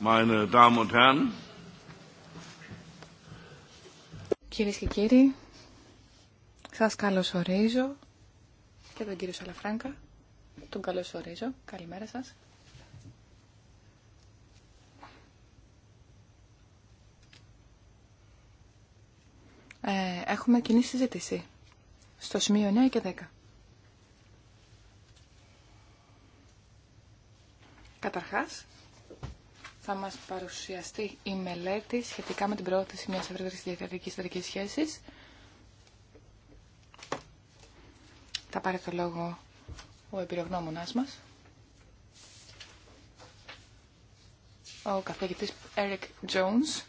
meine Damen und Herren. Κυρίε και κύριοι, σα καλωσορίζω και τον κύριο Σαλαφράγκα. Τον καλωσορίζω. Καλημέρα σα. Ε, έχουμε κοινή συζήτηση στο σημείο 9 και 10. Καταρχάς, θα μας παρουσιαστεί η μελέτη σχετικά με την πρόθεση μιας ευρύτερης διακρατικής ιστορικής σχέσης. Θα πάρει το λόγο ο εμπειρογνώμονάς μας. Ο καθηγητής Eric Jones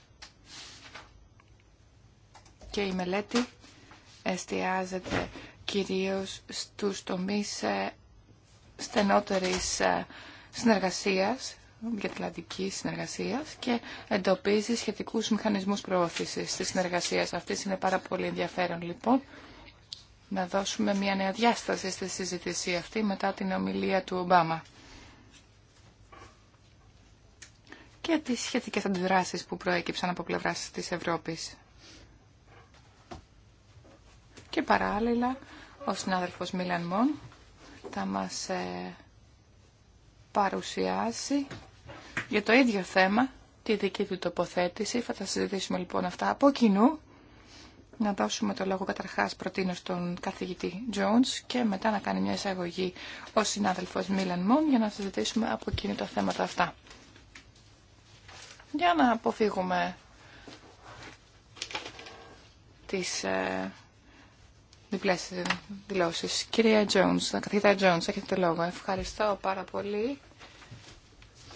και η μελέτη εστιάζεται κυρίως στους τομείς ε, στενότερης ε, συνεργασίας διατλαντικής συνεργασία και εντοπίζει σχετικού μηχανισμούς προώθησης της συνεργασίας Αυτή Είναι πάρα πολύ ενδιαφέρον λοιπόν να δώσουμε μια νέα διάσταση στη συζήτηση αυτή μετά την ομιλία του Ομπάμα και τις σχετικέ αντιδράσεις που προέκυψαν από πλευρά της Ευρώπης. Και παράλληλα, ο συνάδελφο Μίλαν θα μας ε, παρουσιάσει για το ίδιο θέμα, τη δική του τοποθέτηση. Θα τα συζητήσουμε λοιπόν αυτά από κοινού. Να δώσουμε το λόγο καταρχάς προτείνω στον καθηγητή Jones και μετά να κάνει μια εισαγωγή ο συνάδελφος Μίλαν Μον για να συζητήσουμε από κοινού τα θέματα αυτά. Για να αποφύγουμε τις ε, διπλές δηλώσεις. Κυρία Jones, καθηγητά Jones, έχετε το λόγο. Ευχαριστώ πάρα πολύ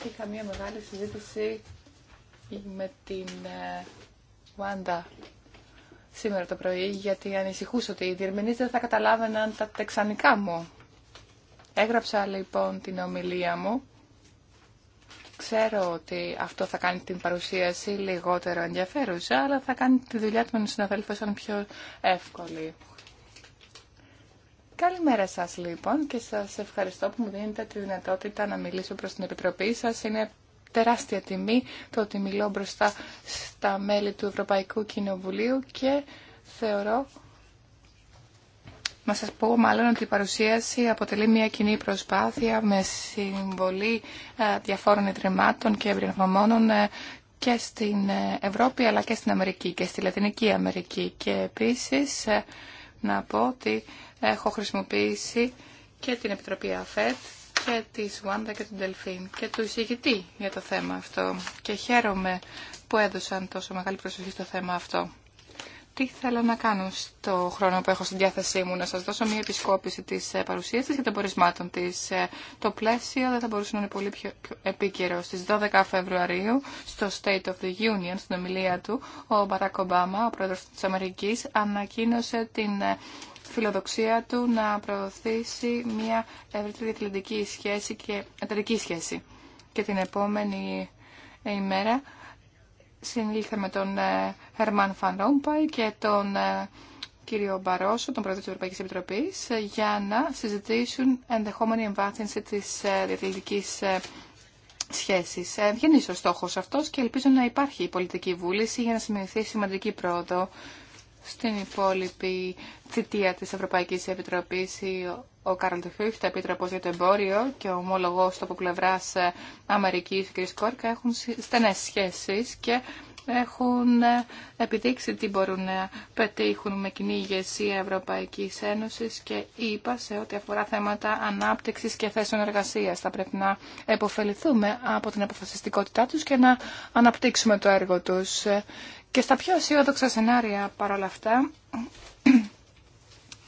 είχα μια μεγάλη συζήτηση με την Βάντα ε, σήμερα το πρωί, γιατί ανησυχούσα ότι οι διερμηνείς δεν θα καταλάβαιναν τα τεξανικά μου. Έγραψα λοιπόν την ομιλία μου. Ξέρω ότι αυτό θα κάνει την παρουσίαση λιγότερο ενδιαφέρουσα, αλλά θα κάνει τη δουλειά του των συναδέλφων σαν πιο εύκολη. Καλημέρα σας λοιπόν και σας ευχαριστώ που μου δίνετε τη δυνατότητα να μιλήσω προ την Επιτροπή σας. Είναι τεράστια τιμή το ότι μιλώ μπροστά στα μέλη του Ευρωπαϊκού Κοινοβουλίου και θεωρώ να σας πω μάλλον ότι η παρουσίαση αποτελεί μια κοινή προσπάθεια με συμβολή ε, διαφόρων ιδρυμάτων και εμπειρογνωμόνων ε, και στην ε, Ευρώπη αλλά και στην Αμερική και στη Λατινική Αμερική και επίσης να πω ότι έχω χρησιμοποιήσει και την Επιτροπή ΑΦΕΤ και τη Σουάντα και τον Τελφίν και του εισηγητή για το θέμα αυτό και χαίρομαι που έδωσαν τόσο μεγάλη προσοχή στο θέμα αυτό. Τι θέλω να κάνω στο χρόνο που έχω στην διάθεσή μου, να σα δώσω μια επισκόπηση τη ε, παρουσίας και των πορισμάτων τη ε, Το πλαίσιο δεν θα μπορούσε να είναι πολύ πιο επίκαιρο. Στι 12 Φεβρουαρίου, στο State of the Union, στην ομιλία του, ο Μπαράκ Ομπάμα, ο πρόεδρο τη Αμερική, ανακοίνωσε την ε, φιλοδοξία του να προωθήσει μια ευρύτερη διεθνική σχέση και εταιρική σχέση. Και την επόμενη ε, ημέρα συνήλθε με τον Χερμάν Φαν Ρόμπαϊ και τον ε, κύριο Μπαρόσο, τον πρόεδρο της Ευρωπαϊκής Επιτροπής, ε, για να συζητήσουν ενδεχόμενη εμβάθυνση της διεθνικής σχέσεις. Βγαίνει ο στόχος αυτός και ελπίζω να υπάρχει η πολιτική βούληση για να σημειωθεί σημαντική πρόοδο στην υπόλοιπη θητεία της Ευρωπαϊκής Επιτροπής ο Κάρλ Τεχούχτ, επίτροπος για το εμπόριο και ο ομόλογός του από πλευρά ε, Αμερικής, κ. Κόρκα, έχουν στενές σχέσεις και έχουν ε, επιδείξει τι μπορούν να πετύχουν με κοινή ηγεσία Ευρωπαϊκής Ένωσης και είπα σε ό,τι αφορά θέματα ανάπτυξης και θέσεων εργασίας. Θα πρέπει να επωφεληθούμε από την αποφασιστικότητά τους και να αναπτύξουμε το έργο τους. Και στα πιο αισιόδοξα σενάρια παρόλα αυτά,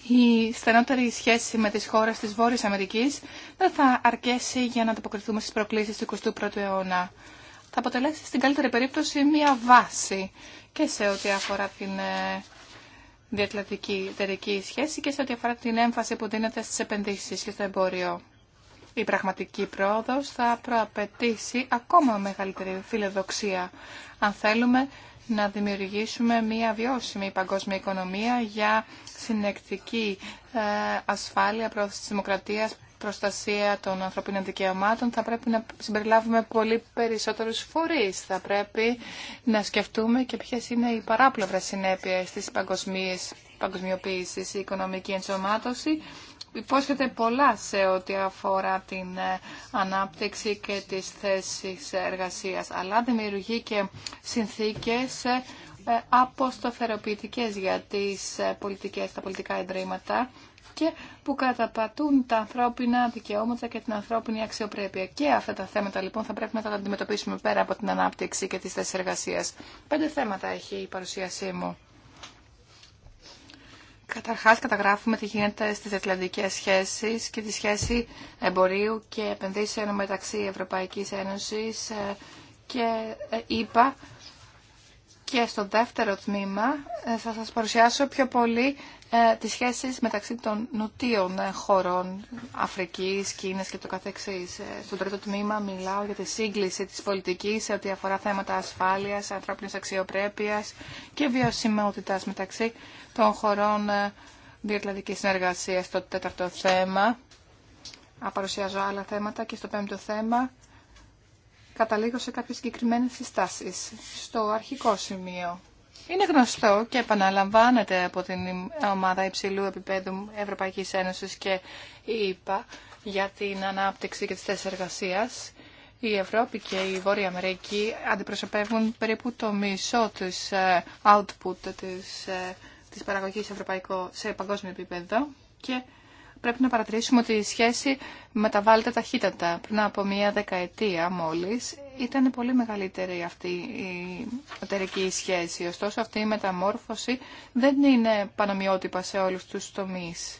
η στενότερη σχέση με τις χώρες της Βόρειας Αμερικής δεν θα αρκέσει για να ανταποκριθούμε στις προκλήσεις του 21ου αιώνα. Θα αποτελέσει στην καλύτερη περίπτωση μία βάση και σε ό,τι αφορά την ε, διατλατική εταιρική σχέση και σε ό,τι αφορά την έμφαση που δίνεται στις επενδύσεις και στο εμπόριο. Η πραγματική πρόοδος θα προαπαιτήσει ακόμα μεγαλύτερη φιλοδοξία, αν θέλουμε να δημιουργήσουμε μια βιώσιμη παγκόσμια οικονομία για συνεκτική ε, ασφάλεια προς τη δημοκρατία, προστασία των ανθρωπίνων δικαιωμάτων. Θα πρέπει να συμπεριλάβουμε πολύ περισσότερους φορείς. Θα πρέπει να σκεφτούμε και ποιες είναι οι παράπλευρες συνέπειες της παγκοσμίας παγκοσμιοποίησης, η οικονομική ενσωμάτωση υπόσχεται πολλά σε ό,τι αφορά την ε, ανάπτυξη και τις θέσεις εργασίας, αλλά δημιουργεί και συνθήκες ε, αποστοφεροποιητικές για τις ε, πολιτικές, τα πολιτικά ιδρύματα και που καταπατούν τα ανθρώπινα δικαιώματα και την ανθρώπινη αξιοπρέπεια. Και αυτά τα θέματα λοιπόν θα πρέπει να τα αντιμετωπίσουμε πέρα από την ανάπτυξη και τις θέσεις εργασίας. Πέντε θέματα έχει η παρουσίασή μου. Καταρχάς καταγράφουμε τι γίνεται στι ατλαντικές σχέσει και τη σχέση εμπορίου και επενδύσεων μεταξύ Ευρωπαϊκής Ένωσης ε, και ΗΠΑ. Ε, και στο δεύτερο τμήμα ε, θα σας παρουσιάσω πιο πολύ ε, τις σχέσεις μεταξύ των νοτίων ε, χωρών Αφρικής, Κίνας και το καθεξής. Ε, στο τρίτο τμήμα μιλάω για τη σύγκληση της πολιτικής σε ό,τι αφορά θέματα ασφάλειας, ανθρώπινης αξιοπρέπειας και βιωσιμότητας μεταξύ των χωρών ε, συνεργασία συνεργασίας. Στο τέταρτο θέμα παρουσιάζω άλλα θέματα και στο πέμπτο θέμα καταλήγω σε κάποιες συγκεκριμένες συστάσεις. Στο αρχικό σημείο. Είναι γνωστό και επαναλαμβάνεται από την ομάδα υψηλού επίπεδου Ευρωπαϊκής Ένωσης και η ΕΕΠΑ για την ανάπτυξη και τις θέσεις εργασίας. Η Ευρώπη και η Βόρεια Αμερική αντιπροσωπεύουν περίπου το μισό της ε, output της, ε, της παραγωγής σε παγκόσμιο επίπεδο και πρέπει να παρατηρήσουμε ότι η σχέση μεταβάλλεται ταχύτατα. Πριν από μία δεκαετία μόλις ήταν πολύ μεγαλύτερη αυτή η εταιρική σχέση. Ωστόσο αυτή η μεταμόρφωση δεν είναι πανομοιότυπα σε όλους τους τομείς.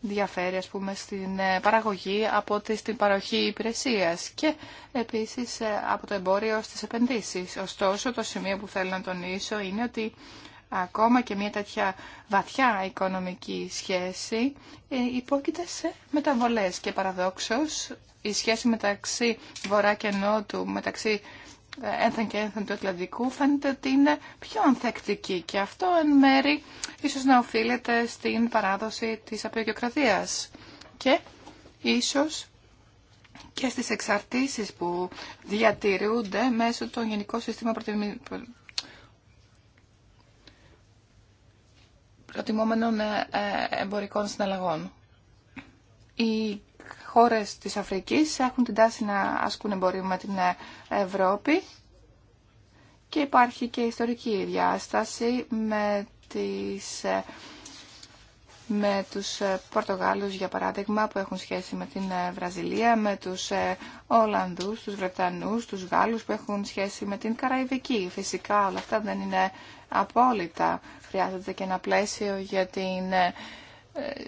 Διαφέρει ας πούμε στην ε, παραγωγή από τη, στην παροχή υπηρεσίας και επίσης ε, από το εμπόριο στις επενδύσεις. Ωστόσο το σημείο που θέλω να τονίσω είναι ότι Ακόμα και μια τέτοια βαθιά οικονομική σχέση ε, υπόκειται σε μεταβολές και παραδόξως η σχέση μεταξύ Βορρά και Νότου, μεταξύ ε, ένθεν και ένθεν του Ατλαντικού φαίνεται ότι είναι πιο ανθεκτική και αυτό εν μέρη ίσως να οφείλεται στην παράδοση της απεικιοκρατίας και ίσως και στις εξαρτήσεις που διατηρούνται μέσω των Γενικών Συστήμα προτιμόμενων ε, ε, εμπορικών συναλλαγών. Οι χώρες της Αφρικής έχουν την τάση να ασκούν εμπορίο με την ε, Ευρώπη και υπάρχει και ιστορική διάσταση με, τις, με τους Πορτογάλους για παράδειγμα που έχουν σχέση με την Βραζιλία, με τους Ολλανδούς, τους Βρετανούς, τους Γάλλους που έχουν σχέση με την Καραϊβική. Φυσικά όλα αυτά δεν είναι απόλυτα χρειάζεται και ένα πλαίσιο για την ε,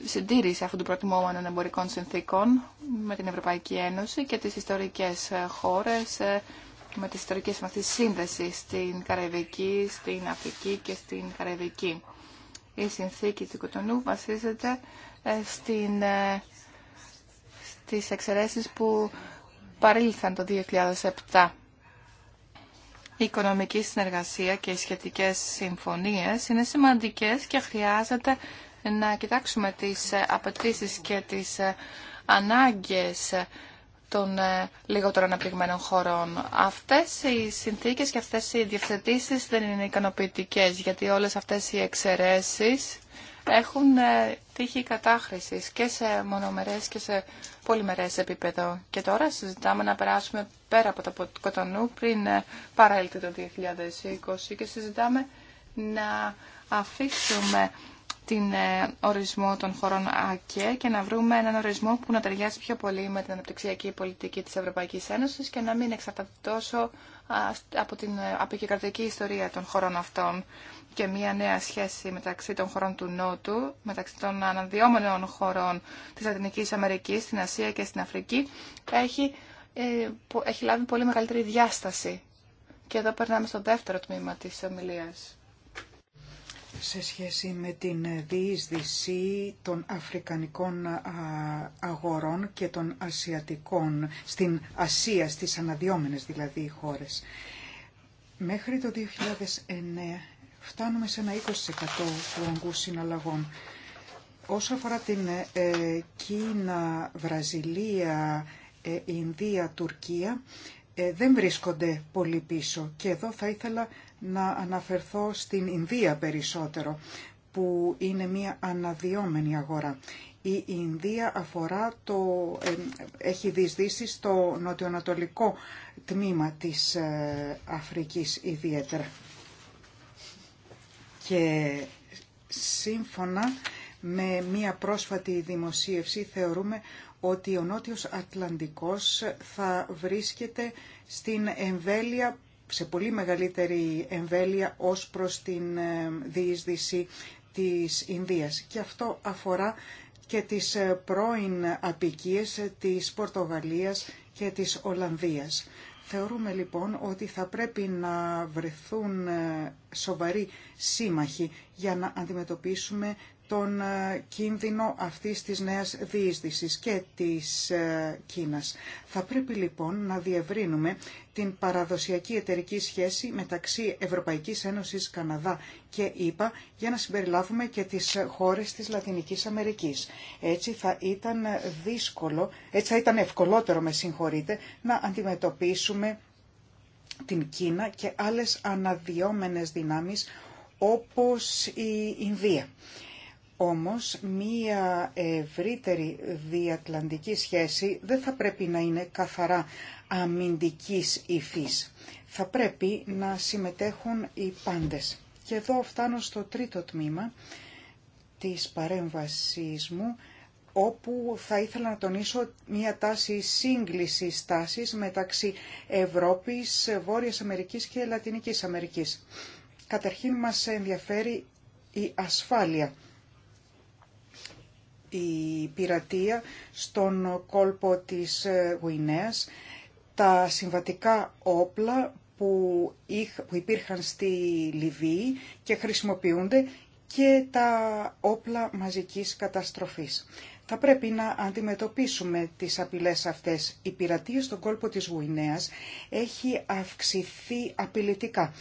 συντήρηση αυτού του προτιμόμενων εμπορικών συνθήκων με την Ευρωπαϊκή Ένωση και τις ιστορικές ε, χώρες ε, με τις ιστορικές μας στην Καραϊβική, στην Αφρική και στην Καραϊβική. Η συνθήκη του Κοτονού βασίζεται στην, στις εξαιρέσεις που παρήλθαν το 2007 η οικονομική συνεργασία και οι σχετικές συμφωνίες είναι σημαντικές και χρειάζεται να κοιτάξουμε τις ε, απαιτήσει και τις ε, ανάγκες των ε, λιγότερο αναπτυγμένων χωρών. Αυτές οι συνθήκες και αυτές οι διευθετήσεις δεν είναι ικανοποιητικές, γιατί όλες αυτές οι εξαιρέσεις έχουν ε, τύχη κατάχρηση και σε μονομερές και σε πολυμερές επίπεδο. Και τώρα συζητάμε να περάσουμε πέρα από το κοτονού πριν ε, παρέλθει το 2020 και συζητάμε να αφήσουμε την ε, ορισμό των χωρών ΑΚΕ και να βρούμε έναν ορισμό που να ταιριάζει πιο πολύ με την αναπτυξιακή πολιτική της Ευρωπαϊκής Ένωσης και να μην εξαρτάται τόσο από την αποκεκρατική ιστορία των χωρών αυτών και μια νέα σχέση μεταξύ των χωρών του Νότου, μεταξύ των αναδυόμενων χωρών της Λατινικής Αμερικής, στην Ασία και στην Αφρική, έχει, ε, έχει λάβει πολύ μεγαλύτερη διάσταση. Και εδώ περνάμε στο δεύτερο τμήμα της ομιλίας. Σε σχέση με την διείσδυση των αφρικανικών αγορών και των ασιατικών, στην Ασία, στις αναδυόμενες δηλαδή χώρες. Μέχρι το 2009 φτάνουμε σε ένα 20% του ογκού συναλλαγών. Όσο αφορά την ε, ε, Κίνα, Βραζιλία, ε, Ινδία, Τουρκία, δεν βρίσκονται πολύ πίσω. Και εδώ θα ήθελα να αναφερθώ στην Ινδία περισσότερο, που είναι μια αναδυόμενη αγορά. Η Ινδία αφορά το, έχει διεισδύσει στο νοτιοανατολικό τμήμα της Αφρικής ιδιαίτερα και σύμφωνα με μία πρόσφατη δημοσίευση θεωρούμε ότι ο Νότιος Ατλαντικός θα βρίσκεται στην εμβέλεια, σε πολύ μεγαλύτερη εμβέλεια ως προς την ε, διείσδυση της Ινδίας. Και αυτό αφορά και τις ε, πρώην απικίες της Πορτογαλίας και της Ολλανδίας. Θεωρούμε λοιπόν ότι θα πρέπει να βρεθούν ε, σοβαροί σύμμαχοι για να αντιμετωπίσουμε τον ε, κίνδυνο αυτής της νέας διείσδυσης και της ε, Κίνας. Θα πρέπει λοιπόν να διευρύνουμε την παραδοσιακή εταιρική σχέση μεταξύ Ευρωπαϊκής Ένωσης Καναδά και ΗΠΑ για να συμπεριλάβουμε και τις χώρες της Λατινικής Αμερικής. Έτσι θα ήταν δύσκολο, έτσι θα ήταν ευκολότερο με συγχωρείτε, να αντιμετωπίσουμε την Κίνα και άλλες αναδυόμενες δυνάμεις όπως η Ινδία. Όμως, μία ευρύτερη διατλαντική σχέση δεν θα πρέπει να είναι καθαρά αμυντικής υφής. Θα πρέπει να συμμετέχουν οι πάντες. Και εδώ φτάνω στο τρίτο τμήμα της παρέμβασής μου, όπου θα ήθελα να τονίσω μία τάση σύγκλησης τάσης μεταξύ Ευρώπης, Βόρειας Αμερικής και Λατινικής Αμερικής. Καταρχήν μας ενδιαφέρει η ασφάλεια η πειρατεία στον κόλπο της ε, Γουινέας, τα συμβατικά όπλα που υπήρχαν στη Λιβύη και χρησιμοποιούνται και τα όπλα μαζικής καταστροφής. Θα πρέπει να αντιμετωπίσουμε τις απειλές αυτές. Η πειρατεία στον κόλπο της Γουινέας έχει αυξηθεί απειλητικά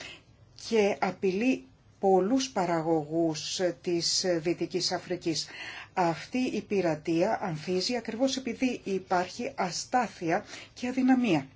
και απειλεί πολλούς παραγωγούς της Δυτικής Αφρικής. Αυτή η πειρατεία ανθίζει ακριβώς επειδή υπάρχει αστάθεια και αδυναμία.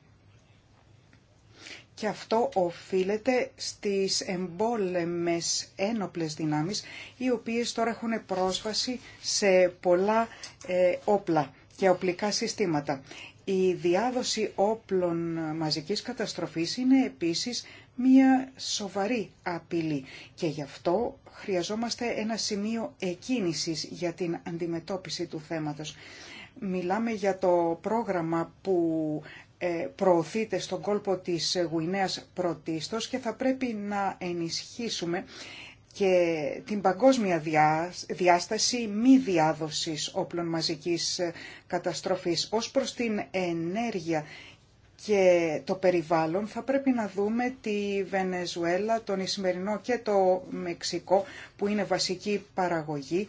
Και αυτό οφείλεται στις εμπόλεμες ένοπλες δυνάμεις, οι οποίες τώρα έχουν πρόσβαση σε πολλά ε, όπλα και οπλικά συστήματα. Η διάδοση όπλων μαζικής καταστροφής είναι επίσης μία σοβαρή απειλή και γι' αυτό χρειαζόμαστε ένα σημείο εκκίνησης για την αντιμετώπιση του θέματος. Μιλάμε για το πρόγραμμα που ε, προωθείται στον κόλπο της Γουινέας πρωτίστως και θα πρέπει να ενισχύσουμε και την παγκόσμια διάσταση μη διάδοσης όπλων μαζικής ε, καταστροφής ως προς την ενέργεια και το περιβάλλον θα πρέπει να δούμε τη Βενεζουέλα, τον Ισημερινό και το Μεξικό που είναι βασική παραγωγή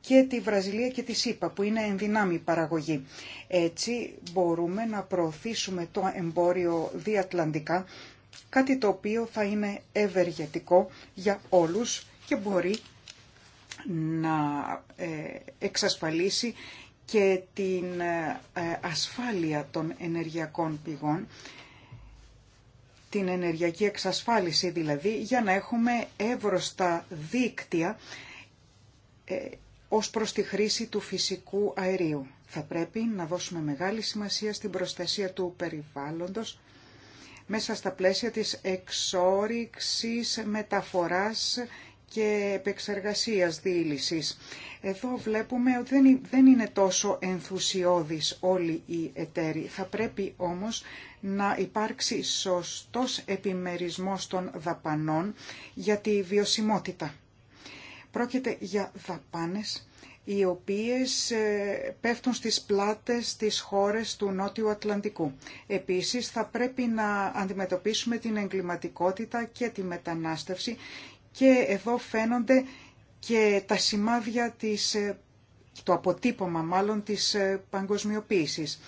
και τη Βραζιλία και τη ΣΥΠΑ που είναι ενδυνάμει παραγωγή. Έτσι μπορούμε να προωθήσουμε το εμπόριο διατλαντικά, κάτι το οποίο θα είναι ευεργετικό για όλους και μπορεί να ε, εξασφαλίσει και την ε, ασφάλεια των ενεργειακών πηγών, την ενεργειακή εξασφάλιση δηλαδή, για να έχουμε εύρωστα δίκτυα ε, ως προς τη χρήση του φυσικού αερίου. Θα πρέπει να δώσουμε μεγάλη σημασία στην προστασία του περιβάλλοντος μέσα στα πλαίσια της εξόριξης μεταφοράς και επεξεργασίας δίλησης. Εδώ βλέπουμε ότι δεν είναι τόσο ενθουσιώδης όλοι οι εταίροι. Θα πρέπει όμως να υπάρξει σωστός επιμερισμός των δαπανών για τη βιωσιμότητα. Πρόκειται για δαπάνες οι οποίες ε, πέφτουν στις πλάτες της χώρες του Νότιου Ατλαντικού. Επίσης, θα πρέπει να αντιμετωπίσουμε την εγκληματικότητα και τη μετανάστευση και εδώ φαίνονται και τα σημάδια της, ε, το αποτύπωμα μάλλον της ε, παγκοσμιοποίησης.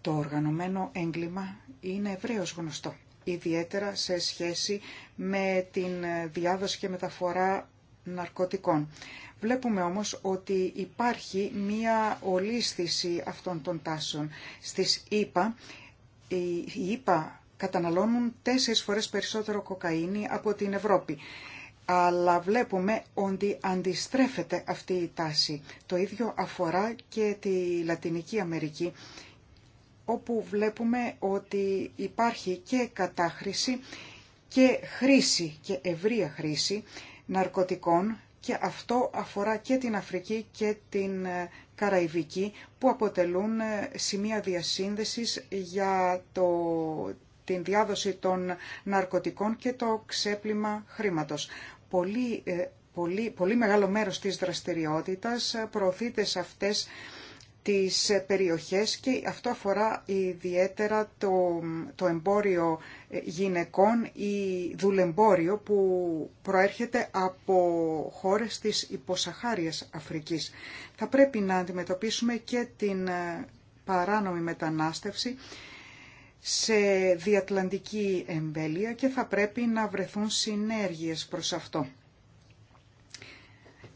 Το οργανωμένο έγκλημα είναι ευρέως γνωστό, ιδιαίτερα σε σχέση με την ε, διάδοση και μεταφορά ναρκωτικών. Βλέπουμε όμως ότι υπάρχει μία ολίσθηση αυτών των τάσεων. Στις ΙΠΑ, η ΙΠΑ καταναλώνουν τέσσερις φορές περισσότερο κοκαίνη από την Ευρώπη. Αλλά βλέπουμε ότι αντιστρέφεται αυτή η τάση. Το ίδιο αφορά και τη Λατινική Αμερική, όπου βλέπουμε ότι υπάρχει και κατάχρηση και χρήση και ευρεία χρήση ναρκωτικών και αυτό αφορά και την Αφρική και την ε, Καραϊβική που αποτελούν ε, σημεία διασύνδεσης για το, την διάδοση των ναρκωτικών και το ξέπλυμα χρήματος. Πολύ, ε, πολύ, πολύ μεγάλο μέρος της δραστηριότητας προωθείται σε αυτές τις περιοχές και αυτό αφορά ιδιαίτερα το, το εμπόριο γυναικών ή δουλεμπόριο που προέρχεται από χώρες της υποσαχάριας Αφρικής. Θα πρέπει να αντιμετωπίσουμε και την παράνομη μετανάστευση σε διατλαντική εμβέλεια και θα πρέπει να βρεθούν συνέργειες προς αυτό.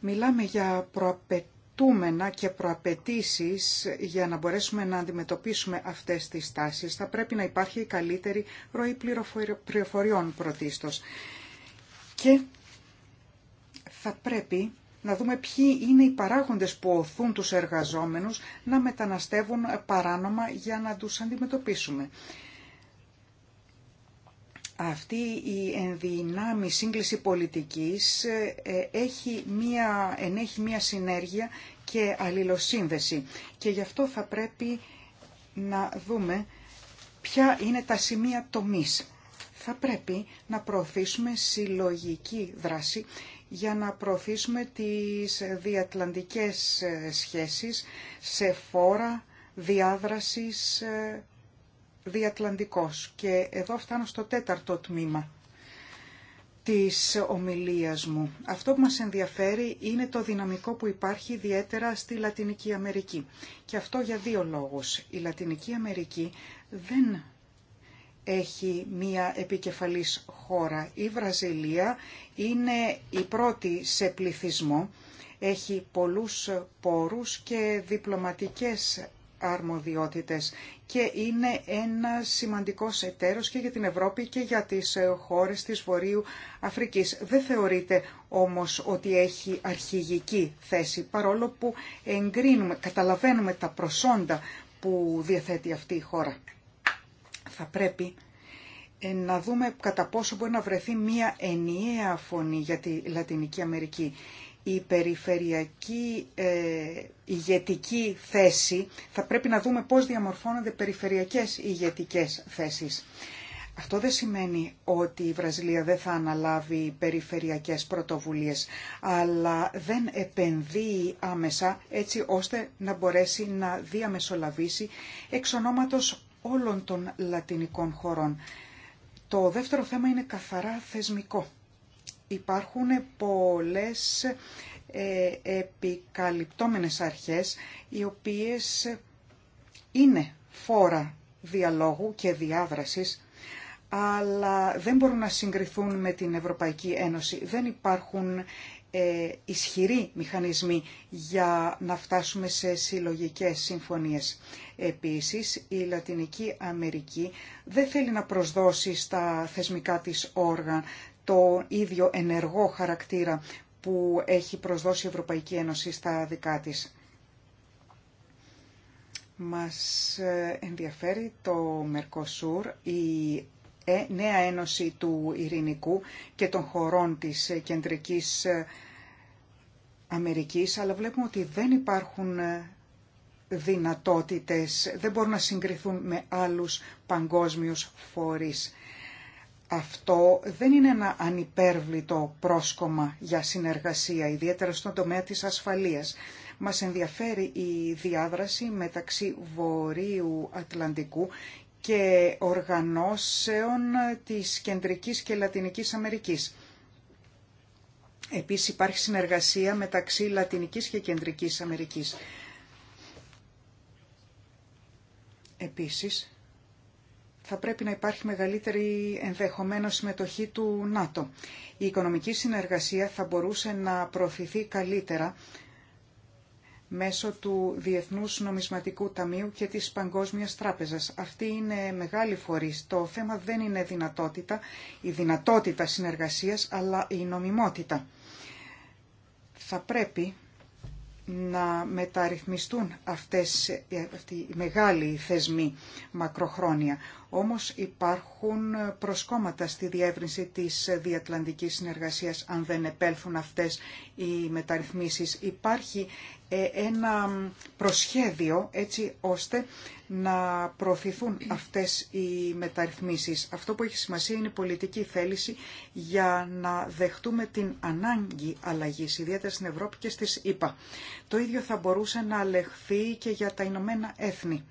Μιλάμε για προαπαιτούμενα και προαπαιτήσεις για να μπορέσουμε να αντιμετωπίσουμε αυτές τις τάσεις. Θα πρέπει να υπάρχει η καλύτερη ροή πληροφοριών πρωτίστως. Και θα πρέπει να δούμε ποιοι είναι οι παράγοντες που οθούν τους εργαζόμενους να μεταναστεύουν παράνομα για να τους αντιμετωπίσουμε. Αυτή η ενδυνάμη σύγκληση πολιτικής ε, έχει μία, ενέχει μία συνέργεια και αλληλοσύνδεση και γι' αυτό θα πρέπει να δούμε ποια είναι τα σημεία τομής. Θα πρέπει να προωθήσουμε συλλογική δράση για να προωθήσουμε τις διατλαντικές ε, σχέσεις σε φόρα διάδρασης ε, διατλαντικός. Και εδώ φτάνω στο τέταρτο τμήμα της ομιλίας μου. Αυτό που μας ενδιαφέρει είναι το δυναμικό που υπάρχει ιδιαίτερα στη Λατινική Αμερική. Και αυτό για δύο λόγους. Η Λατινική Αμερική δεν έχει μία επικεφαλής χώρα. Η Βραζιλία είναι η πρώτη σε πληθυσμό, έχει πολλούς πόρους και διπλωματικές αρμοδιότητες και είναι ένα σημαντικός εταίρος και για την Ευρώπη και για τις χώρες της Βορείου Αφρικής. Δεν θεωρείται όμως ότι έχει αρχηγική θέση, παρόλο που εγκρίνουμε, καταλαβαίνουμε τα προσόντα που διαθέτει αυτή η χώρα θα πρέπει ε, να δούμε κατά πόσο μπορεί να βρεθεί μία ενιαία φωνή για τη Λατινική Αμερική. Η περιφερειακή ε, ηγετική θέση, θα πρέπει να δούμε πώς διαμορφώνονται περιφερειακές ηγετικές θέσεις. Αυτό δεν σημαίνει ότι η Βραζιλία δεν θα αναλάβει περιφερειακές πρωτοβουλίες, αλλά δεν επενδύει άμεσα έτσι ώστε να μπορέσει να διαμεσολαβήσει εξ όλων των λατινικών χωρών. Το δεύτερο θέμα είναι καθαρά θεσμικό. Υπάρχουν πολλές ε, επικαλυπτόμενες αρχές οι οποίες είναι φόρα διαλόγου και διάδρασης αλλά δεν μπορούν να συγκριθούν με την Ευρωπαϊκή Ένωση. Δεν υπάρχουν ε, ισχυροί μηχανισμοί για να φτάσουμε σε συλλογικές συμφωνίες. Επίσης, η Λατινική Αμερική δεν θέλει να προσδώσει στα θεσμικά της όργανα το ίδιο ενεργό χαρακτήρα που έχει προσδώσει η Ευρωπαϊκή Ένωση στα δικά της. Μας ε, ενδιαφέρει το Μερκοσούρ, η ε, νέα ένωση του ειρηνικού και των χωρών της κεντρικής ε, Αμερικής, αλλά βλέπουμε ότι δεν υπάρχουν ε, δυνατότητες, δεν μπορούν να συγκριθούν με άλλους παγκόσμιους φορείς. Αυτό δεν είναι ένα ανυπέρβλητο πρόσκομα για συνεργασία, ιδιαίτερα στον τομέα της ασφαλείας. Μας ενδιαφέρει η διάδραση μεταξύ Βορείου Ατλαντικού και οργανώσεων της Κεντρικής και Λατινικής Αμερικής. Επίσης υπάρχει συνεργασία μεταξύ Λατινικής και Κεντρικής Αμερικής. Επίσης, θα πρέπει να υπάρχει μεγαλύτερη ενδεχομένως συμμετοχή του ΝΑΤΟ. Η οικονομική συνεργασία θα μπορούσε να προωθηθεί καλύτερα μέσω του Διεθνούς Νομισματικού Ταμείου και της Παγκόσμιας Τράπεζας. Αυτή είναι μεγάλη φορή. Το θέμα δεν είναι δυνατότητα, η δυνατότητα συνεργασίας, αλλά η νομιμότητα. Θα πρέπει να μεταρρυθμιστούν αυτές, ε, αυτοί οι μεγάλοι θεσμοί μακροχρόνια. Όμως υπάρχουν προσκόμματα στη διεύρυνση της διατλαντικής συνεργασίας αν δεν επέλθουν αυτές οι μεταρρυθμίσεις. Υπάρχει ε, ένα προσχέδιο έτσι ώστε να προωθηθούν αυτές οι μεταρρυθμίσεις. Αυτό που έχει σημασία είναι η πολιτική θέληση για να δεχτούμε την ανάγκη αλλαγής, ιδιαίτερα στην Ευρώπη και στις ΗΠΑ. Το ίδιο θα μπορούσε να αλεχθεί και για τα Ηνωμένα Έθνη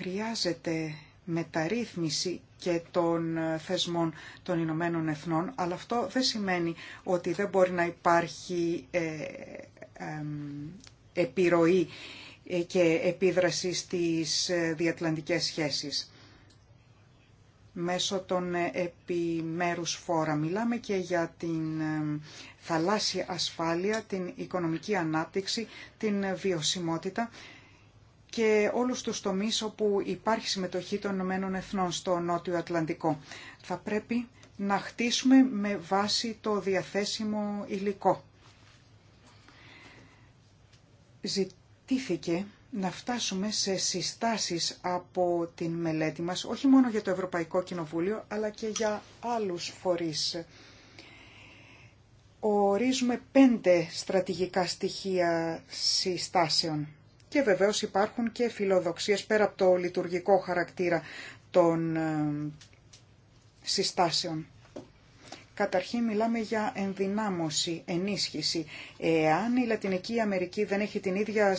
Χρειάζεται μεταρρύθμιση και των θεσμών των Ηνωμένων Εθνών, αλλά αυτό δεν σημαίνει ότι δεν μπορεί να υπάρχει ε, επιρροή ε, και επίδραση στις ε, διατλαντικές σχέσεις. Μέσω των ε, επιμέρους φόρα μιλάμε και για την θαλάσσια ασφάλεια, την οικονομική ανάπτυξη, την βιωσιμότητα και όλους τους τομείς όπου υπάρχει συμμετοχή των Ηνωμένων Εθνών στο Νότιο Ατλαντικό. Θα πρέπει να χτίσουμε με βάση το διαθέσιμο υλικό. Ζητήθηκε να φτάσουμε σε συστάσεις από την μελέτη μας, όχι μόνο για το Ευρωπαϊκό Κοινοβούλιο, αλλά και για άλλους φορείς. Ορίζουμε πέντε στρατηγικά στοιχεία συστάσεων και βεβαίως υπάρχουν και φιλοδοξίες πέρα από το λειτουργικό χαρακτήρα των ε, συστάσεων. Καταρχήν μιλάμε για ενδυνάμωση, ενίσχυση. Εάν η Λατινική Αμερική δεν έχει την ίδια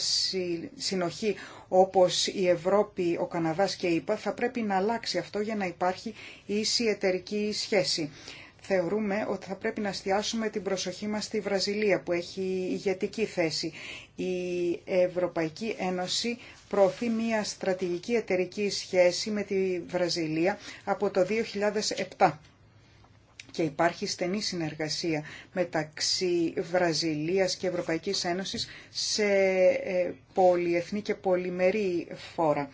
συνοχή όπως η Ευρώπη, ο Καναδάς και η ΕΠΑ, θα πρέπει να αλλάξει αυτό για να υπάρχει ίση εταιρική σχέση θεωρούμε ότι θα πρέπει να εστιάσουμε την προσοχή μας στη Βραζιλία που έχει ηγετική θέση. Η Ευρωπαϊκή Ένωση προωθεί μια στρατηγική εταιρική σχέση με τη Βραζιλία από το 2007 και υπάρχει στενή συνεργασία μεταξύ Βραζιλίας και Ευρωπαϊκής Ένωσης σε ε, πολυεθνή και πολυμερή φόρα.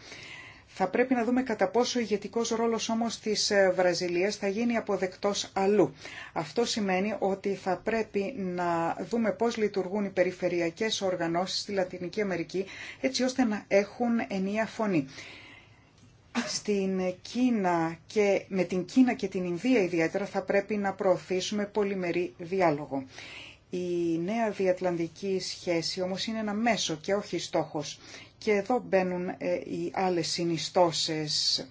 Θα πρέπει να δούμε κατά πόσο ο ηγετικό ρόλος όμως τη ε, Βραζιλίας θα γίνει αποδεκτός αλλού. Αυτό σημαίνει ότι θα πρέπει να δούμε πώς λειτουργούν οι περιφερειακές οργανώσεις στη Λατινική Αμερική έτσι ώστε να έχουν ενία φωνή. Στην Κίνα και, με την Κίνα και την Ινδία ιδιαίτερα θα πρέπει να προωθήσουμε πολυμερή διάλογο. Η νέα διατλαντική σχέση όμως είναι ένα μέσο και όχι στόχος. Και εδώ μπαίνουν ε, οι άλλες συνιστώσεις.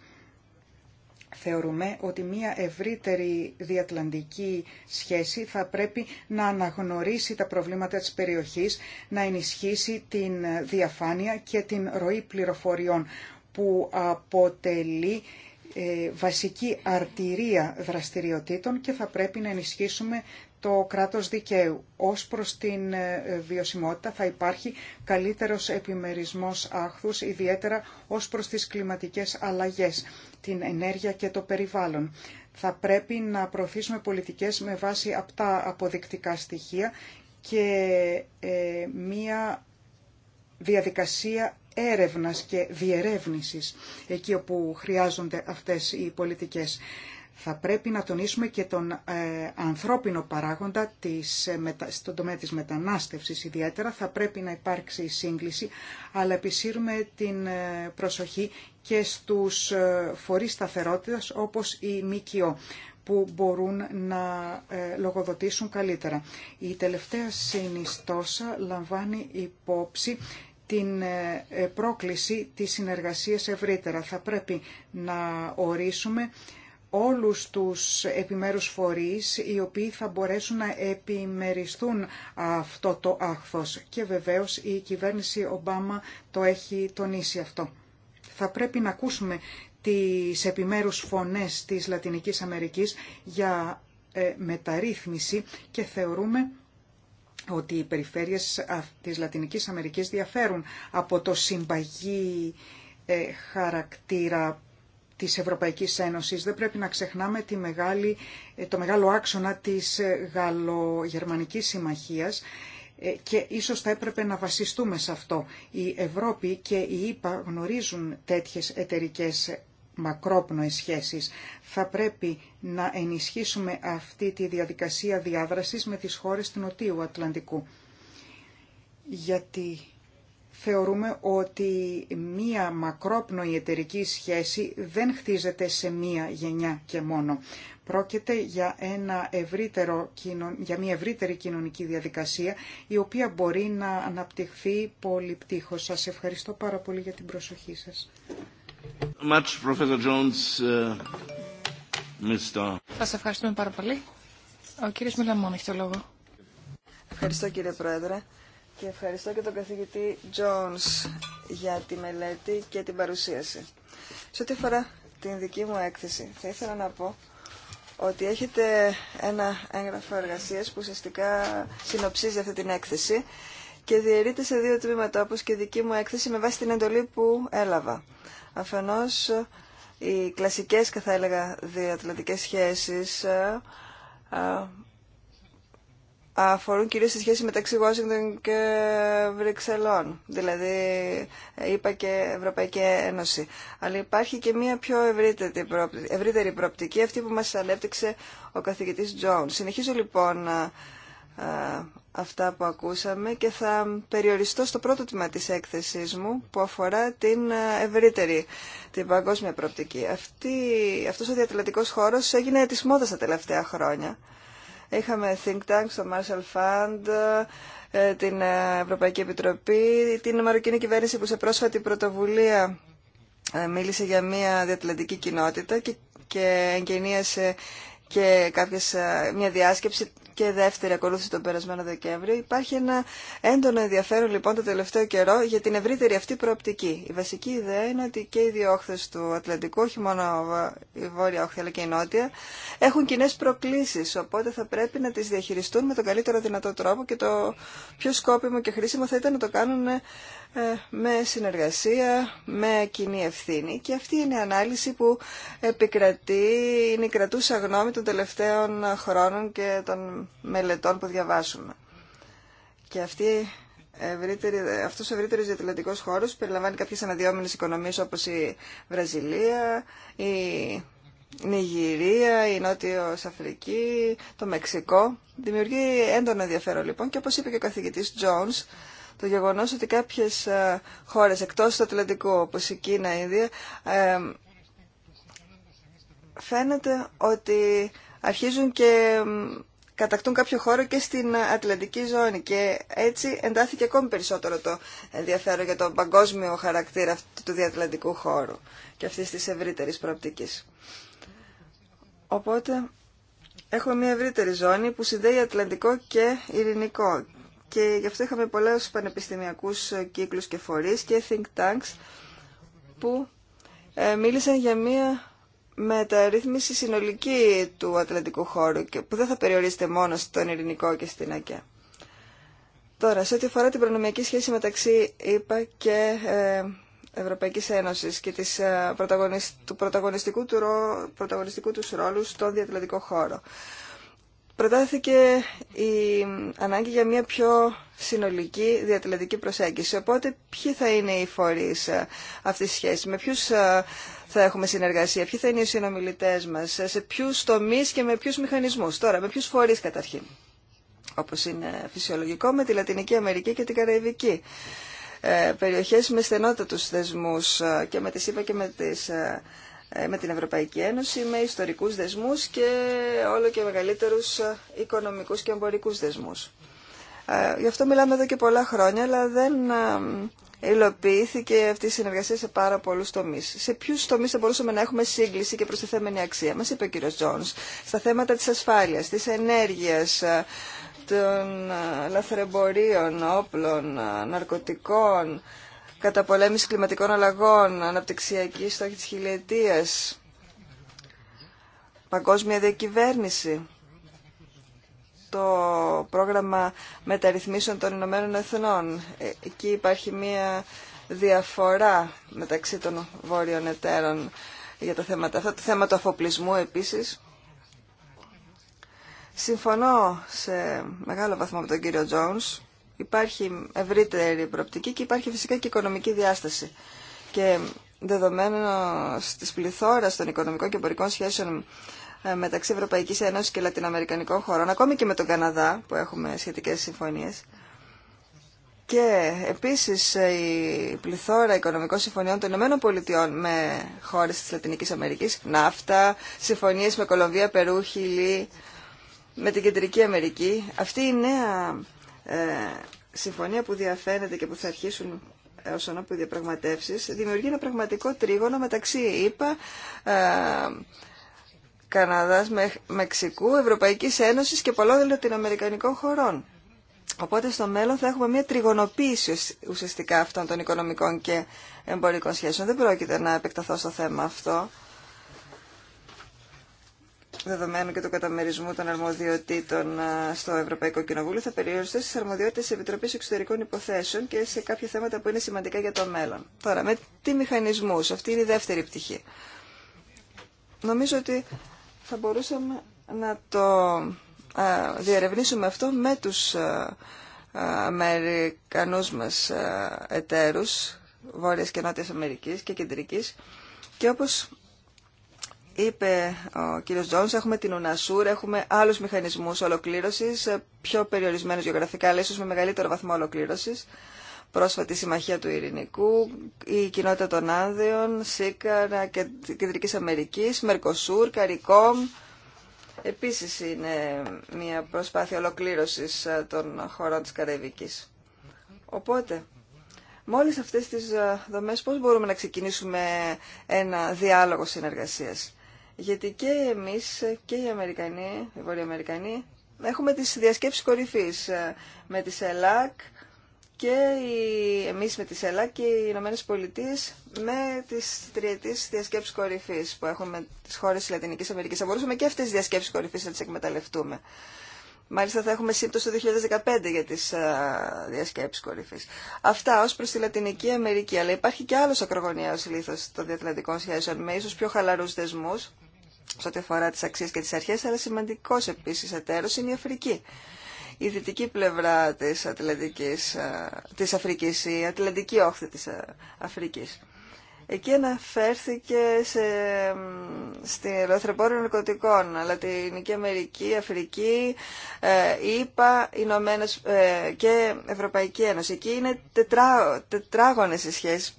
Θεωρούμε ότι μια ευρύτερη διατλαντική σχέση θα πρέπει να αναγνωρίσει τα προβλήματα της περιοχής, να ενισχύσει την διαφάνεια και την ροή πληροφοριών που αποτελεί ε, βασική αρτηρία δραστηριοτήτων και θα πρέπει να ενισχύσουμε το κράτος δικαίου. Ως προς την ε, βιωσιμότητα θα υπάρχει καλύτερος επιμερισμός άχθους, ιδιαίτερα ως προς τις κλιματικές αλλαγές, την ενέργεια και το περιβάλλον. Θα πρέπει να προωθήσουμε πολιτικές με βάση αυτά αποδεικτικά στοιχεία και ε, μία διαδικασία έρευνας και διερεύνησης εκεί όπου χρειάζονται αυτές οι πολιτικές θα πρέπει να τονίσουμε και τον ε, ανθρώπινο παράγοντα της, ε, μετα, στον τομέα της μετανάστευσης ιδιαίτερα. Θα πρέπει να υπάρξει σύγκληση, αλλά επισύρουμε την ε, προσοχή και στους ε, φορείς σταθερότητας όπως η ΜΚΟ που μπορούν να λογοδοτήσουν καλύτερα. Η τελευταία συνιστόσα λαμβάνει υπόψη την πρόκληση της συνεργασίας ευρύτερα. Θα πρέπει να ορίσουμε όλους τους επιμέρους φορείς οι οποίοι θα μπορέσουν να επιμεριστούν αυτό το άχθος. Και βεβαίως η κυβέρνηση Ομπάμα το έχει τονίσει αυτό. Θα πρέπει να ακούσουμε τις επιμέρους φωνές της Λατινικής Αμερικής για ε, μεταρρύθμιση και θεωρούμε ότι οι περιφέρειες της Λατινικής Αμερικής διαφέρουν από το συμπαγή ε, χαρακτήρα της Ευρωπαϊκής Ένωσης. Δεν πρέπει να ξεχνάμε τη μεγάλη, ε, το μεγάλο άξονα της ε, Γαλλογερμανικής Συμμαχίας ε, και ίσως θα έπρεπε να βασιστούμε σε αυτό. Η Ευρώπη και οι ΕΠΑ γνωρίζουν τέτοιες εταιρικές μακρόπνοες σχέσεις. Θα πρέπει να ενισχύσουμε αυτή τη διαδικασία διάδρασης με τις χώρες του Νοτίου Ατλαντικού. Γιατί θεωρούμε ότι μία μακρόπνοη εταιρική σχέση δεν χτίζεται σε μία γενιά και μόνο. Πρόκειται για, ένα ευρύτερο, για μια ευρύτερη κοινωνική διαδικασία η οποία μπορεί να αναπτυχθεί πολυπτύχως. Σας ευχαριστώ πάρα πολύ για την προσοχή σας. Uh, σας ευχαριστούμε πάρα πολύ. Ο κύριος Μιλαμών έχει το λόγο. Ευχαριστώ κύριε Πρόεδρε. Και ευχαριστώ και τον καθηγητή Jones για τη μελέτη και την παρουσίαση. Σε ό,τι αφορά την δική μου έκθεση, θα ήθελα να πω ότι έχετε ένα έγγραφο εργασίας που ουσιαστικά συνοψίζει αυτή την έκθεση και διαιρείται σε δύο τμήματα όπως και δική μου έκθεση με βάση την εντολή που έλαβα. Αφενός οι κλασικές θα έλεγα διατλαντικές σχέσεις αφορούν κυρίως τη σχέση μεταξύ Washington και Βρυξελών, δηλαδή είπα και Ευρωπαϊκή Ένωση. Αλλά υπάρχει και μια πιο ευρύτερη προπτική, αυτή που μας ανέπτυξε ο καθηγητής Τζόουν. Συνεχίζω λοιπόν αυτά που ακούσαμε και θα περιοριστώ στο πρώτο τμήμα της έκθεσής μου που αφορά την ευρύτερη, την παγκόσμια προπτική. Αυτή, αυτός ο διατελετικός χώρος έγινε της μόδας τα τελευταία χρόνια. Είχαμε think Tank στο Marshall Fund, ε, την ε, Ευρωπαϊκή Επιτροπή, την Μαροκινή Κυβέρνηση που σε πρόσφατη πρωτοβουλία ε, μίλησε για μια διατλαντική κοινότητα και, και εγκαινίασε και κάποιες, μια διάσκεψη και δεύτερη ακολούθηση τον περασμένο Δεκέμβριο. Υπάρχει ένα έντονο ενδιαφέρον λοιπόν το τελευταίο καιρό για την ευρύτερη αυτή προοπτική. Η βασική ιδέα είναι ότι και οι δύο όχθε του Ατλαντικού, όχι μόνο η βόρεια όχθη αλλά και η νότια, έχουν κοινέ προκλήσει. Οπότε θα πρέπει να τι διαχειριστούν με τον καλύτερο δυνατό τρόπο και το πιο σκόπιμο και χρήσιμο θα ήταν να το κάνουν ε, με συνεργασία, με κοινή ευθύνη. Και αυτή είναι η ανάλυση που επικρατεί, είναι η κρατούσα γνώμη των τελευταίων χρόνων και των μελετών που διαβάσουμε. Και αυτή ευρύτερη, αυτός ο ευρύτερος διατηλετικός χώρος περιλαμβάνει κάποιες αναδυόμενες οικονομίες όπως η Βραζιλία, η Νιγηρία, η Νότιος Αφρική, το Μεξικό. Δημιουργεί έντονο ενδιαφέρον λοιπόν και όπως είπε και ο καθηγητής Jones, το γεγονός ότι κάποιες ε, χώρες εκτός του Ατλαντικού όπως η Κίνα, η Ινδία ε, φαίνεται ότι αρχίζουν και κατακτούν κάποιο χώρο και στην Ατλαντική ζώνη και έτσι εντάθηκε ακόμη περισσότερο το ενδιαφέρον για τον παγκόσμιο χαρακτήρα του διατλαντικού χώρου και αυτής της ευρύτερης προοπτικής. Οπότε έχουμε μια ευρύτερη ζώνη που συνδέει Ατλαντικό και Ειρηνικό και γι' αυτό είχαμε πολλές πανεπιστημιακούς κύκλους και φορείς και think tanks που ε, μίλησαν για μια μεταρρύθμιση συνολική του Ατλαντικού χώρου και που δεν θα περιορίζεται μόνο στον Ειρηνικό και στην ΑΚΕ. Τώρα, σε ό,τι αφορά την προνομιακή σχέση μεταξύ ΕΠΑ και ε, Ευρωπαϊκής Ένωσης και της, ε, του, πρωταγωνιστικού του, τους ρόλου στον διατλαντικό χώρο. Προτάθηκε η ανάγκη για μια πιο συνολική διατλαντική προσέγγιση. Οπότε ποιοι θα είναι οι φορείς ε, αυτής της σχέσης, με ποιους θα έχουμε συνεργασία, ποιοι θα είναι οι συνομιλητέ μα, σε ποιου τομεί και με ποιου μηχανισμού. Τώρα, με ποιου φορεί καταρχήν. Όπω είναι φυσιολογικό με τη Λατινική Αμερική και την Καραϊβική. Ε, περιοχές με στενότατους δεσμούς ε, και με τη ΣΥΠΑ και με, τις, ε, ε, με την Ευρωπαϊκή Ένωση, με ιστορικούς δεσμούς και όλο και μεγαλύτερους οικονομικούς και εμπορικούς δεσμούς. Ε, γι' αυτό μιλάμε εδώ και πολλά χρόνια, αλλά δεν ε, υλοποιήθηκε αυτή η συνεργασία σε πάρα πολλού τομεί. Σε ποιου τομεί θα μπορούσαμε να έχουμε σύγκληση και προστιθέμενη αξία, μα είπε ο κύριο Τζόν, στα θέματα τη ασφάλεια, τη ενέργεια, ε, των λαθρεμπορίων, όπλων, ναρκωτικών, καταπολέμηση κλιματικών αλλαγών, αναπτυξιακή στόχη τη χιλιετία, παγκόσμια διακυβέρνηση το πρόγραμμα μεταρρυθμίσεων των Ηνωμένων Εθνών. Ε, εκεί υπάρχει μία διαφορά μεταξύ των βόρειων εταίρων για τα θέματα αυτά. Το θέμα του αφοπλισμού επίσης. Συμφωνώ σε μεγάλο βαθμό με τον κύριο Τζόνς. Υπάρχει ευρύτερη προοπτική και υπάρχει φυσικά και οικονομική διάσταση. Και δεδομένως της πληθώρας των οικονομικών και εμπορικών σχέσεων ε, μεταξύ Ευρωπαϊκής Ένωσης και Λατινοαμερικανικών χωρών, ακόμη και με τον Καναδά που έχουμε σχετικές συμφωνίες. Και επίσης ε, η πληθώρα οικονομικών συμφωνιών των Ηνωμένων Πολιτειών με χώρες της Λατινικής Αμερικής, ναύτα, συμφωνίες με Κολομβία, Περού, Χιλή, με την Κεντρική Αμερική. Αυτή η νέα ε, συμφωνία που διαφαίνεται και που θα αρχίσουν ως οι διαπραγματεύσεις δημιουργεί ένα πραγματικό τρίγωνο μεταξύ ΕΠΑ, ε, Καναδάς, Μεξικού, Ευρωπαϊκής Ένωσης και πολλών λατινοαμερικανικών χωρών. Οπότε στο μέλλον θα έχουμε μια τριγωνοποίηση ουσιαστικά αυτών των οικονομικών και εμπορικών σχέσεων. Δεν πρόκειται να επεκταθώ στο θέμα αυτό, δεδομένου και του καταμερισμού των αρμοδιοτήτων στο Ευρωπαϊκό Κοινοβούλιο, θα περιοριστώ στι αρμοδιότητε τη Επιτροπή Εξωτερικών Υποθέσεων και σε κάποια θέματα που είναι σημαντικά για το μέλλον. Τώρα, με τι μηχανισμού, αυτή είναι η δεύτερη πτυχή. Νομίζω ότι θα μπορούσαμε να το διαρευνήσουμε αυτό με τους Αμερικανούς μας εταίρους Βόρειας και Νότιας Αμερικής και Κεντρικής και όπως είπε ο κύριος Τζόνς έχουμε την Ουνασούρ, έχουμε άλλους μηχανισμούς ολοκλήρωσης πιο περιορισμένους γεωγραφικά αλλά ίσως με μεγαλύτερο βαθμό ολοκλήρωσης πρόσφατη συμμαχία του Ειρηνικού, η κοινότητα των Άνδεων, ΣΥΚΑΡΑ και Κεντρικής Αμερικής, Μερκοσούρ, Καρικόμ. Επίσης είναι μια προσπάθεια ολοκλήρωσης ε, των χωρών της Καραϊβικής. Οπότε, με όλες αυτές τις ε, δομές πώς μπορούμε να ξεκινήσουμε ένα διάλογο συνεργασίας. Γιατί και εμείς ε, και οι Αμερικανοί, οι Βορειοαμερικανοί, έχουμε τις διασκέψεις κορυφής με τις ΕΛΑΚ, και οι, εμείς με τη ΣΕΛΑ και οι Ηνωμένε Πολιτείε με τις τριετής διασκέψεις κορυφής που έχουμε τις χώρες της Λατινικής Αμερικής. Θα μπορούσαμε και αυτές τις διασκέψεις κορυφής να τις εκμεταλλευτούμε. Μάλιστα θα έχουμε σύμπτωση το 2015 για τις α, διασκέψεις κορυφής. Αυτά ως προς τη Λατινική Αμερική. Αλλά υπάρχει και άλλος ακρογωνιαίος λήθος των διατλαντικών σχέσεων με ίσως πιο χαλαρούς δεσμούς σε ό,τι αφορά τις αξίες και τις αρχές, αλλά σημαντικός επίσης εταίρος είναι η Αφρική η δυτική πλευρά της, Ατλαντικής, της Αφρικής, η Ατλαντική όχθη της Αφρικής. Εκεί αναφέρθηκε σε, στην ελευθεροπόρια ναρκωτικών, αλλά την Αμερική, Αφρική, ε, ΗΠΑ, ε, και Ευρωπαϊκή Ένωση. Εκεί είναι τετρά, τετράγωνες οι σχέσεις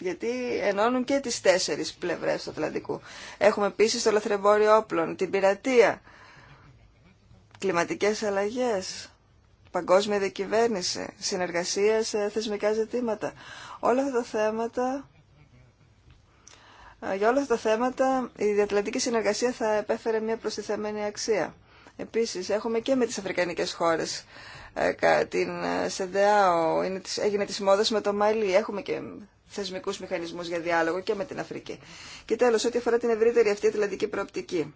γιατί ενώνουν και τις τέσσερις πλευρές του Ατλαντικού. Έχουμε επίσης το λαθρεμπόριο όπλων, την πειρατεία, κλιματικές αλλαγές, παγκόσμια διακυβέρνηση, συνεργασία σε θεσμικά ζητήματα. Όλα αυτά τα θέματα, ε, για όλα αυτά τα θέματα η διατλαντική συνεργασία θα επέφερε μια προστιθεμένη αξία. Επίσης έχουμε και με τις αφρικανικές χώρες ε, την ε, ΣΕΔΕΑΟ, έγινε της μόδας με το Μαλί, έχουμε και θεσμικούς μηχανισμούς για διάλογο και με την Αφρική. Και τέλος, ό,τι αφορά την ευρύτερη αυτή ατλαντική προοπτική.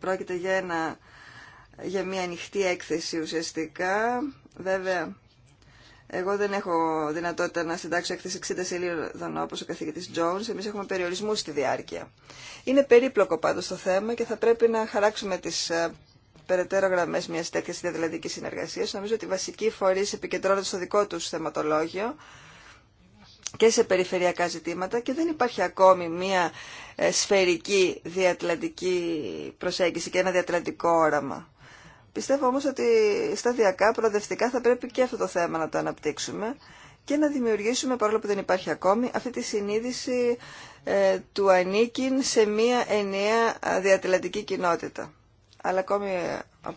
Πρόκειται για ένα για μια ανοιχτή έκθεση ουσιαστικά. Βέβαια, εγώ δεν έχω δυνατότητα να συντάξω έκθεση 60 σελίδων όπως ο καθηγητής Jones. Εμείς έχουμε περιορισμούς στη διάρκεια. Είναι περίπλοκο πάντως το θέμα και θα πρέπει να χαράξουμε τις ε, περαιτέρω γραμμέ μια τέτοια διαδηλαδική συνεργασία. Νομίζω ότι οι βασικοί φορεί επικεντρώνονται στο δικό του θεματολόγιο και σε περιφερειακά ζητήματα και δεν υπάρχει ακόμη μια ε, σφαιρική διατλαντική προσέγγιση και ένα διατλαντικό όραμα. Πιστεύω όμως ότι σταδιακά, προοδευτικά θα πρέπει και αυτό το θέμα να το αναπτύξουμε και να δημιουργήσουμε, παρόλο που δεν υπάρχει ακόμη, αυτή τη συνείδηση ε, του ανήκειν σε μία ενιαία διατελετική κοινότητα. Αλλά ακόμη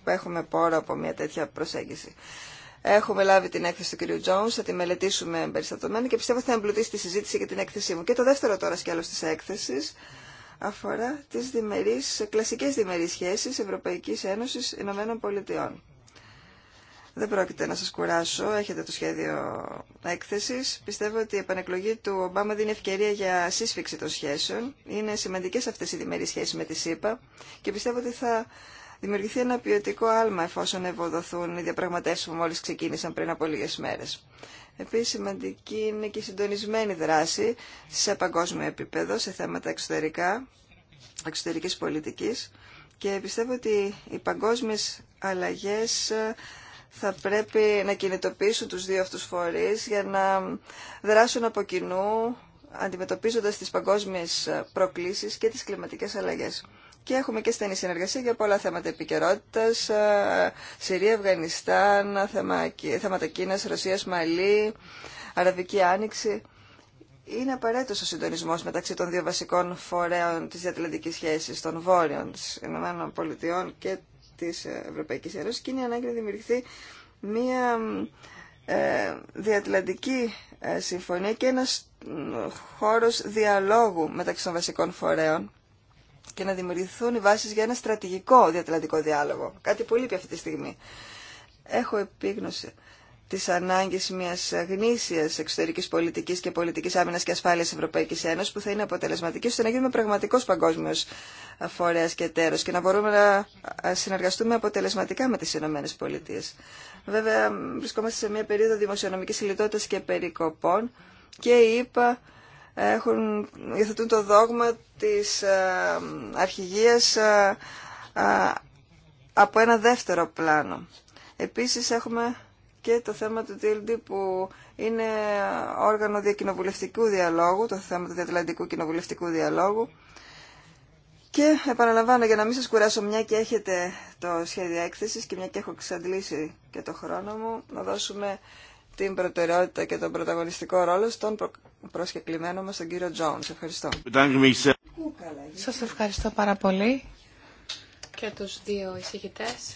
ε, έχουμε πόρο από μία τέτοια προσέγγιση. Έχουμε λάβει την έκθεση του κ. Τζόνς, θα τη μελετήσουμε περιστατωμένα και πιστεύω θα εμπλουτίσει τη συζήτηση για την έκθεσή μου. Και το δεύτερο τώρα σκέλος της έκθεσης αφορά τις διμερείς, κλασικές διμερείς σχέσεις Ευρωπαϊκής Ένωσης Ηνωμένων Πολιτειών. Δεν πρόκειται να σας κουράσω, έχετε το σχέδιο έκθεσης. Πιστεύω ότι η επανεκλογή του Ομπάμα δίνει ευκαιρία για σύσφυξη των σχέσεων. Είναι σημαντικές αυτές οι διμερείς σχέσεις με τη ΣΥΠΑ και πιστεύω ότι θα δημιουργηθεί ένα ποιοτικό άλμα εφόσον ευοδοθούν οι διαπραγματεύσεις που μόλις ξεκίνησαν πριν από λίγες μέρες. Επίσης σημαντική είναι και η συντονισμένη δράση σε παγκόσμιο επίπεδο, σε θέματα εξωτερικά, εξωτερικής πολιτικής και πιστεύω ότι οι παγκόσμιες αλλαγές ε, θα πρέπει να κινητοποιήσουν τους δύο αυτούς φορείς για να δράσουν από κοινού αντιμετωπίζοντας τις παγκόσμιες ε, προκλήσεις και τις κλιματικές αλλαγές και έχουμε και στενή συνεργασία για πολλά θέματα επικαιρότητα. Ε, Συρία, Αφγανιστάν, θέματα Κίνα, Ρωσία, Μαλή, Αραβική Άνοιξη. Είναι απαραίτητο ο συντονισμό μεταξύ των δύο βασικών φορέων τη διατλαντική σχέση, των βόρειων, των ΗΠΑ και τη Ευρωπαϊκή Ένωση και είναι ανάγκη να δημιουργηθεί μία ε, διατλαντική ε, συμφωνία και ένας χώρος διαλόγου μεταξύ των βασικών φορέων και να δημιουργηθούν οι βάσεις για ένα στρατηγικό διατλαντικό διάλογο. Κάτι που λείπει αυτή τη στιγμή. Έχω επίγνωση της ανάγκης μιας γνήσιας εξωτερικής πολιτικής και πολιτικής άμυνας και ασφάλειας Ευρωπαϊκής Ένωσης που θα είναι αποτελεσματική ώστε να γίνουμε πραγματικός παγκόσμιος φορέας και τέρος και να μπορούμε να συνεργαστούμε αποτελεσματικά με τις Ηνωμένες Πολιτείες. Βέβαια βρισκόμαστε σε μια περίοδο δημοσιονομικής λιτότητας και περικοπών και είπα έχουν, υιοθετούν το δόγμα της ε, αρχηγίας ε, ε, από ένα δεύτερο πλάνο. Επίσης έχουμε και το θέμα του DLD που είναι όργανο διακοινοβουλευτικού διαλόγου, το θέμα του διατλαντικού κοινοβουλευτικού διαλόγου. Και επαναλαμβάνω για να μην σας κουράσω μια και έχετε το σχέδιο έκθεσης και μια και έχω εξαντλήσει και το χρόνο μου, να δώσουμε την προτεραιότητα και τον πρωταγωνιστικό ρόλο στον προσκεκλημένο μας τον κύριο Τζόνς. Ευχαριστώ. Σας ευχαριστώ πάρα πολύ και τους δύο εισηγητές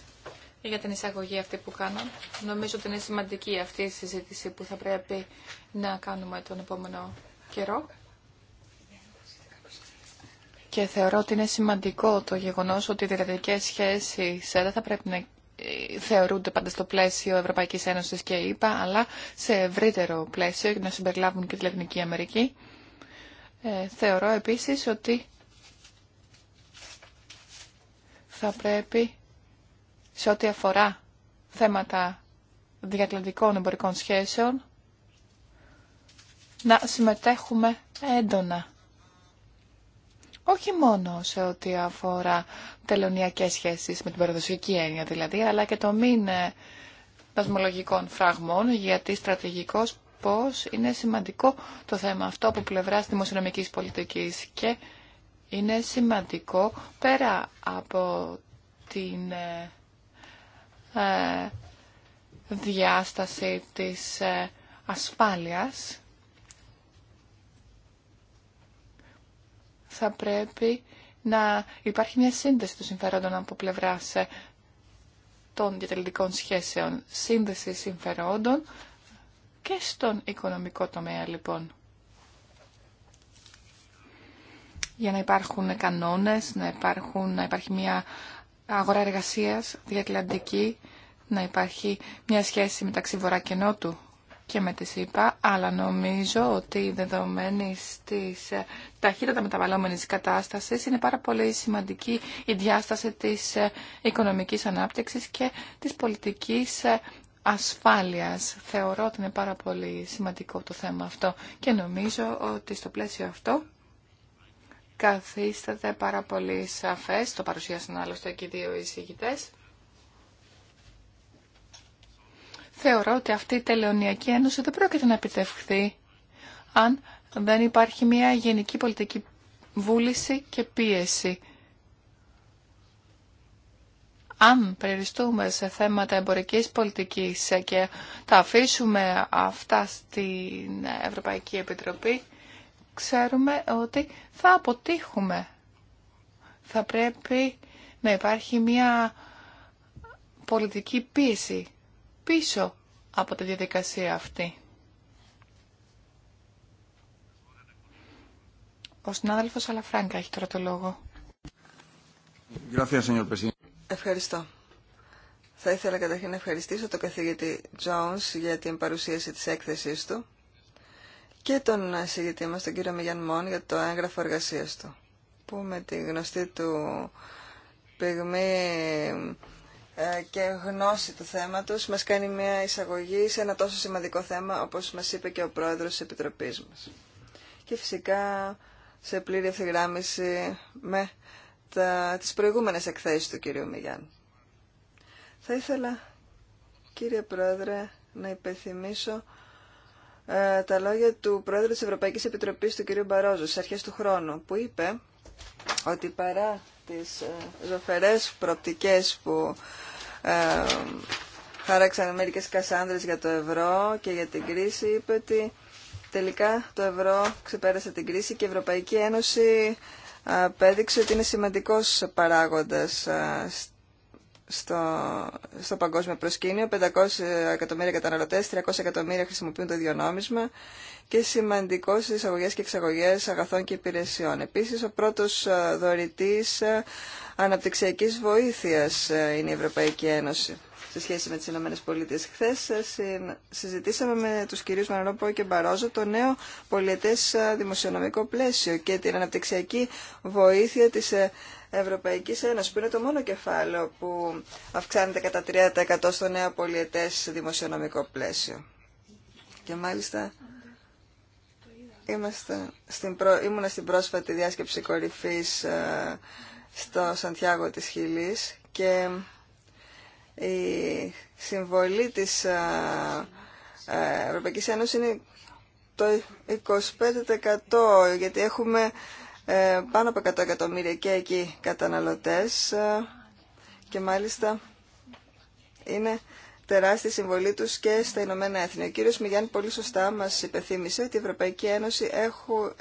για την εισαγωγή αυτή που κάναν. Νομίζω ότι είναι σημαντική αυτή η συζήτηση που θα πρέπει να κάνουμε τον επόμενο καιρό. Και θεωρώ ότι είναι σημαντικό το γεγονός ότι οι δηλαδικές σχέσεις δεν θα πρέπει να θεωρούνται πάντα στο πλαίσιο Ευρωπαϊκής Ένωσης και ΕΥΠΑ, ΕΕ, αλλά σε ευρύτερο πλαίσιο για να συμπεριλάβουν και τη Λατινική Αμερική. Ε, θεωρώ επίσης ότι θα πρέπει σε ό,τι αφορά θέματα διακλαδικών εμπορικών σχέσεων να συμμετέχουμε έντονα όχι μόνο σε ό,τι αφορά τελωνιακές σχέσεις με την παραδοσιακή έννοια δηλαδή, αλλά και το μην ε, δασμολογικών φραγμών, γιατί στρατηγικός πώς είναι σημαντικό το θέμα αυτό από πλευρά δημοσιονομικής πολιτικής και είναι σημαντικό πέρα από την ε, ε, διάσταση της ασφάλειας θα πρέπει να υπάρχει μια σύνδεση των συμφερόντων από πλευρά ε, των διατελετικών σχέσεων, σύνδεση συμφερόντων και στον οικονομικό τομέα λοιπόν. Για να υπάρχουν κανόνες, να, υπάρχουν, να υπάρχει μια αγορά εργασίας διατλαντική, να υπάρχει μια σχέση μεταξύ βορρά και νότου και με τις είπα, αλλά νομίζω ότι δεδομένη τη ε, ταχύτατα μεταβαλλόμενη κατάσταση είναι πάρα πολύ σημαντική η διάσταση τη ε, οικονομική ανάπτυξη και της πολιτική ε, ασφάλειας. Θεωρώ ότι είναι πάρα πολύ σημαντικό το θέμα αυτό και νομίζω ότι στο πλαίσιο αυτό καθίσταται πάρα πολύ σαφές, το παρουσίασαν άλλωστε και οι δύο εισηγητές, Θεωρώ ότι αυτή η τελεωνιακή ένωση δεν πρόκειται να επιτευχθεί αν δεν υπάρχει μια γενική πολιτική βούληση και πίεση. Αν περιοριστούμε σε θέματα εμπορικής πολιτικής και τα αφήσουμε αυτά στην Ευρωπαϊκή Επιτροπή, ξέρουμε ότι θα αποτύχουμε. Θα πρέπει να υπάρχει μια πολιτική πίεση πίσω από τη διαδικασία αυτή. Ο συνάδελφος Αλαφράγκα έχει τώρα το λόγο. Ευχαριστώ. Θα ήθελα καταρχήν να ευχαριστήσω τον καθηγητή Jones για την παρουσίαση της έκθεσής του και τον συγητή μας, τον κύριο Μιγιάν για το έγγραφο εργασίας του, που με τη γνωστή του πυγμή ε, και γνώση του θέματος μας κάνει μια εισαγωγή σε ένα τόσο σημαντικό θέμα όπως μας είπε και ο πρόεδρος της Επιτροπής μας. Και φυσικά σε πλήρη ευθυγράμμιση με τα, τις προηγούμενες εκθέσεις του κυρίου Μιγιάν. Θα ήθελα, κύριε Πρόεδρε, να υπενθυμίσω ε, τα λόγια του Πρόεδρου της Ευρωπαϊκής Επιτροπής του κυρίου Μπαρόζου στις αρχές του χρόνου, που είπε ότι παρά τις ε, ζωφερές προπτικές που ε, χάραξαν μερικές κασάνδρες για το ευρώ και για την κρίση, είπε ότι τελικά το ευρώ ξεπέρασε την κρίση και η Ευρωπαϊκή Ένωση ε, απέδειξε ότι είναι σημαντικός παράγοντας ε, στο, στο παγκόσμιο προσκήνιο. 500 εκατομμύρια καταναλωτέ, 300 εκατομμύρια χρησιμοποιούν το ίδιο νόμισμα και σημαντικό στι εισαγωγέ και εξαγωγέ αγαθών και υπηρεσιών. Επίση, ο πρώτο ε, δωρητή ε, αναπτυξιακή βοήθεια ε, είναι η Ευρωπαϊκή Ένωση σε σχέση με τι ΗΠΑ. Χθε συζητήσαμε με του κυρίου Μαρόπο και Μπαρόζο το νέο πολιετέ δημοσιονομικό πλαίσιο και την αναπτυξιακή βοήθεια τη Ευρωπαϊκής Ένωσης, που είναι το μόνο κεφάλαιο που αυξάνεται κατά 30% στο νέο πολιετές δημοσιονομικό πλαίσιο. Και μάλιστα είμαστε στην προ... ήμουνα στην πρόσφατη διάσκεψη κορυφής ε, στο Σαντιάγο της Χιλής και η συμβολή της ε, ε, Ευρωπαϊκής Ένωσης είναι το 25% γιατί έχουμε ε, πάνω από 100 εκατομμύρια και εκεί καταναλωτές ε, και μάλιστα είναι τεράστια συμβολή τους και στα Ηνωμένα Έθνη. Ο κύριος Μιγιάννη πολύ σωστά μας υπεθύμησε ότι η Ευρωπαϊκή Ένωση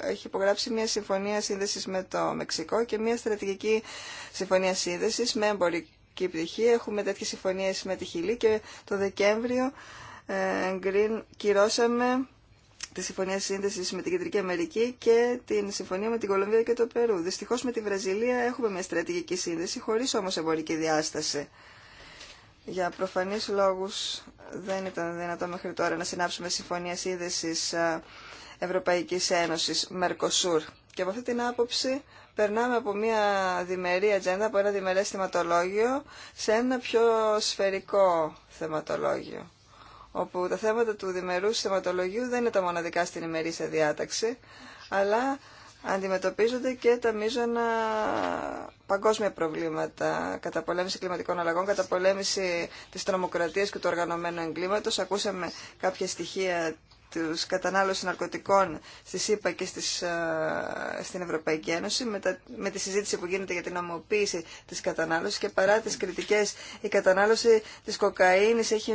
έχει υπογράψει μια συμφωνία σύνδεσης με το Μεξικό και μια στρατηγική συμφωνία σύνδεσης με εμπορική πτυχή. Έχουμε τέτοιες συμφωνίες με τη Χιλή και το Δεκέμβριο ε, γκριν κυρώσαμε τη Συμφωνία Σύνδεση με την Κεντρική Αμερική και την Συμφωνία με την Κολομβία και το Περού. Δυστυχώ με τη Βραζιλία έχουμε μια στρατηγική σύνδεση, χωρί όμω εμπορική διάσταση. Για προφανεί λόγου δεν ήταν δυνατό μέχρι τώρα να συνάψουμε Συμφωνία Σύνδεση ε, Ευρωπαϊκή Ένωση, Μερκοσούρ. Και από αυτή την άποψη περνάμε από μια διμερή ατζέντα, από ένα διμερές θεματολόγιο, σε ένα πιο σφαιρικό θεματολόγιο όπου τα θέματα του διμερούς θεματολογίου δεν είναι τα μοναδικά στην σε διάταξη, αλλά αντιμετωπίζονται και τα μείζωνα παγκόσμια προβλήματα. Καταπολέμηση κλιματικών αλλαγών, καταπολέμηση της τρομοκρατίας και του οργανωμένου εγκλήματος. Ακούσαμε κάποια στοιχεία τους κατανάλωση ναρκωτικών στη ΣΥΠΑ και στις, ε, στην Ευρωπαϊκή Ένωση με, με τη συζήτηση που γίνεται για την ομοποίηση της κατανάλωσης και παρά τις κριτικές η κατανάλωση της κοκαίνης έχει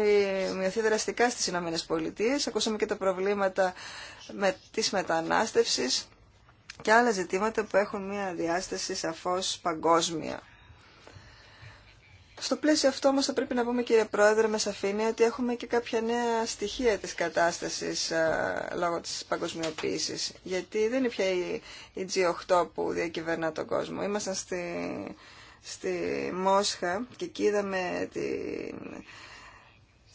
μειωθεί δραστικά στις Ηνωμένες Πολιτείες. Ακούσαμε και τα προβλήματα με, της μετανάστευσης και άλλα ζητήματα που έχουν μια διάσταση σαφώς παγκόσμια. Στο πλαίσιο αυτό όμως θα πρέπει να πούμε κύριε Πρόεδρε με σαφήνεια ότι έχουμε και κάποια νέα στοιχεία της κατάστασης λόγω της παγκοσμιοποίησης. Γιατί δεν είναι πια η, G8 που διακυβερνά τον κόσμο. Ήμασταν στη, στη Μόσχα και εκεί είδαμε την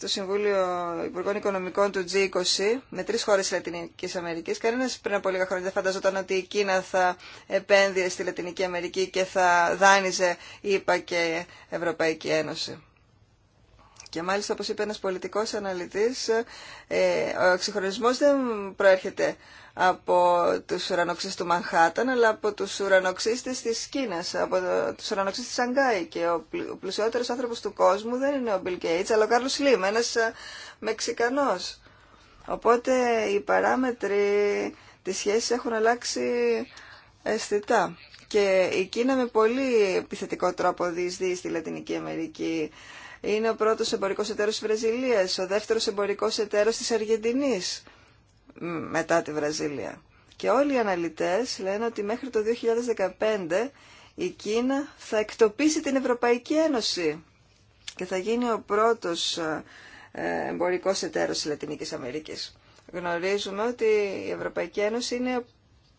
το Συμβούλιο Υπουργών Οικονομικών του G20 με τρει χώρε τη Λατινική Αμερική. Κανένα πριν από λίγα χρόνια δεν φανταζόταν ότι η Κίνα θα επένδυε στη Λατινική Αμερική και θα δάνειζε, είπα, και Ευρωπαϊκή Ένωση. Και μάλιστα, όπως είπε ένα πολιτικό αναλυτή, ε, ο εξυγχρονισμός δεν προέρχεται από τους ουρανοξύστες του Μανχάταν, αλλά από τους ουρανοξύστες της Κίνας, από το, τους ουρανοξύστες της Σανγκάη. Και ο, ο πλουσιότερος άνθρωπος του κόσμου δεν είναι ο Bill Gates, αλλά ο Κάρλος Σλίμ, ένας ε, Μεξικανός. Οπότε οι παράμετροι της σχέσης έχουν αλλάξει αισθητά. Και η Κίνα με πολύ επιθετικό τρόπο διεισδύει στη Λατινική Αμερική. Είναι ο πρώτος εμπορικός εταίρος της Βραζιλίας, ο δεύτερος εμπορικός εταίρος της Αργεντινής μετά τη Βραζίλια. Και όλοι οι αναλυτές λένε ότι μέχρι το 2015 η Κίνα θα εκτοπίσει την Ευρωπαϊκή Ένωση και θα γίνει ο πρώτος ε, εμπορικός εταίρος της Λατινικής Αμερικής. Γνωρίζουμε ότι η Ευρωπαϊκή Ένωση είναι ο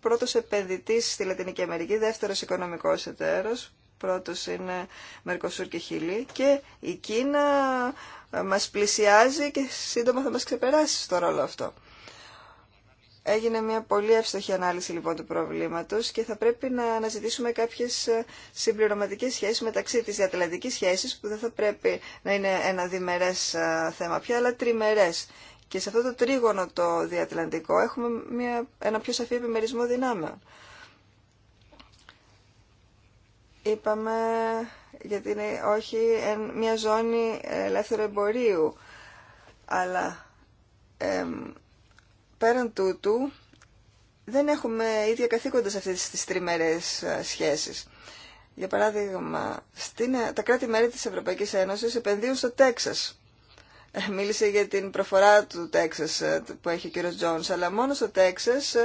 πρώτος επενδυτής στη Λατινική Αμερική, δεύτερος οικονομικός εταίρος, πρώτος είναι Μερκοσούρ και Χιλή και η Κίνα ε, μας πλησιάζει και σύντομα θα μας ξεπεράσει στο ρόλο αυτό. Έγινε μια πολύ εύστοχη ανάλυση λοιπόν του προβλήματος και θα πρέπει να αναζητήσουμε κάποιες ε, συμπληρωματικές σχέσεις μεταξύ της διατλαντικής σχέσης που δεν θα πρέπει να είναι ένα διμερές ε, θέμα πια αλλά τριμερές. Και σε αυτό το τρίγωνο το διατλαντικό έχουμε μια, ένα πιο σαφή επιμερισμό δυνάμεων. Είπαμε γιατί είναι όχι μια ζώνη ελεύθερου εμπορίου αλλά πέραν τούτου δεν έχουμε ίδια καθήκοντα σε αυτές τις τριμερές ε, σχέσεις. Για παράδειγμα, στην, ε, τα κράτη-μέρη της Ευρωπαϊκής Ένωσης επενδύουν στο Τέξας. Ε, μίλησε για την προφορά του Τέξας που έχει ο κ. Τζόνς, αλλά μόνο στο Τέξας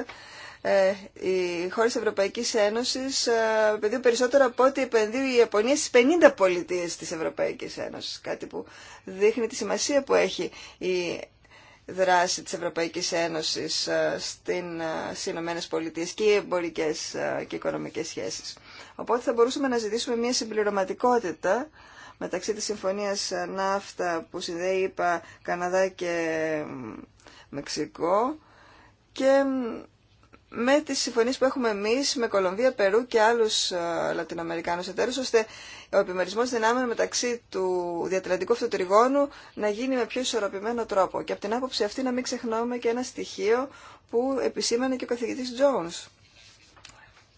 οι χώρες Ευρωπαϊκής Ένωσης επενδύουν περισσότερο από ό,τι επενδύει η Ιαπωνία στις 50 πολιτείες της Ευρωπαϊκής Ένωσης. Κάτι που δείχνει τη σημασία που έχει η δράση της Ευρωπαϊκής Ένωσης ε, στην, Πολιτείε Πολιτείες και οι εμπορικές ε, και οικονομικές σχέσεις. Οπότε θα μπορούσαμε να ζητήσουμε μια συμπληρωματικότητα μεταξύ της Συμφωνίας ε, Ναύτα που συνδέει είπα Καναδά και Μεξικό και με τι συμφωνίες που έχουμε εμεί με Κολομβία, Περού και άλλους ε, Λατινοαμερικάνους εταίρους, ώστε ο επιμερισμό δυνάμεων μεταξύ του διατλαντικού αυτού να γίνει με πιο ισορροπημένο τρόπο. Και από την άποψη αυτή να μην ξεχνάμε και ένα στοιχείο που επισήμανε και ο καθηγητής Τζόουν.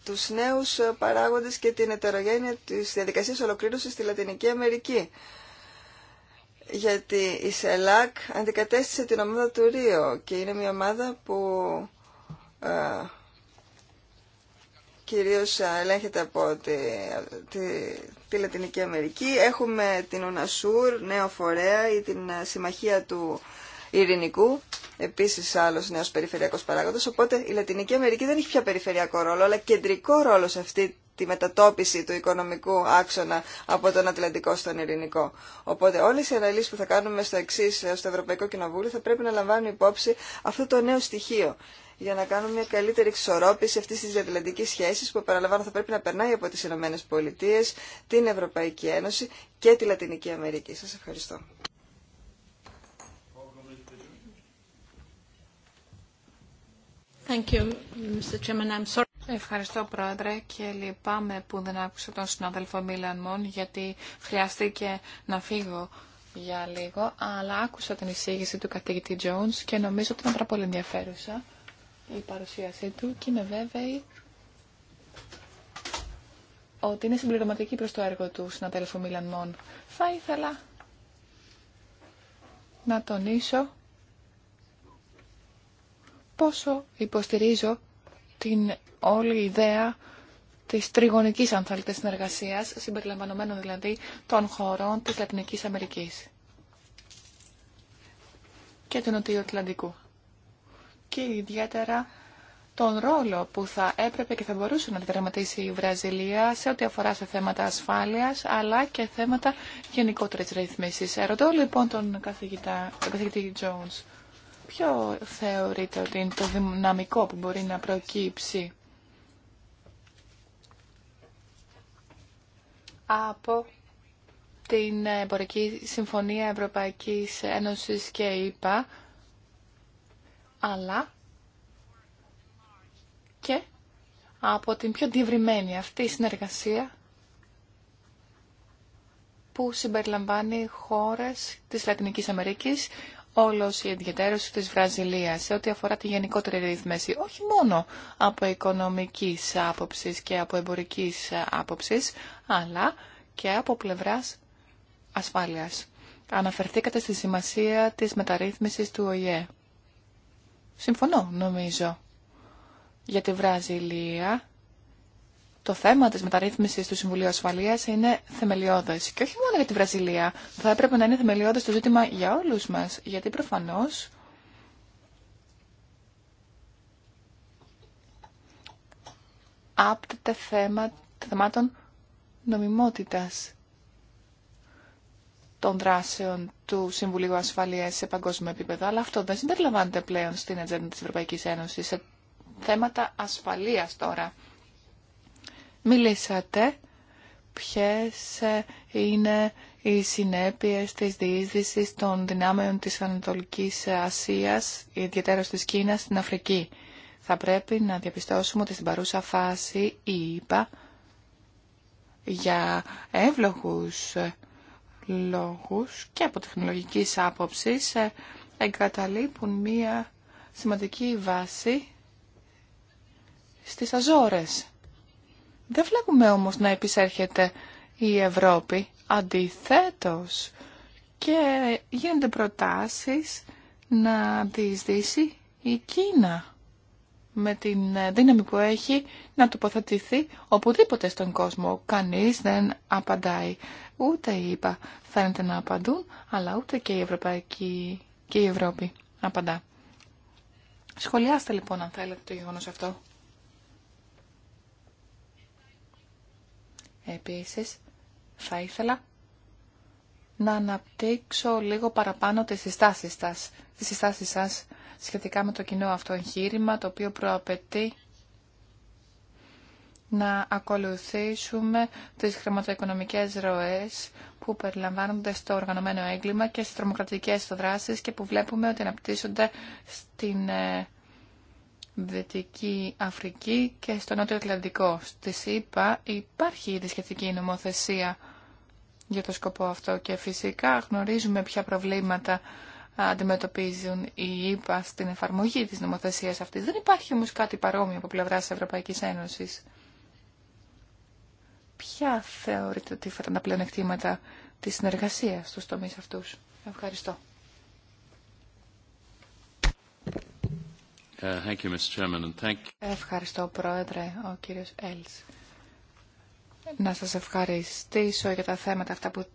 του νέου ε, παράγοντε και την ετερογένεια τη διαδικασία ολοκλήρωση στη Λατινική Αμερική γιατί η ΣΕΛΑΚ αντικατέστησε την ομάδα του Ρίο και είναι μια ομάδα που ε, κυρίως ελέγχεται από τη, τη, Λατινική Αμερική. Έχουμε την Ονασούρ, νέο φορέα ή την νέο φορέα, ή την Συμμαχία του Ειρηνικού, επίσης άλλος νέος περιφερειακός παράγοντας. Οπότε η Λατινική Αμερική δεν έχει πια περιφερειακό ρόλο, αλλά κεντρικό ρόλο σε αυτή τη μετατόπιση του οικονομικού άξονα από τον Ατλαντικό στον Ειρηνικό. Οπότε όλες οι αναλύσεις που θα κάνουμε στο εξή στο Ευρωπαϊκό Κοινοβούλιο θα πρέπει να λαμβάνουν υπόψη αυτό το νέο στοιχείο για να κάνουμε μια καλύτερη εξορρόπηση αυτή τη διατλαντική σχέση που, παραλαμβάνω, θα πρέπει να περνάει από τι Ηνωμένε Πολιτείε, την Ευρωπαϊκή Ένωση και τη Λατινική Αμερική. Σα ευχαριστώ. Thank you, Mr. Chairman. I'm sorry. Ευχαριστώ Πρόεδρε και λυπάμαι που δεν άκουσα τον συνάδελφο Μίλαν Μον γιατί χρειάστηκε να φύγω για λίγο αλλά άκουσα την εισήγηση του καθηγητή Jones και νομίζω ότι ήταν πάρα πολύ ενδιαφέρουσα η παρουσίασή του και είμαι βέβαιη ότι είναι συμπληρωματική προς το έργο του συναδέλφου Μίλαν Μόν. Θα ήθελα να τονίσω πόσο υποστηρίζω την όλη ιδέα της τριγωνικής αν θέλετε συνεργασίας, συμπεριλαμβανομένων δηλαδή των χωρών της Λατινικής Αμερικής και του Νοτιοατλαντικού και ιδιαίτερα τον ρόλο που θα έπρεπε και θα μπορούσε να διδραματίσει η Βραζιλία σε ό,τι αφορά σε θέματα ασφάλειας αλλά και θέματα γενικότερης ρυθμίσης. Ερωτώ λοιπόν τον, καθηγητά, τον καθηγητή Jones, ποιο θεωρείτε ότι είναι το δυναμικό που μπορεί να προκύψει από την Εμπορική Συμφωνία Ευρωπαϊκής Ένωσης και ΕΙΠΑ ΕΕ, αλλά και από την πιο διευρυμένη αυτή συνεργασία που συμπεριλαμβάνει χώρες της Λατινικής Αμερικής, όλος η ενδιατέρωση της Βραζιλίας σε ό,τι αφορά τη γενικότερη ρύθμιση, όχι μόνο από οικονομικής άποψης και από εμπορικής άποψης, αλλά και από πλευράς ασφάλειας. Αναφερθήκατε στη σημασία της μεταρρύθμισης του ΟΗΕ Συμφωνώ, νομίζω, για τη Βραζιλία. Το θέμα της μεταρρύθμισης του Συμβουλίου Ασφαλείας είναι θεμελιώδες. Και όχι μόνο για τη Βραζιλία. Θα έπρεπε να είναι θεμελιώδες το ζήτημα για όλους μας. Γιατί προφανώς άπτεται θέμα θεμάτων νομιμότητας των δράσεων του Συμβουλίου Ασφαλείας σε παγκόσμιο επίπεδο, αλλά αυτό δεν συμπεριλαμβάνεται πλέον στην ατζέντα τη ευρωπαϊκή Ένωση, σε θέματα ασφαλείας τώρα. Μιλήσατε ποιες ε, είναι οι συνέπειες της διείσδυσης των δυνάμεων της Ανατολικής Ασίας, ιδιαίτερα τη Κίνα στην Αφρική. Θα πρέπει να διαπιστώσουμε ότι στην παρούσα φάση η ΙΠΑ για εύλογους λόγους και από τεχνολογικής άποψης ε, εγκαταλείπουν μία σημαντική βάση στις Αζόρες. Δεν βλέπουμε όμως να επισέρχεται η Ευρώπη. Αντιθέτως και γίνονται προτάσεις να διεισδύσει η Κίνα με την δύναμη που έχει να τοποθετηθεί οπουδήποτε στον κόσμο. Κανείς δεν απαντάει. Ούτε είπα ΙΠΑ φαίνεται να απαντούν, αλλά ούτε και η Ευρωπαϊκή και η Ευρώπη απαντά. Σχολιάστε λοιπόν αν θέλετε το γεγονός αυτό. Επίσης, θα ήθελα να αναπτύξω λίγο παραπάνω τις συστάσεις σας, τις συστάσεις σας σχετικά με το κοινό αυτό εγχείρημα, το οποίο προαπαιτεί να ακολουθήσουμε τις χρηματοοικονομικές ροές που περιλαμβάνονται στο οργανωμένο έγκλημα και στις τρομοκρατικές δράσεις και που βλέπουμε ότι αναπτύσσονται στην Δυτική ε, Αφρική και στο Νότιο Ατλαντικό. Στη ΣΥΠΑ υπάρχει ήδη σχετική νομοθεσία για το σκοπό αυτό και φυσικά γνωρίζουμε ποια προβλήματα αντιμετωπίζουν οι ΙΠΑ στην εφαρμογή της νομοθεσίας αυτής. Δεν υπάρχει όμως κάτι παρόμοιο από πλευρά της Ευρωπαϊκής Ένωσης. Ποια θεωρείτε ότι θα ήταν τα πλεονεκτήματα της συνεργασίας στους τομείς αυτούς. Ευχαριστώ. Uh, Ευχαριστώ, Πρόεδρε, ο κύριος Έλς. Να σας ευχαριστήσω για τα θέματα αυτά που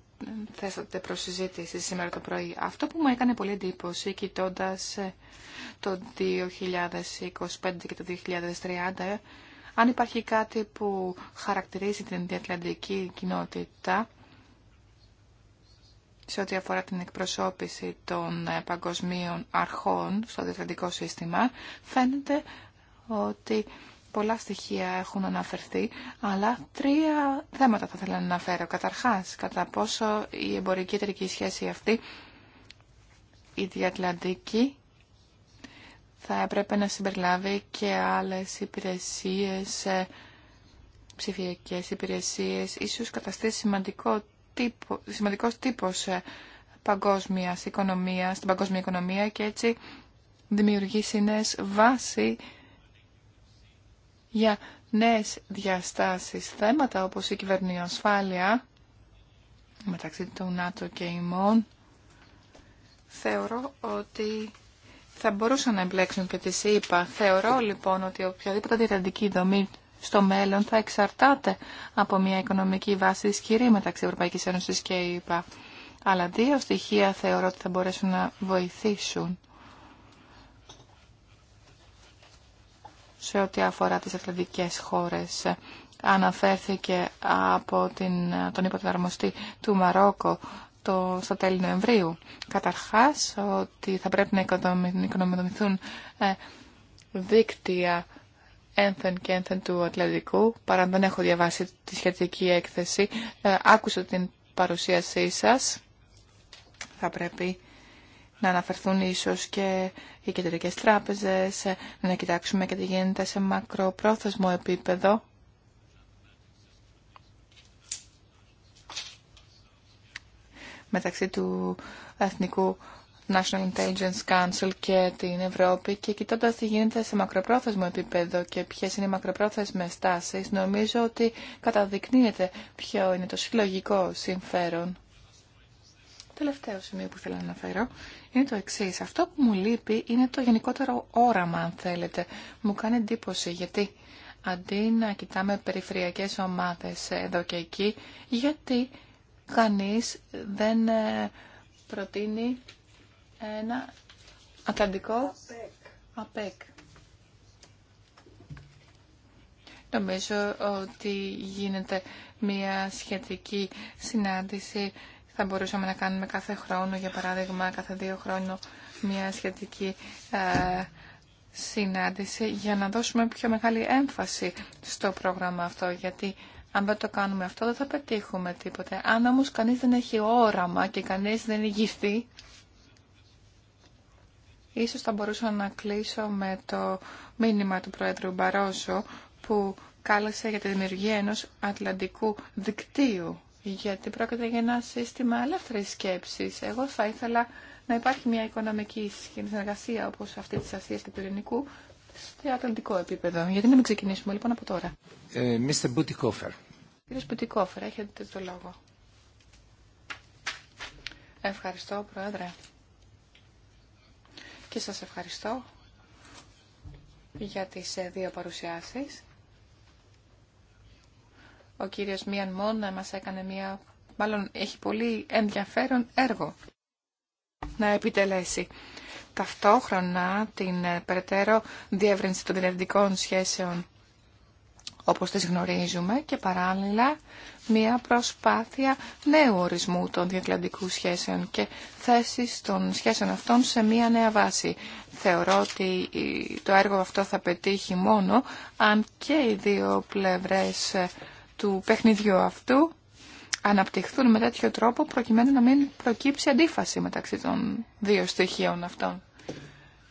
θέσατε προς συζήτηση σήμερα το πρωί. Αυτό που μου έκανε πολύ εντύπωση κοιτώντα ε, το 2025 και το 2030, ε, αν υπάρχει κάτι που χαρακτηρίζει την διατλαντική κοινότητα σε ό,τι αφορά την εκπροσώπηση των ε, παγκοσμίων αρχών στο διατλαντικό σύστημα, φαίνεται ότι πολλά στοιχεία έχουν αναφερθεί, αλλά τρία θέματα θα ήθελα να αναφέρω. Καταρχάς, κατά πόσο η εμπορική εταιρική σχέση αυτή, η διατλαντική, θα έπρεπε να συμπεριλάβει και άλλες υπηρεσίες, ε, ψηφιακές υπηρεσίες, ίσως καταστεί σημαντικό τύπο, σημαντικός τύπος ε, παγκόσμιας οικονομίας, στην παγκόσμια οικονομία και έτσι δημιουργήσει νέες βάση για νέες διαστάσεις θέματα όπως η ασφάλεια, μεταξύ του ΝΑΤΟ και ημών θεωρώ ότι θα μπορούσαν να εμπλέξουν και τις ΣΥΠΑ. Θεωρώ λοιπόν ότι οποιαδήποτε διαδικτική δομή στο μέλλον θα εξαρτάται από μια οικονομική βάση ισχυρή μεταξύ Ευρωπαϊκής Ένωσης και ΕΕ. Αλλά δύο στοιχεία θεωρώ ότι θα μπορέσουν να βοηθήσουν σε ό,τι αφορά τις αθλητικές χώρες. Αναφέρθηκε από την, τον υποτεταρμοστή του Μαρόκο το, στο τέλη Νοεμβρίου. Καταρχάς, ότι θα πρέπει να οικονομηθούν ε, δίκτυα ένθεν και ένθεν του αθλητικού. παρά δεν έχω διαβάσει τη σχετική έκθεση. Ε, άκουσα την παρουσίασή σας. Θα πρέπει να αναφερθούν ίσως και οι κεντρικές τράπεζες, να κοιτάξουμε και τι γίνεται σε μακροπρόθεσμο επίπεδο. μεταξύ του Εθνικού National Intelligence Council και την Ευρώπη και κοιτώντας τι γίνεται σε μακροπρόθεσμο επίπεδο και ποιες είναι οι μακροπρόθεσμες τάσεις, νομίζω ότι καταδεικνύεται ποιο είναι το συλλογικό συμφέρον τελευταίο σημείο που θέλω να αναφέρω είναι το εξή. Αυτό που μου λείπει είναι το γενικότερο όραμα, αν θέλετε. Μου κάνει εντύπωση γιατί αντί να κοιτάμε περιφερειακές ομάδες εδώ και εκεί, γιατί κανείς δεν ε, προτείνει ένα ατλαντικό ΑΠΕΚ. Νομίζω ότι γίνεται μια σχετική συνάντηση θα μπορούσαμε να κάνουμε κάθε χρόνο, για παράδειγμα, κάθε δύο χρόνο, μια σχετική ε, συνάντηση για να δώσουμε πιο μεγάλη έμφαση στο πρόγραμμα αυτό, γιατί αν δεν το κάνουμε αυτό δεν θα πετύχουμε τίποτε. Αν όμως κανείς δεν έχει όραμα και κανείς δεν ηγηθεί, ίσως θα μπορούσα να κλείσω με το μήνυμα του Πρόεδρου Μπαρόζο που κάλεσε για τη δημιουργία ενός Ατλαντικού δικτύου γιατί πρόκειται για ένα σύστημα ελεύθερη σκέψη. Εγώ θα ήθελα να υπάρχει μια οικονομική συνεργασία όπω αυτή τη Ασία και του Ελληνικού, σε ατλαντικό επίπεδο. Γιατί να μην ξεκινήσουμε λοιπόν από τώρα. Μίστερ Mr. Κύριε Μπουτικόφερ, έχετε το λόγο. Ευχαριστώ, Πρόεδρε. Και σας ευχαριστώ για τις ε, δύο παρουσιάσεις. Ο κύριος Μίαν Μόνα μας έκανε μια, μάλλον έχει πολύ ενδιαφέρον έργο να επιτελέσει. Ταυτόχρονα την ε, περαιτέρω διεύρυνση των διευρυντικών σχέσεων όπως τις γνωρίζουμε και παράλληλα μια προσπάθεια νέου ορισμού των διακλαντικών σχέσεων και θέσης των σχέσεων αυτών σε μια νέα βάση. Θεωρώ ότι το έργο αυτό θα πετύχει μόνο αν και οι δύο πλευρές ε, του παιχνιδιού αυτού αναπτυχθούν με τέτοιο τρόπο προκειμένου να μην προκύψει αντίφαση μεταξύ των δύο στοιχείων αυτών.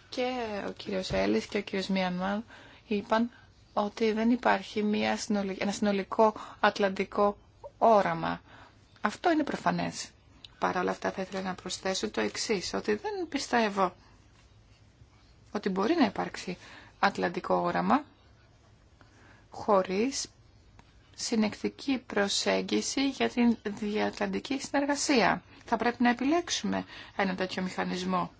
Και ο κύριος Έλλης και ο κύριος Μιανμάν είπαν ότι δεν υπάρχει μια ένα συνολικό ατλαντικό όραμα. Αυτό είναι προφανές. Παρ' όλα αυτά θα ήθελα να προσθέσω το εξής, ότι δεν πιστεύω ότι μπορεί να υπάρξει ατλαντικό όραμα χωρίς συνεκτική προσέγγιση για την διατλαντική συνεργασία. Θα πρέπει να επιλέξουμε ένα τέτοιο μηχανισμό.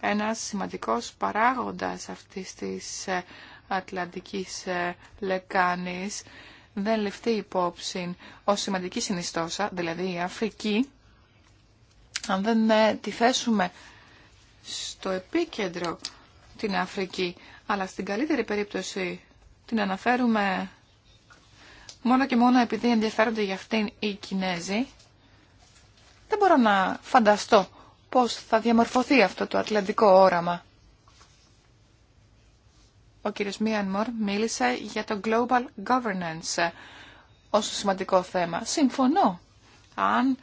Ένας σημαντικός παράγοντας αυτής της ε, ατλαντικής ε, λεκάνης δεν λεφτεί υπόψη ως σημαντική συνιστόσα, δηλαδή η Αφρική, αν δεν ε, τη θέσουμε στο επίκεντρο την Αφρική, αλλά στην καλύτερη περίπτωση την αναφέρουμε μόνο και μόνο επειδή ενδιαφέρονται για αυτήν οι Κινέζοι, δεν μπορώ να φανταστώ πώς θα διαμορφωθεί αυτό το ατλαντικό όραμα. Ο κύριος Μορ μίλησε για το Global Governance ως σημαντικό θέμα. Συμφωνώ. Αν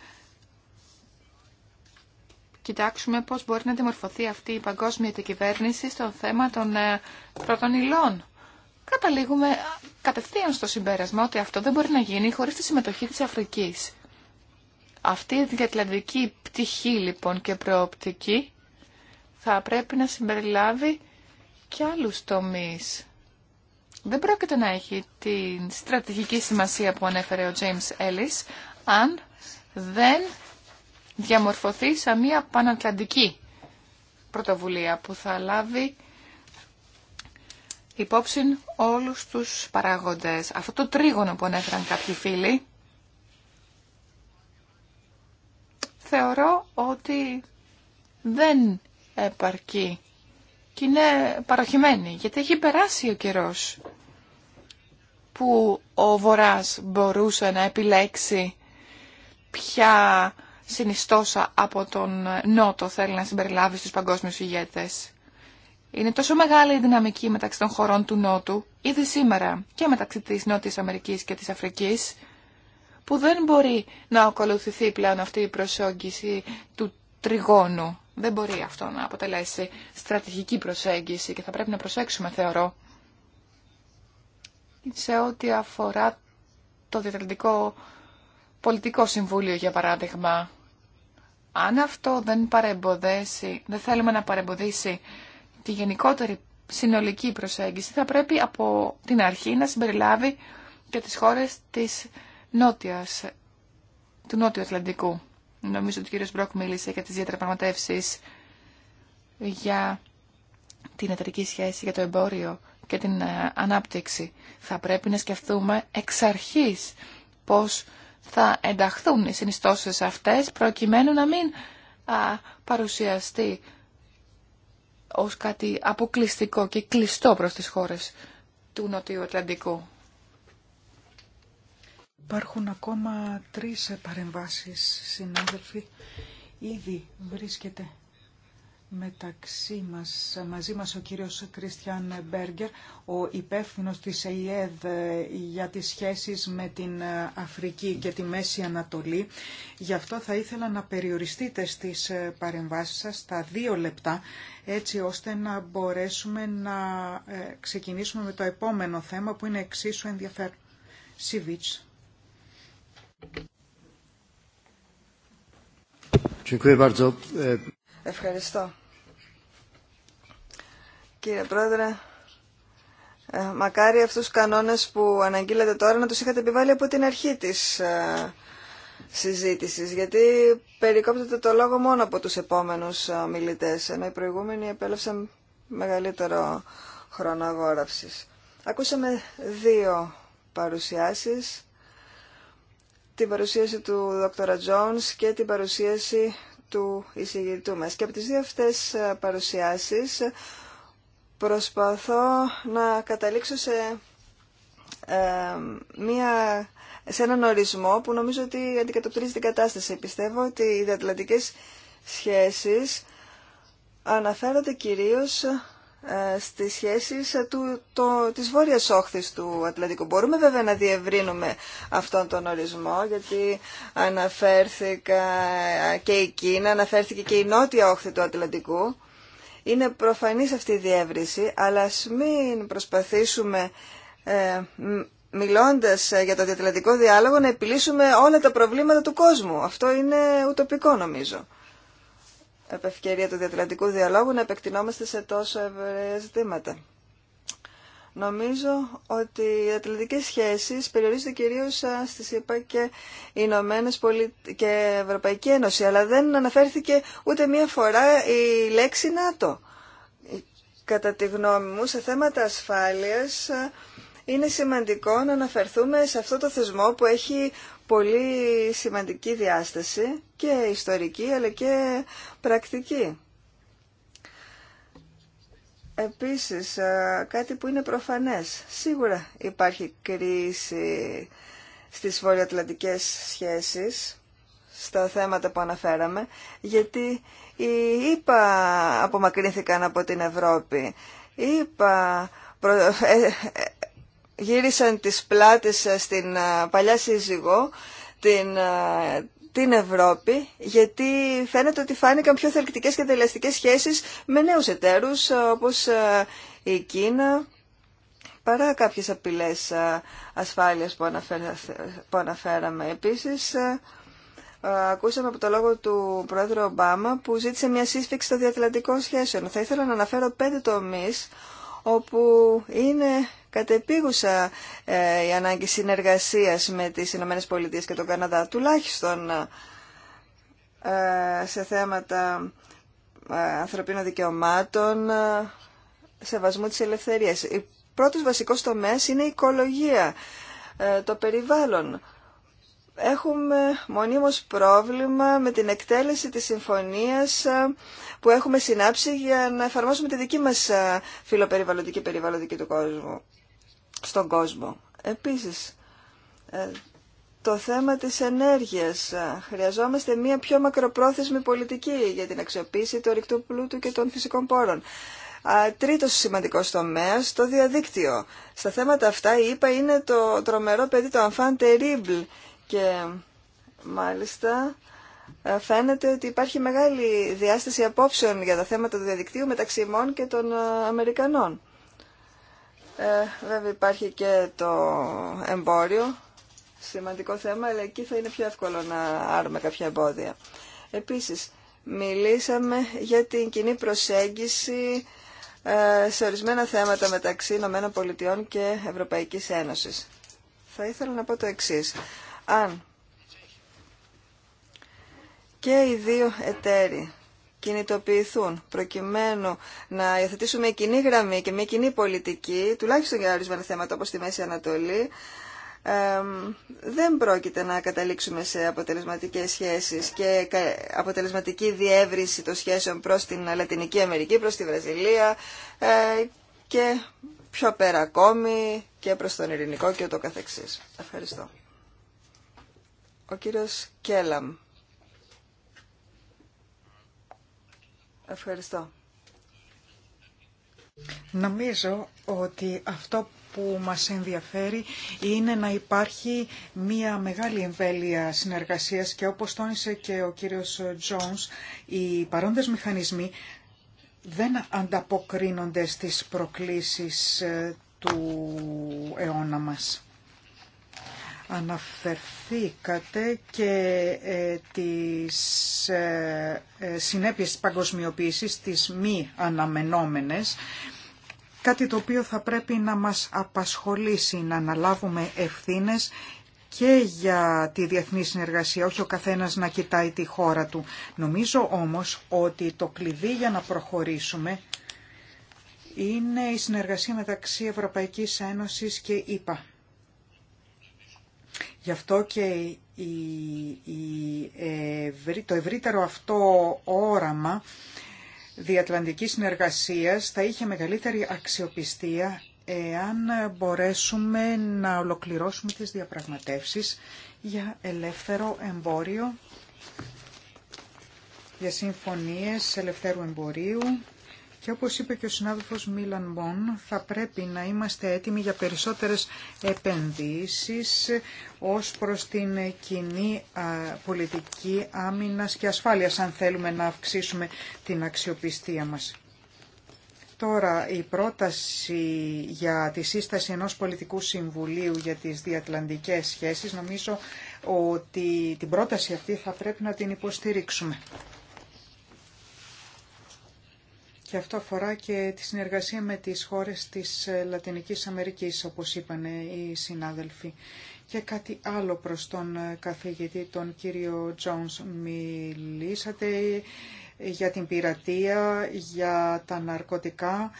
κοιτάξουμε πώς μπορεί να διαμορφωθεί αυτή η παγκόσμια κυβέρνηση στο θέμα των ε, πρώτων υλών καταλήγουμε κατευθείαν στο συμπέρασμα ότι αυτό δεν μπορεί να γίνει χωρίς τη συμμετοχή της Αφρικής. Αυτή η διατλαντική πτυχή λοιπόν και προοπτική θα πρέπει να συμπεριλάβει και άλλους τομείς. Δεν πρόκειται να έχει την στρατηγική σημασία που ανέφερε ο James Ellis αν δεν διαμορφωθεί σαν μια πανατλαντική πρωτοβουλία που θα λάβει υπόψη όλους τους παράγοντες. Αυτό το τρίγωνο που ανέφεραν κάποιοι φίλοι, θεωρώ ότι δεν επαρκεί και είναι παροχημένη, γιατί έχει περάσει ο καιρός που ο Βοράς μπορούσε να επιλέξει ποια συνιστόσα από τον Νότο θέλει να συμπεριλάβει στους παγκόσμιους ηγέτες. Είναι τόσο μεγάλη η δυναμική μεταξύ των χωρών του Νότου, ήδη σήμερα και μεταξύ της Νότιας Αμερικής και της Αφρικής, που δεν μπορεί να ακολουθηθεί πλέον αυτή η προσέγγιση του τριγώνου. Δεν μπορεί αυτό να αποτελέσει στρατηγική προσέγγιση και θα πρέπει να προσέξουμε, θεωρώ, σε ό,τι αφορά το Διεθνικό Πολιτικό Συμβούλιο, για παράδειγμα. Αν αυτό δεν παρεμποδέσει, δεν θέλουμε να παρεμποδίσει τη γενικότερη συνολική προσέγγιση θα πρέπει από την αρχή να συμπεριλάβει και τις χώρες της νότιας, του Νότιου Ατλαντικού. Νομίζω ότι ο κύριος Μπρόκ μίλησε για τις διατραπραγματεύσεις για την εταιρική σχέση, για το εμπόριο και την ε, ανάπτυξη. Θα πρέπει να σκεφτούμε εξ αρχής πώς θα ενταχθούν οι συνιστώσεις αυτές προκειμένου να μην α, παρουσιαστεί ως κάτι αποκλειστικό και κλειστό προς τις χώρες του Νοτιού Ατλαντικού. Υπάρχουν ακόμα τρεις παρεμβάσεις, συνάδελφοι. Ήδη βρίσκεται μεταξύ μας, μαζί μας ο κύριος Κριστιαν Μπέργκερ, ο υπεύθυνος της ΕΙΕΔ για τις σχέσεις με την Αφρική και τη Μέση Ανατολή. Γι' αυτό θα ήθελα να περιοριστείτε στις παρεμβάσεις σας στα δύο λεπτά, έτσι ώστε να μπορέσουμε να ε, ξεκινήσουμε με το επόμενο θέμα που είναι εξίσου ενδιαφέρον. Σιβίτς. Ε, Ευχαριστώ. Κύριε Πρόεδρε, ε, μακάρι αυτούς τους κανόνες που αναγγείλατε τώρα να τους είχατε επιβάλει από την αρχή της ε, συζήτησης, γιατί περικόπτεται το λόγο μόνο από τους επόμενους ε, μιλητές, ενώ οι προηγούμενοι επέλευσαν μεγαλύτερο χρόνο αγόραυσης Ακούσαμε δύο παρουσιάσεις, την παρουσίαση του δ Τζόνς και την παρουσίαση του εισηγητού μας. Και από τις δύο αυτές ε, παρουσιάσεις προσπαθώ να καταλήξω σε, ε, μια, σε έναν ορισμό που νομίζω ότι αντικατοπτρίζει την κατάσταση. Πιστεύω ότι οι διατλαντικές σχέσεις αναφέρονται κυρίως ε, στις σχέσεις ε, του, το, της βόρειας όχθης του Ατλαντικού. Μπορούμε βέβαια να διευρύνουμε αυτόν τον ορισμό γιατί αναφέρθηκα ε, και η Κίνα, αναφέρθηκε και η νότια όχθη του Ατλαντικού. Είναι προφανής αυτή η διεύρυνση, αλλά ας μην προσπαθήσουμε ε, μιλώντας για το διατλαντικό διάλογο να επιλύσουμε όλα τα προβλήματα του κόσμου. Αυτό είναι ουτοπικό νομίζω ευκαιρία του διατλαντικού διαλόγου να επεκτηνόμαστε σε τόσο ευρεία ζητήματα. Νομίζω ότι οι ατλαντικές σχέσει περιορίζονται κυρίως στι ΗΠΑ και οι και Ευρωπαϊκή Ένωση, αλλά δεν αναφέρθηκε ούτε μία φορά η λέξη ΝΑΤΟ. Κατά τη γνώμη μου, σε θέματα ασφάλειας είναι σημαντικό να αναφερθούμε σε αυτό το θεσμό που έχει πολύ σημαντική διάσταση και ιστορική αλλά και πρακτική. Επίσης, ε, κάτι που είναι προφανές. Σίγουρα υπάρχει κρίση στις βορειοατλαντικές σχέσεις, στα θέματα που αναφέραμε, γιατί οι ΙΠΑ απομακρύνθηκαν από την Ευρώπη. Οι ε, ε, γύρισαν τις πλάτες ε, στην ε, παλιά σύζυγο, την, ε, την Ευρώπη, γιατί φαίνεται ότι φάνηκαν πιο θελκτικές και τελεστικές σχέσεις με νέους εταίρους, όπως η Κίνα, παρά κάποιες απειλές ασφάλειας που, που αναφέραμε. Επίσης, ακούσαμε από το λόγο του Πρόεδρου Ομπάμα που ζήτησε μια σύσφυξη των διατλαντικών σχέσεων. Θα ήθελα να αναφέρω πέντε τομείς όπου είναι κατεπίγουσα ε, η ανάγκη συνεργασίας με τις Ηνωμένες Πολιτείες και τον Καναδά, τουλάχιστον ε, σε θέματα ε, ανθρωπίνων δικαιωμάτων, σεβασμού της ελευθερίας. Ο πρώτος βασικός τομέας είναι η οικολογία, το περιβάλλον. Έχουμε μονίμως πρόβλημα με την εκτέλεση της συμφωνίας που έχουμε συνάψει για να εφαρμόσουμε τη δική μας φιλοπεριβαλλοντική περιβαλλοντική του κόσμου στον κόσμο. Επίσης, ε, το θέμα της ενέργειας. Χρειαζόμαστε μια πιο μακροπρόθεσμη πολιτική για την αξιοποίηση του ρηκτού πλούτου και των φυσικών πόρων. Τρίτος σημαντικός τομέας, το διαδίκτυο. Στα θέματα αυτά, είπα, είναι το τρομερό παιδί, το enfant terrible. Και μάλιστα ε, φαίνεται ότι υπάρχει μεγάλη διάσταση απόψεων για τα θέματα του διαδικτύου μεταξύ ημών και των ε, Αμερικανών. Ε, βέβαια υπάρχει και το εμπόριο, σημαντικό θέμα, αλλά εκεί θα είναι πιο εύκολο να άρουμε κάποια εμπόδια. Επίσης, μιλήσαμε για την κοινή προσέγγιση ε, σε ορισμένα θέματα μεταξύ Ηνωμένων Πολιτειών και Ευρωπαϊκής Ένωσης. Θα ήθελα να πω το εξής. Αν και οι δύο εταίροι κινητοποιηθούν προκειμένου να υιοθετήσουμε μια κοινή γραμμή και μια κοινή πολιτική, τουλάχιστον για ορισμένα θέματα όπως τη Μέση Ανατολή, δεν πρόκειται να καταλήξουμε σε αποτελεσματικές σχέσεις και αποτελεσματική διεύρυνση των σχέσεων προς την Λατινική Αμερική, προς τη Βραζιλία ε, και πιο πέρα ακόμη και προς τον Ειρηνικό και ούτω καθεξής. Ευχαριστώ. Ο κύριος Κέλαμ. Ευχαριστώ. Νομίζω ότι αυτό που μας ενδιαφέρει είναι να υπάρχει μια μεγάλη εμβέλεια συνεργασίας και όπως τόνισε και ο κύριος Τζόνς, οι παρόντες μηχανισμοί δεν ανταποκρίνονται στις προκλήσεις ε, του αιώνα μας. Αναφερθήκατε και ε, τις ε, ε, συνέπειες της παγκοσμιοποίησης, τις μη αναμενόμενες, κάτι το οποίο θα πρέπει να μας απασχολήσει, να αναλάβουμε ευθύνες και για τη διεθνή συνεργασία, όχι ο καθένας να κοιτάει τη χώρα του. Νομίζω όμως ότι το κλειδί για να προχωρήσουμε είναι η συνεργασία μεταξύ Ευρωπαϊκής Ένωσης και ΕΠΑ. Γι' αυτό και το ευρύτερο αυτό όραμα διατλαντικής συνεργασίας θα είχε μεγαλύτερη αξιοπιστία εάν μπορέσουμε να ολοκληρώσουμε τις διαπραγματεύσεις για ελεύθερο εμπόριο, για συμφωνίες ελευθέρου εμπορίου και όπως είπε και ο συνάδελφος Μίλαν Μπον, θα πρέπει να είμαστε έτοιμοι για περισσότερες επενδύσεις ως προς την κοινή πολιτική άμυνας και ασφάλειας, αν θέλουμε να αυξήσουμε την αξιοπιστία μας. Τώρα η πρόταση για τη σύσταση ενός πολιτικού συμβουλίου για τις διατλαντικές σχέσεις νομίζω ότι την πρόταση αυτή θα πρέπει να την υποστηρίξουμε. Και αυτό αφορά και τη συνεργασία με τις χώρες της Λατινικής Αμερικής, όπως είπαν οι συνάδελφοι. Και κάτι άλλο προς τον καθηγητή, τον κύριο Τζόνς. Μιλήσατε για την πειρατεία, για τα ναρκωτικά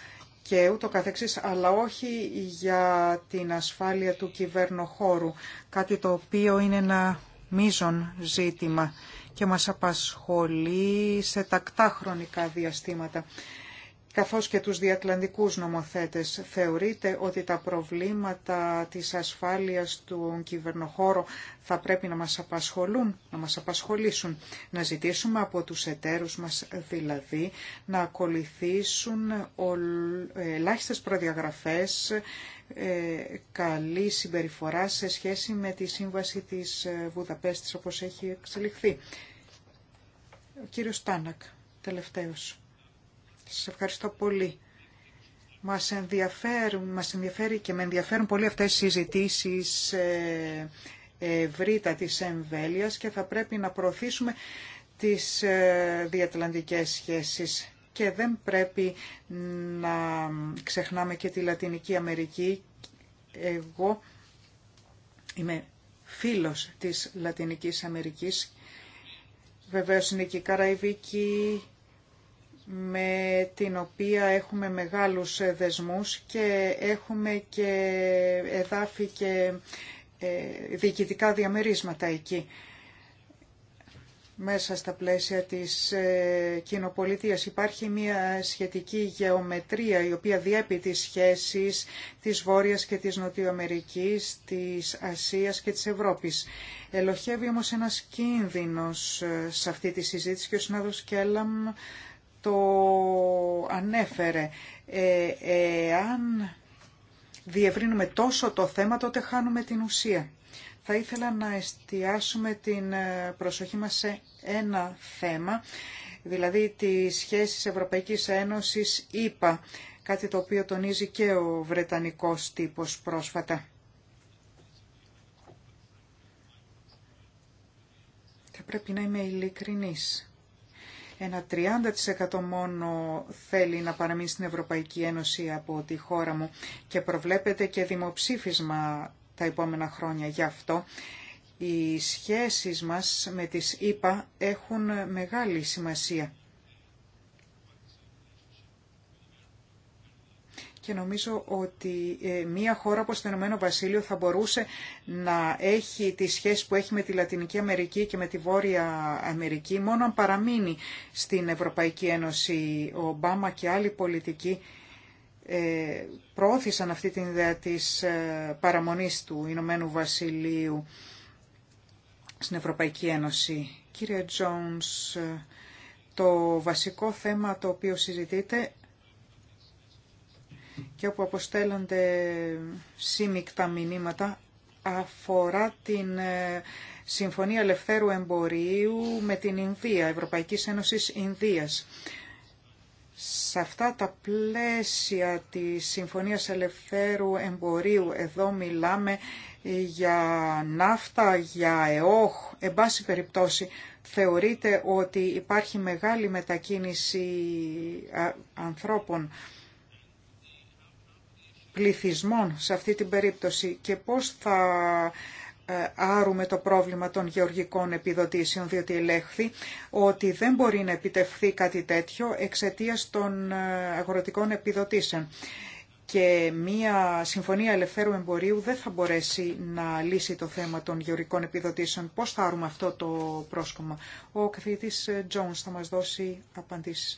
και ούτω καθεξής, αλλά όχι για την ασφάλεια του κυβέρνοχώρου, κάτι το οποίο είναι ένα μείζον ζήτημα και μας απασχολεί σε τακτά χρονικά διαστήματα καθώς και τους διατλαντικούς νομοθέτες. Θεωρείτε ότι τα προβλήματα της ασφάλειας του κυβερνοχώρου θα πρέπει να μας απασχολούν, να μας απασχολήσουν, να ζητήσουμε από τους εταίρους μας δηλαδή να ακολουθήσουν ε, ελάχιστες προδιαγραφές ε, καλή συμπεριφορά σε σχέση με τη σύμβαση της ε, Βουδαπέστης όπως έχει εξελιχθεί. Ο κύριος Τάνακ, τελευταίος. Σας ευχαριστώ πολύ. Μας, ενδιαφέρουν, μας ενδιαφέρει και με ενδιαφέρουν πολύ αυτές οι συζητήσεις ε, ευρύτατης εμβέλειας και θα πρέπει να προωθήσουμε τις ε, διατλαντικές σχέσεις και δεν πρέπει να ξεχνάμε και τη Λατινική Αμερική. Εγώ είμαι φίλος της Λατινικής Αμερικής. Βεβαίως είναι και η Καραϊβική με την οποία έχουμε μεγάλους δεσμούς και έχουμε και εδάφη και ε, διοικητικά διαμερίσματα εκεί. Μέσα στα πλαίσια της ε, κοινοπολιτείας υπάρχει μια σχετική γεωμετρία η οποία διέπει τις σχέσεις της Βόρειας και της Νοτιοαμερικής, της Ασίας και της Ευρώπης. Ελοχεύει όμως ένας κίνδυνος ε, σε αυτή τη συζήτηση και ο συνάδελφος Κέλλαμ το ανέφερε. Ε, εάν διευρύνουμε τόσο το θέμα, τότε χάνουμε την ουσία. Θα ήθελα να εστιάσουμε την ε, προσοχή μας σε ένα θέμα, δηλαδή τη σχέση Ευρωπαϊκής Ένωσης Ένωσης-ΥΠΑ, κάτι το οποίο τονίζει και ο Βρετανικός τύπος πρόσφατα. Θα πρέπει να είμαι ειλικρινής. Ένα 30% μόνο θέλει να παραμείνει στην Ευρωπαϊκή Ένωση από τη χώρα μου και προβλέπεται και δημοψήφισμα τα επόμενα χρόνια γι' αυτό. Οι σχέσεις μας με τις ΗΠΑ έχουν μεγάλη σημασία και νομίζω ότι ε, μια χώρα όπως το Ηνωμένο Βασίλειο θα μπορούσε να έχει τη σχέση που έχει με τη Λατινική Αμερική και με τη Βόρεια Αμερική μόνο αν παραμείνει στην Ευρωπαϊκή Ένωση. Ο Ομπάμα και άλλοι πολιτικοί ε, προώθησαν αυτή την ιδέα της ε, παραμονής του Ηνωμένου Βασιλείου στην Ευρωπαϊκή Ένωση. Κύριε Τζόνς, το βασικό θέμα το οποίο συζητείτε και όπου αποστέλλονται σύμικτα μηνύματα αφορά την ε, Συμφωνία Ελευθέρου Εμπορίου με την Ινδία, ευρωπαϊκή Ένωσης Ινδίας. Σε αυτά τα πλαίσια της Συμφωνίας Ελευθέρου Εμπορίου, εδώ μιλάμε για ναύτα, για ΕΟΧ, εν πάση περιπτώσει, θεωρείται ότι υπάρχει μεγάλη μετακίνηση ε, ανθρώπων πληθυσμών σε αυτή την περίπτωση και πώς θα ε, άρουμε το πρόβλημα των γεωργικών επιδοτήσεων, διότι ελέγχθη ότι δεν μπορεί να επιτευχθεί κάτι τέτοιο εξαιτίας των ε, αγροτικών επιδοτήσεων. Και μία συμφωνία ελευθέρου εμπορίου δεν θα μπορέσει να λύσει το θέμα των γεωργικών επιδοτήσεων. Πώς θα άρουμε αυτό το πρόσκομα. Ο καθηγητής Τζόνς θα μας δώσει απαντήσεις.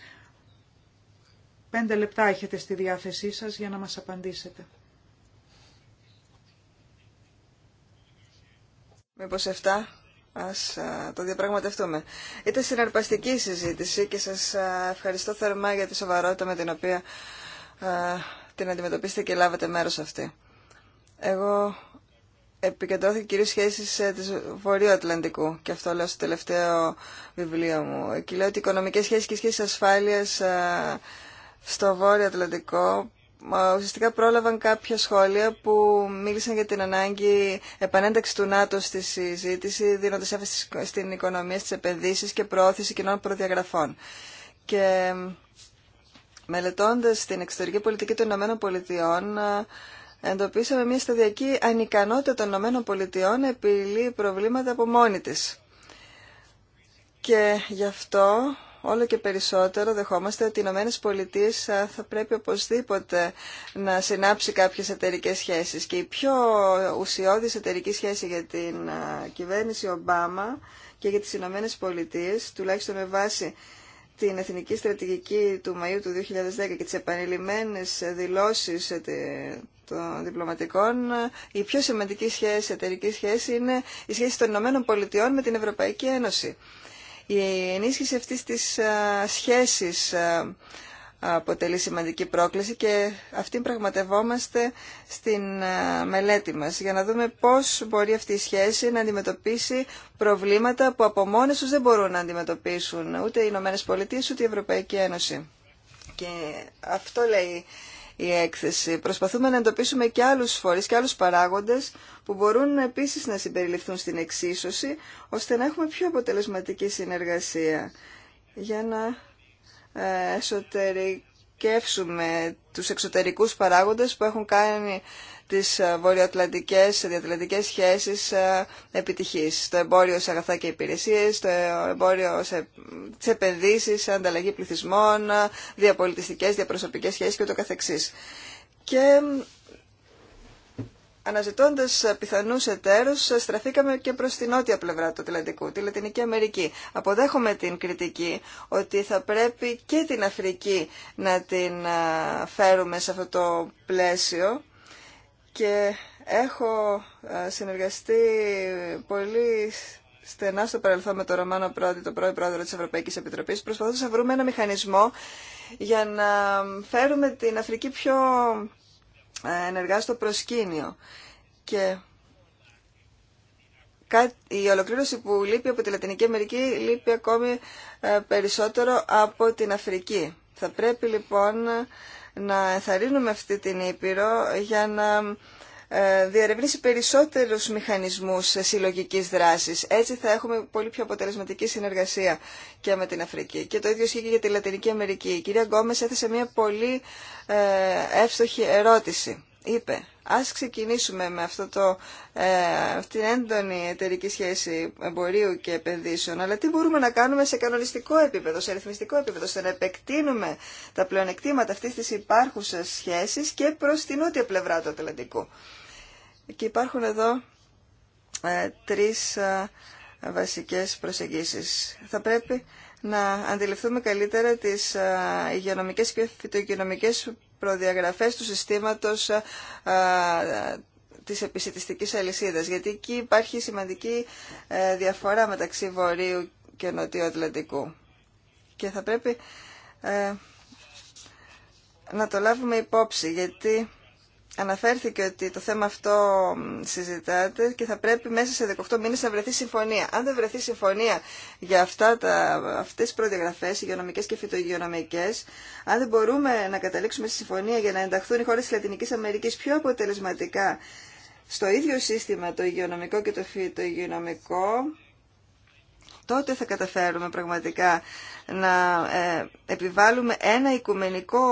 Πέντε λεπτά έχετε στη διάθεσή σας για να μας απαντήσετε. Μήπως 7. Ας α, το διαπραγματευτούμε. Ήταν συναρπαστική συζήτηση και σας ευχαριστώ θερμά για τη σοβαρότητα με την οποία την αντιμετωπίσετε και λάβατε μέρος αυτή. Εγώ επικεντρώθηκα κυρίως σχέσεις ε, της Ατλαντικού και αυτό λέω στο τελευταίο βιβλίο μου. Εκεί λέω ότι οι οικονομικές σχέσεις και σχέσεις ασφάλειας στο Βόρειο Ατλαντικό ουσιαστικά πρόλαβαν κάποια σχόλια που μίλησαν για την ανάγκη επανένταξη του ΝΑΤΟ στη συζήτηση, δίνοντα στην οικονομία, στι επενδύσει και προώθηση κοινών προδιαγραφών. Και μελετώντας την εξωτερική πολιτική των Ηνωμένων Πολιτειών, εντοπίσαμε μια σταδιακή ανικανότητα των Ηνωμένων Πολιτειών επιλύει προβλήματα από μόνη τη. Και γι' αυτό όλο και περισσότερο δεχόμαστε ότι οι Ηνωμένε Πολιτείε θα πρέπει οπωσδήποτε να συνάψει κάποιες εταιρικές σχέσεις. Και η πιο ουσιώδης εταιρική σχέση για την κυβέρνηση Ομπάμα και για τις Ηνωμένε Πολιτείε, τουλάχιστον με βάση την Εθνική Στρατηγική του Μαΐου του 2010 και τις επανειλημμένες δηλώσεις ε, των διπλωματικών, ε, η πιο σημαντική σχέση, εταιρική σχέση είναι η σχέση των Ηνωμένων Πολιτειών με την Ευρωπαϊκή Ένωση. Η ενίσχυση αυτής της σχέσης αποτελεί σημαντική πρόκληση και αυτήν πραγματευόμαστε στην μελέτη μας για να δούμε πώς μπορεί αυτή η σχέση να αντιμετωπίσει προβλήματα που από μόνες τους δεν μπορούν να αντιμετωπίσουν ούτε οι Ηνωμένε Πολιτείες ούτε η Ευρωπαϊκή Ένωση. Και αυτό λέει η έκθεση. Προσπαθούμε να εντοπίσουμε και άλλους φορείς και άλλους παράγοντες που μπορούν επίσης να συμπεριληφθούν στην εξίσωση, ώστε να έχουμε πιο αποτελεσματική συνεργασία για να ε, εσωτερικεύσουμε τους εξωτερικούς παράγοντες που έχουν κάνει τις ε, βορειοατλαντικές, διατλαντικές σχέσεις ε, επιτυχής. Το εμπόριο σε αγαθά και υπηρεσίες, το εμπόριο σε τις επενδύσεις, ανταλλαγή πληθυσμών, ε, διαπολιτιστικές, διαπροσωπικές σχέσεις και ούτω καθεξής. Και αναζητώντας πιθανούς εταίρους, στραφήκαμε και προς την νότια πλευρά του Ατλαντικού, τη Λατινική Αμερική. Αποδέχομαι την κριτική ότι θα πρέπει και την Αφρική να την φέρουμε σε αυτό το πλαίσιο, και έχω ε, συνεργαστεί πολύ στενά στο παρελθόν με τον Ρωμάνο τον πρώην πρόεδρο της Ευρωπαϊκής Επιτροπής, προσπαθώντας να βρούμε ένα μηχανισμό για να φέρουμε την Αφρική πιο ε, ενεργά στο προσκήνιο. Και η ολοκλήρωση που λείπει από τη Λατινική Αμερική λείπει ακόμη ε, περισσότερο από την Αφρική. Θα πρέπει λοιπόν να ενθαρρύνουμε αυτή την Ήπειρο για να ε, διερευνήσει περισσότερους μηχανισμούς συλλογικής δράσης. Έτσι θα έχουμε πολύ πιο αποτελεσματική συνεργασία και με την Αφρική. Και το ίδιο ισχύει και για τη Λατινική Αμερική. Η κυρία Γκόμες έθεσε μια πολύ ε, εύστοχη ερώτηση. Είπε, Ας ξεκινήσουμε με αυτό το, ε, την έντονη εταιρική σχέση εμπορίου και επενδύσεων, αλλά τι μπορούμε να κάνουμε σε κανονιστικό επίπεδο, σε αριθμιστικό επίπεδο, ώστε να επεκτείνουμε τα πλεονεκτήματα αυτής της υπάρχουσας σχέσης και προς την νότια πλευρά του Ατλαντικού. Και υπάρχουν εδώ ε, τρεις ε, βασικές προσεγγίσεις. Θα πρέπει να αντιληφθούμε καλύτερα τις ε, υγειονομικές και φυτοοικονομικές προδιαγραφές του συστήματος α, της επισητιστικής αλυσίδας, γιατί εκεί υπάρχει σημαντική ε, διαφορά μεταξύ Βορείου και Νοτιού Ατλαντικού. Και θα πρέπει ε, να το λάβουμε υπόψη, γιατί αναφέρθηκε ότι το θέμα αυτό συζητάται και θα πρέπει μέσα σε 18 μήνες να βρεθεί συμφωνία. Αν δεν βρεθεί συμφωνία για αυτά τα, αυτές τις προδιαγραφές, υγειονομικές και φυτοϊγειονομικές, αν δεν μπορούμε να καταλήξουμε στη συμφωνία για να ενταχθούν οι χώρες της Λατινικής Αμερικής πιο αποτελεσματικά στο ίδιο σύστημα το υγειονομικό και το φυτοϊγειονομικό, τότε θα καταφέρουμε πραγματικά να ε, επιβάλλουμε ένα οικουμενικό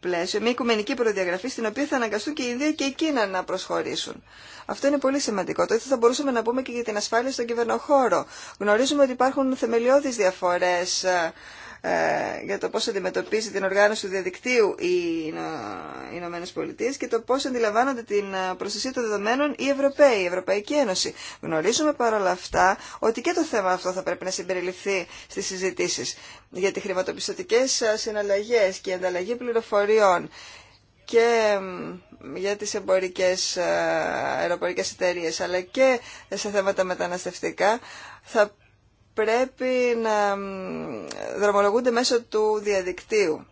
πλαίσιο, μια οικουμενική προδιαγραφή στην οποία θα αναγκαστούν και οι Ινδία και η Κίνα να προσχωρήσουν. Αυτό είναι πολύ σημαντικό. Τότε θα μπορούσαμε να πούμε και για την ασφάλεια στον κυβερνοχώρο. Γνωρίζουμε ότι υπάρχουν θεμελιώδεις διαφορές ε, ε, για το πώς αντιμετωπίζει την οργάνωση του διαδικτύου οι Ηνωμένε Πολιτείε και το πώς αντιλαμβάνονται την ε, προστασία των δεδομένων οι Ευρωπαίοι, η Ευρωπαϊκή Ένωση. Γνωρίζουμε παρόλα αυτά ότι και το θέμα αυτό θα πρέπει να συμπεριληφθεί στις συζητήσεις για τις χρηματοπιστωτικές ε, συναλλαγές και η ανταλλαγή πληροφοριών και για τις εμπορικές αεροπορικές εταιρείες αλλά και σε θέματα μεταναστευτικά θα πρέπει να δρομολογούνται μέσω του διαδικτύου.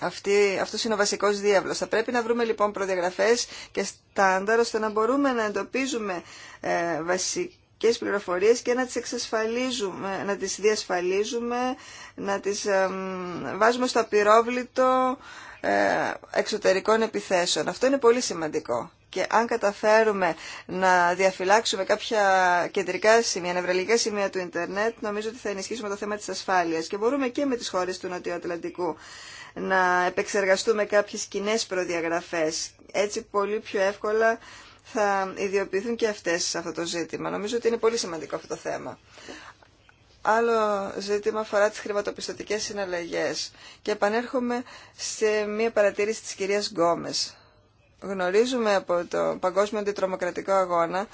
Αυτή, αυτός είναι ο βασικός διάβλος. Θα πρέπει να βρούμε λοιπόν προδιαγραφές και στάνταρ ώστε να μπορούμε να εντοπίζουμε ε, βασικές πληροφορίες και να τις εξασφαλίζουμε, να τις διασφαλίζουμε, να τις ε, βάζουμε στο απειρόβλητο ε, εξωτερικών επιθέσεων. Αυτό είναι πολύ σημαντικό. Και αν καταφέρουμε να διαφυλάξουμε κάποια κεντρικά σημεία, νευραλικά σημεία του ίντερνετ, νομίζω ότι θα ενισχύσουμε το θέμα της ασφάλειας. Και μπορούμε και με τις χώρες του Νοτιοατλαντικού να επεξεργαστούμε κάποιες κοινέ προδιαγραφές. Έτσι πολύ πιο εύκολα θα ιδιοποιηθούν και αυτές σε αυτό το ζήτημα. Νομίζω ότι είναι πολύ σημαντικό αυτό το θέμα. Άλλο ζήτημα αφορά τις χρηματοπιστωτικές συναλλαγές. Και επανέρχομαι σε μία παρατήρηση της κυρίας Γκόμες γνωρίζουμε από το Παγκόσμιο Αντιτρομοκρατικό Αγώνα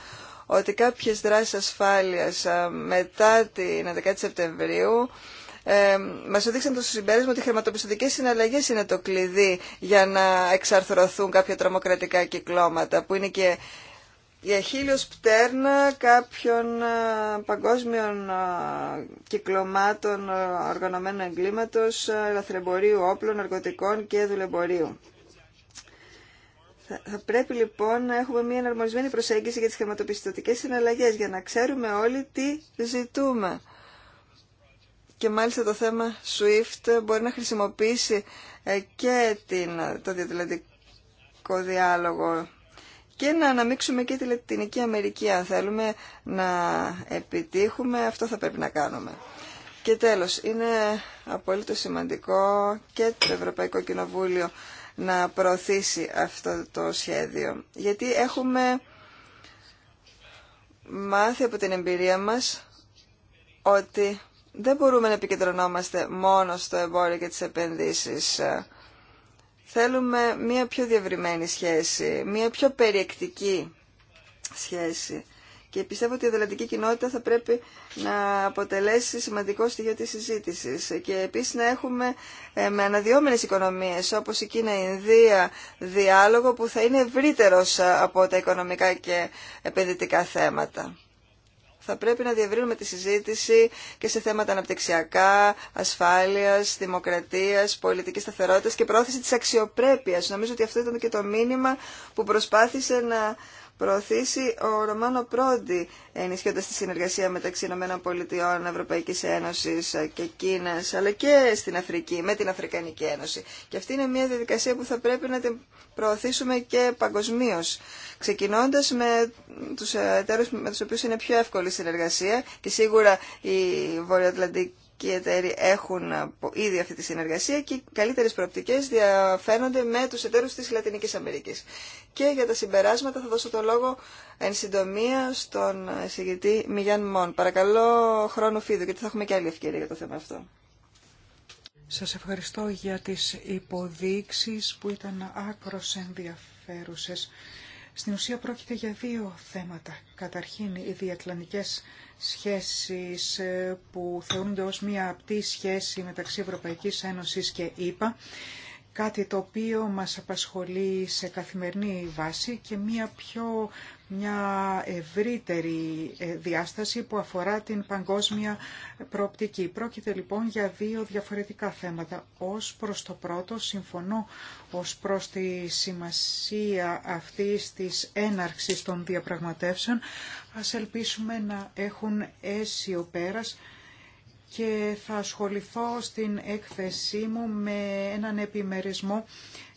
ότι κάποιες δράσεις ασφάλειας ε, μετά την 11η Σεπτεμβρίου ε, μας οδήγησαν το συμπέρασμα ότι οι χρηματοπιστωτικές συναλλαγές είναι το κλειδί για να εξαρθρωθούν κάποια τρομοκρατικά κυκλώματα που είναι και η αχίλιος πτέρνα κάποιων ε, παγκόσμιων ε, κυκλωμάτων οργανωμένου εγκλήματος, λαθρεμπορίου όπλων, ναρκωτικών και δουλεμπορίου. Θα, πρέπει λοιπόν να έχουμε μια εναρμονισμένη προσέγγιση για τις χρηματοπιστωτικές συναλλαγές για να ξέρουμε όλοι τι ζητούμε. Και μάλιστα το θέμα SWIFT μπορεί να χρησιμοποιήσει ε, και την, το διατηλετικό διάλογο και να αναμίξουμε και τη Λατινική Αμερική αν θέλουμε να επιτύχουμε, αυτό θα πρέπει να κάνουμε. Και τέλος, είναι απόλυτο σημαντικό και το Ευρωπαϊκό Κοινοβούλιο να προωθήσει αυτό το σχέδιο. Γιατί έχουμε μάθει από την εμπειρία μας ότι δεν μπορούμε να επικεντρωνόμαστε μόνο στο εμπόριο και τις επενδύσεις. Θέλουμε μία πιο διευρυμένη σχέση, μία πιο περιεκτική σχέση. Και πιστεύω ότι η Ατλαντική κοινότητα θα πρέπει να αποτελέσει σημαντικό στοιχείο της συζήτησης και επίσης να έχουμε ε, με αναδυόμενες οικονομίες όπως η Κίνα, η Ινδία, διάλογο που θα είναι ευρύτερο ε, από τα οικονομικά και επενδυτικά θέματα. Θα πρέπει να διευρύνουμε τη συζήτηση και σε θέματα αναπτυξιακά, ασφάλειας, δημοκρατίας, πολιτικής σταθερότητας και πρόθεση της αξιοπρέπειας. Νομίζω ότι αυτό ήταν και το μήνυμα που προσπάθησε να προωθήσει ο Ρωμάνο Πρόντι, ενισχύοντα τη συνεργασία μεταξύ ΗΠΑ, Ευρωπαϊκή Ένωση και Κίνα, αλλά και στην Αφρική, με την Αφρικανική Ένωση. Και αυτή είναι μια διαδικασία που θα πρέπει να την προωθήσουμε και παγκοσμίω. Ξεκινώντα με του εταίρου με του οποίου είναι πιο εύκολη η συνεργασία και σίγουρα η Βορειοατλαντική οι εταίροι έχουν ε, ήδη αυτή τη συνεργασία και οι καλύτερε προοπτικέ διαφαίνονται με του εταίρου τη Λατινική Αμερική. Και για τα συμπεράσματα θα δώσω το λόγο εν συντομία στον εισηγητή Μιγιάν Μον. Παρακαλώ χρόνο φίδου, γιατί θα έχουμε και άλλη ευκαιρία για το θέμα αυτό. Σας ευχαριστώ για τις υποδείξεις που ήταν άκρος ενδιαφέρουσες. Στην ουσία πρόκειται για δύο θέματα. Καταρχήν οι διατλαντικές σχέσεις ε, που θεωρούνται ως μία απτή σχέση μεταξύ Ευρωπαϊκής Ένωσης και ΕΠΑ, κάτι το οποίο μας απασχολεί σε καθημερινή βάση και μία πιο μια ευρύτερη ε, διάσταση που αφορά την παγκόσμια προοπτική. Πρόκειται λοιπόν για δύο διαφορετικά θέματα. Ως προς το πρώτο, συμφωνώ ως προς τη σημασία αυτής της έναρξης των διαπραγματεύσεων, ας ελπίσουμε να έχουν αίσιο πέρας και θα ασχοληθώ στην έκθεσή μου με έναν επιμερισμό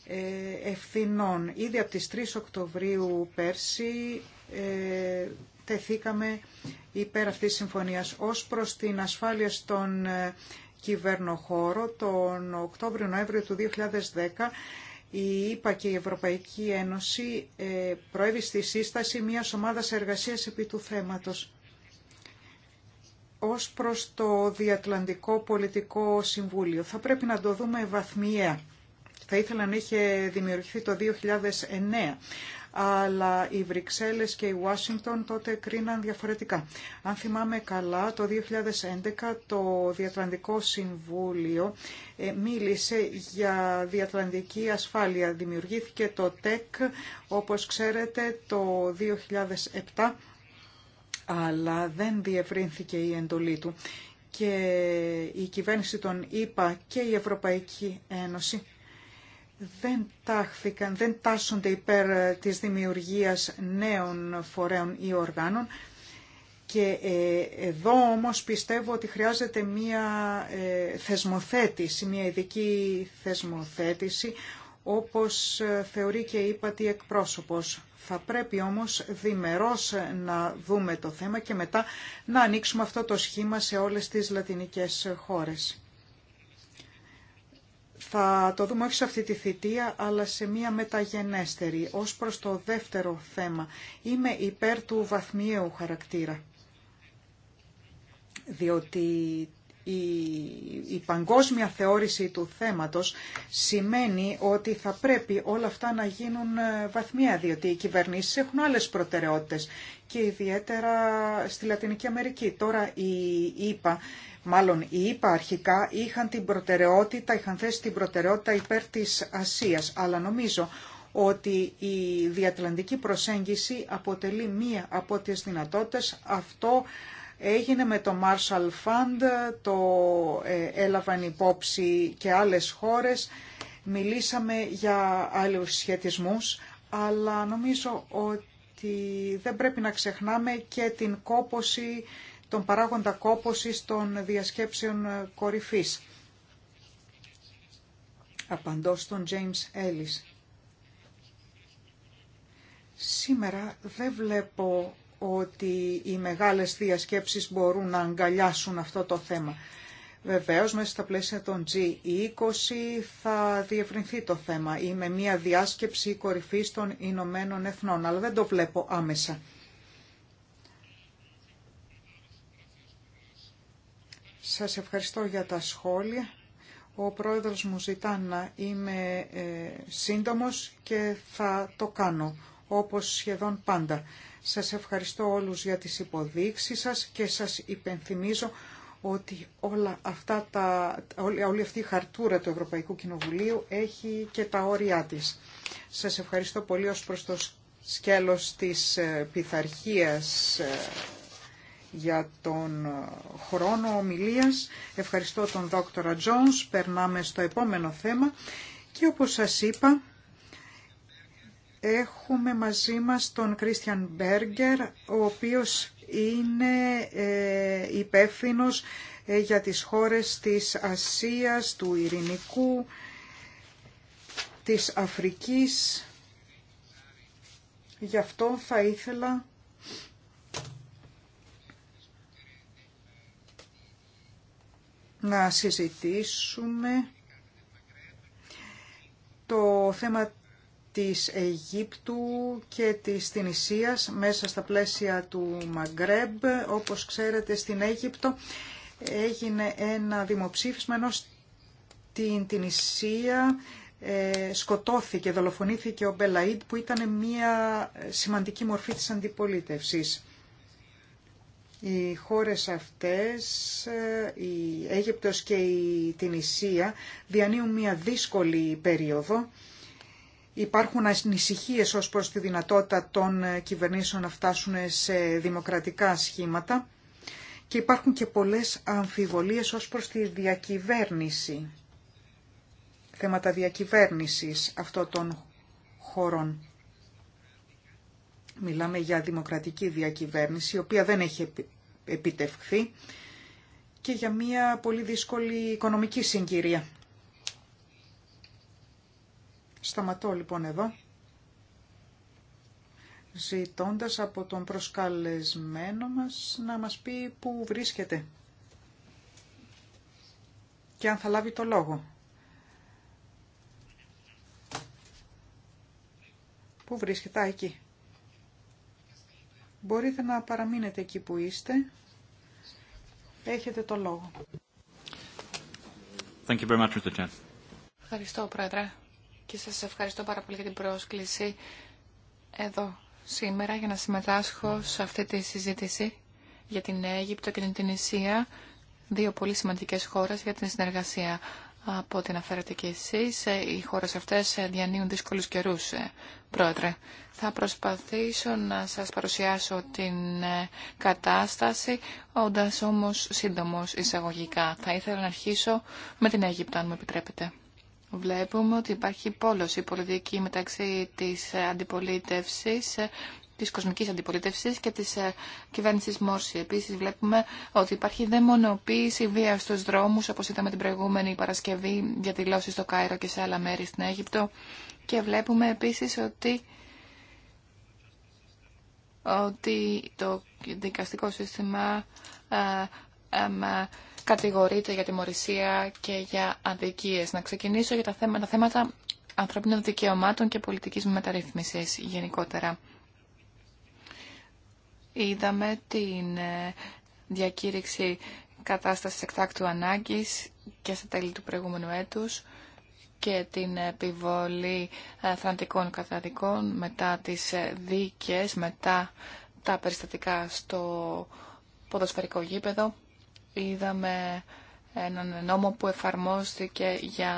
ε, ευθυνών. Ήδη από τις 3 Οκτωβρίου πέρσι ε, τεθήκαμε υπέρ αυτής της συμφωνίας. Ως προς την ασφάλεια στον ε, κυβερνοχώρο, τον Οκτώβριο-Νοέμβριο του 2010, η ΕΠΑ και η Ευρωπαϊκή Ένωση ε, προέβη στη σύσταση μιας ομάδας εργασίας επί του θέματος. Ως προς το Διατλαντικό Πολιτικό Συμβούλιο, θα πρέπει να το δούμε βαθμιαία θα ήθελα να είχε δημιουργηθεί το 2009 αλλά οι Βρυξέλλες και η Ουάσιγκτον τότε κρίναν διαφορετικά. Αν θυμάμαι καλά, το 2011 το Διατλαντικό Συμβούλιο ε, μίλησε για διατλαντική ασφάλεια. Δημιουργήθηκε το ΤΕΚ, όπως ξέρετε, το 2007, αλλά δεν διευρύνθηκε η εντολή του. Και η κυβέρνηση των ΗΠΑ και η Ευρωπαϊκή Ένωση δεν τάχθηκαν, δεν τάσσονται υπέρ ε, της δημιουργίας νέων φορέων ή οργάνων και ε, εδώ όμως πιστεύω ότι χρειάζεται μία ε, θεσμοθέτηση, μία ειδική θεσμοθέτηση όπως θεωρεί και είπα ύπατη εκπρόσωπος. Θα πρέπει όμως διμερώς να δούμε το θέμα και μετά να ανοίξουμε αυτό το σχήμα σε όλες τις λατινικές χώρες. Θα το δούμε όχι σε αυτή τη θητεία, αλλά σε μία μεταγενέστερη. Ως προς το δεύτερο θέμα, είμαι υπέρ του βαθμιαίου χαρακτήρα. Διότι η, η παγκόσμια θεώρηση του θέματος σημαίνει ότι θα πρέπει όλα αυτά να γίνουν ε, βαθμία, διότι οι κυβερνήσεις έχουν άλλες προτεραιότητες και ιδιαίτερα στη Λατινική Αμερική. Τώρα η ΕΠΑ, μάλλον η ΕΠΑ αρχικά, είχαν την προτεραιότητα, είχαν θέσει την προτεραιότητα υπέρ της Ασίας, αλλά νομίζω ότι η διατλαντική προσέγγιση αποτελεί μία από τις δυνατότητες. Αυτό έγινε με το Marshall Fund, το ε, έλαβαν υπόψη και άλλες χώρες. Μιλήσαμε για άλλους σχετισμούς, αλλά νομίζω ότι δεν πρέπει να ξεχνάμε και την κόποση, τον παράγοντα κόπωσης των διασκέψεων κορυφής. Απαντώ στον James Ellis. Σήμερα δεν βλέπω ότι οι μεγάλες διασκέψεις μπορούν να αγκαλιάσουν αυτό το θέμα. Βεβαίως, μέσα στα πλαίσια των G20 θα διευρυνθεί το θέμα ή με μια διάσκεψη κορυφής των Ηνωμένων Εθνών, αλλά δεν το βλέπω άμεσα. Σας ευχαριστώ για τα σχόλια. Ο πρόεδρος μου ζητά να είμαι ε, σύντομος και θα το κάνω, όπως σχεδόν πάντα. Σας ευχαριστώ όλους για τις υποδείξεις σας και σας υπενθυμίζω ότι όλα αυτά τα, όλη αυτή η χαρτούρα του Ευρωπαϊκού Κοινοβουλίου έχει και τα όρια της. Σας ευχαριστώ πολύ ως προς το σκέλος της ε, πειθαρχία ε, για τον ε, χρόνο ομιλίας. Ευχαριστώ τον δόκτορα Τζόνς. Περνάμε στο επόμενο θέμα και όπως σας είπα Έχουμε μαζί μας τον Κρίστιαν Μπέργκερ, ο οποίος είναι ε, υπεύθυνος ε, για τις χώρες της Ασίας, του Ειρηνικού, της Αφρικής. Γι' αυτό θα ήθελα να συζητήσουμε το θέμα της Αιγύπτου και της Τινησίας μέσα στα πλαίσια του Μαγκρέμπ. Όπως ξέρετε στην Αίγυπτο έγινε ένα δημοψήφισμα ενώ στην Τινησία ε, σκοτώθηκε, δολοφονήθηκε ο Μπελαΐντ που ήταν μια σημαντική μορφή της αντιπολίτευσης. Οι χώρες αυτές, ε, η Αίγυπτος και η Τινησία διανύουν μια δύσκολη περίοδο Υπάρχουν ανησυχίε ως προς τη δυνατότητα των ε, κυβερνήσεων να φτάσουν σε δημοκρατικά σχήματα και υπάρχουν και πολλές αμφιβολίες ως προς τη διακυβέρνηση, θέματα διακυβέρνησης αυτών των χωρών. Μιλάμε για δημοκρατική διακυβέρνηση, η οποία δεν έχει επιτευχθεί και για μια πολύ δύσκολη οικονομική συγκυρία. Σταματώ λοιπόν εδώ, ζητώντας από τον προσκαλεσμένο μας να μας πει πού βρίσκεται και αν θα λάβει το λόγο. Πού βρίσκεται, α, εκεί. Μπορείτε να παραμείνετε εκεί που βρισκεται εκει μπορειτε να Έχετε το λόγο. Thank you very much, Ευχαριστώ, Πρόεδρε και σας ευχαριστώ πάρα πολύ για την πρόσκληση εδώ σήμερα για να συμμετάσχω σε αυτή τη συζήτηση για την Αίγυπτο και την Τινησία, δύο πολύ σημαντικές χώρες για την συνεργασία. Από ό,τι αναφέρατε και εσείς, ε, οι χώρες αυτές ε, διανύουν δύσκολους καιρούς, ε, Πρόεδρε. Θα προσπαθήσω να σας παρουσιάσω την κατάσταση, όντας όμως σύντομος εισαγωγικά. Θα ήθελα να αρχίσω με την Αίγυπτο, αν μου επιτρέπετε. Βλέπουμε ότι υπάρχει πόλωση πολιτική μεταξύ της αντιπολίτευσης της κοσμικής αντιπολίτευσης και της ε, κυβέρνησης Μόρση. Επίσης βλέπουμε ότι υπάρχει δαιμονοποίηση βία στους δρόμους, όπως είδαμε την προηγούμενη Παρασκευή, για δηλώσεις στο Κάιρο και σε άλλα μέρη στην Αίγυπτο. Και βλέπουμε επίσης ότι, ότι το δικαστικό σύστημα ε, ε, κατηγορείται για τιμωρησία και για αδικίες. Να ξεκινήσω για τα θέματα, θέματα ανθρωπίνων δικαιωμάτων και πολιτικής μεταρρύθμισης γενικότερα. Είδαμε την ε, διακήρυξη κατάστασης εκτάκτου ανάγκης και στα τέλη του προηγούμενου έτους και την επιβολή ε, θραντικών καταδικών μετά τις ε, δίκες, μετά τα περιστατικά στο ποδοσφαιρικό γήπεδο είδαμε έναν νόμο που εφαρμόστηκε για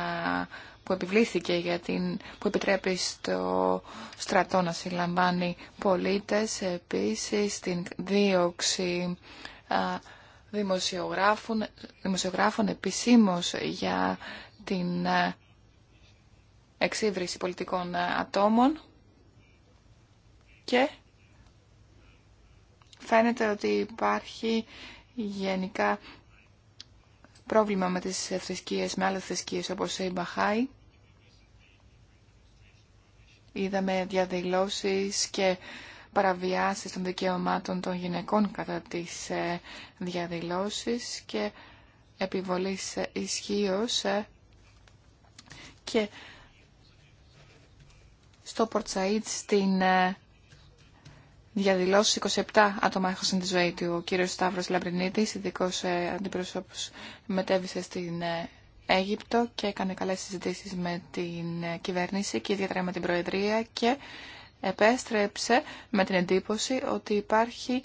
που επιβλήθηκε για την, που επιτρέπει στο στρατό να συλλαμβάνει πολίτες, επίσης την δίωξη δημοσιογράφων, δημοσιογράφων επισήμως για την εξύβριση πολιτικών ατόμων και φαίνεται ότι υπάρχει γενικά πρόβλημα με τις θρησκείες, με άλλες θρησκείες όπως η Μπαχάη. Είδαμε διαδηλώσεις και παραβιάσεις των δικαιωμάτων των γυναικών κατά τις ε, διαδηλώσεις και επιβολής ε, ισχύω ε, και στο Πορτσαΐτ στην διαδηλώσει 27 άτομα έχουν τη ζωή του. Ο κύριος Σταύρος Λαμπρινίτης, ειδικός ε, αντιπροσώπους, μετέβησε στην ε, Αίγυπτο και έκανε καλές συζητήσεις με την ε, κυβέρνηση και ιδιαίτερα με την Προεδρία και επέστρεψε με την εντύπωση ότι υπάρχει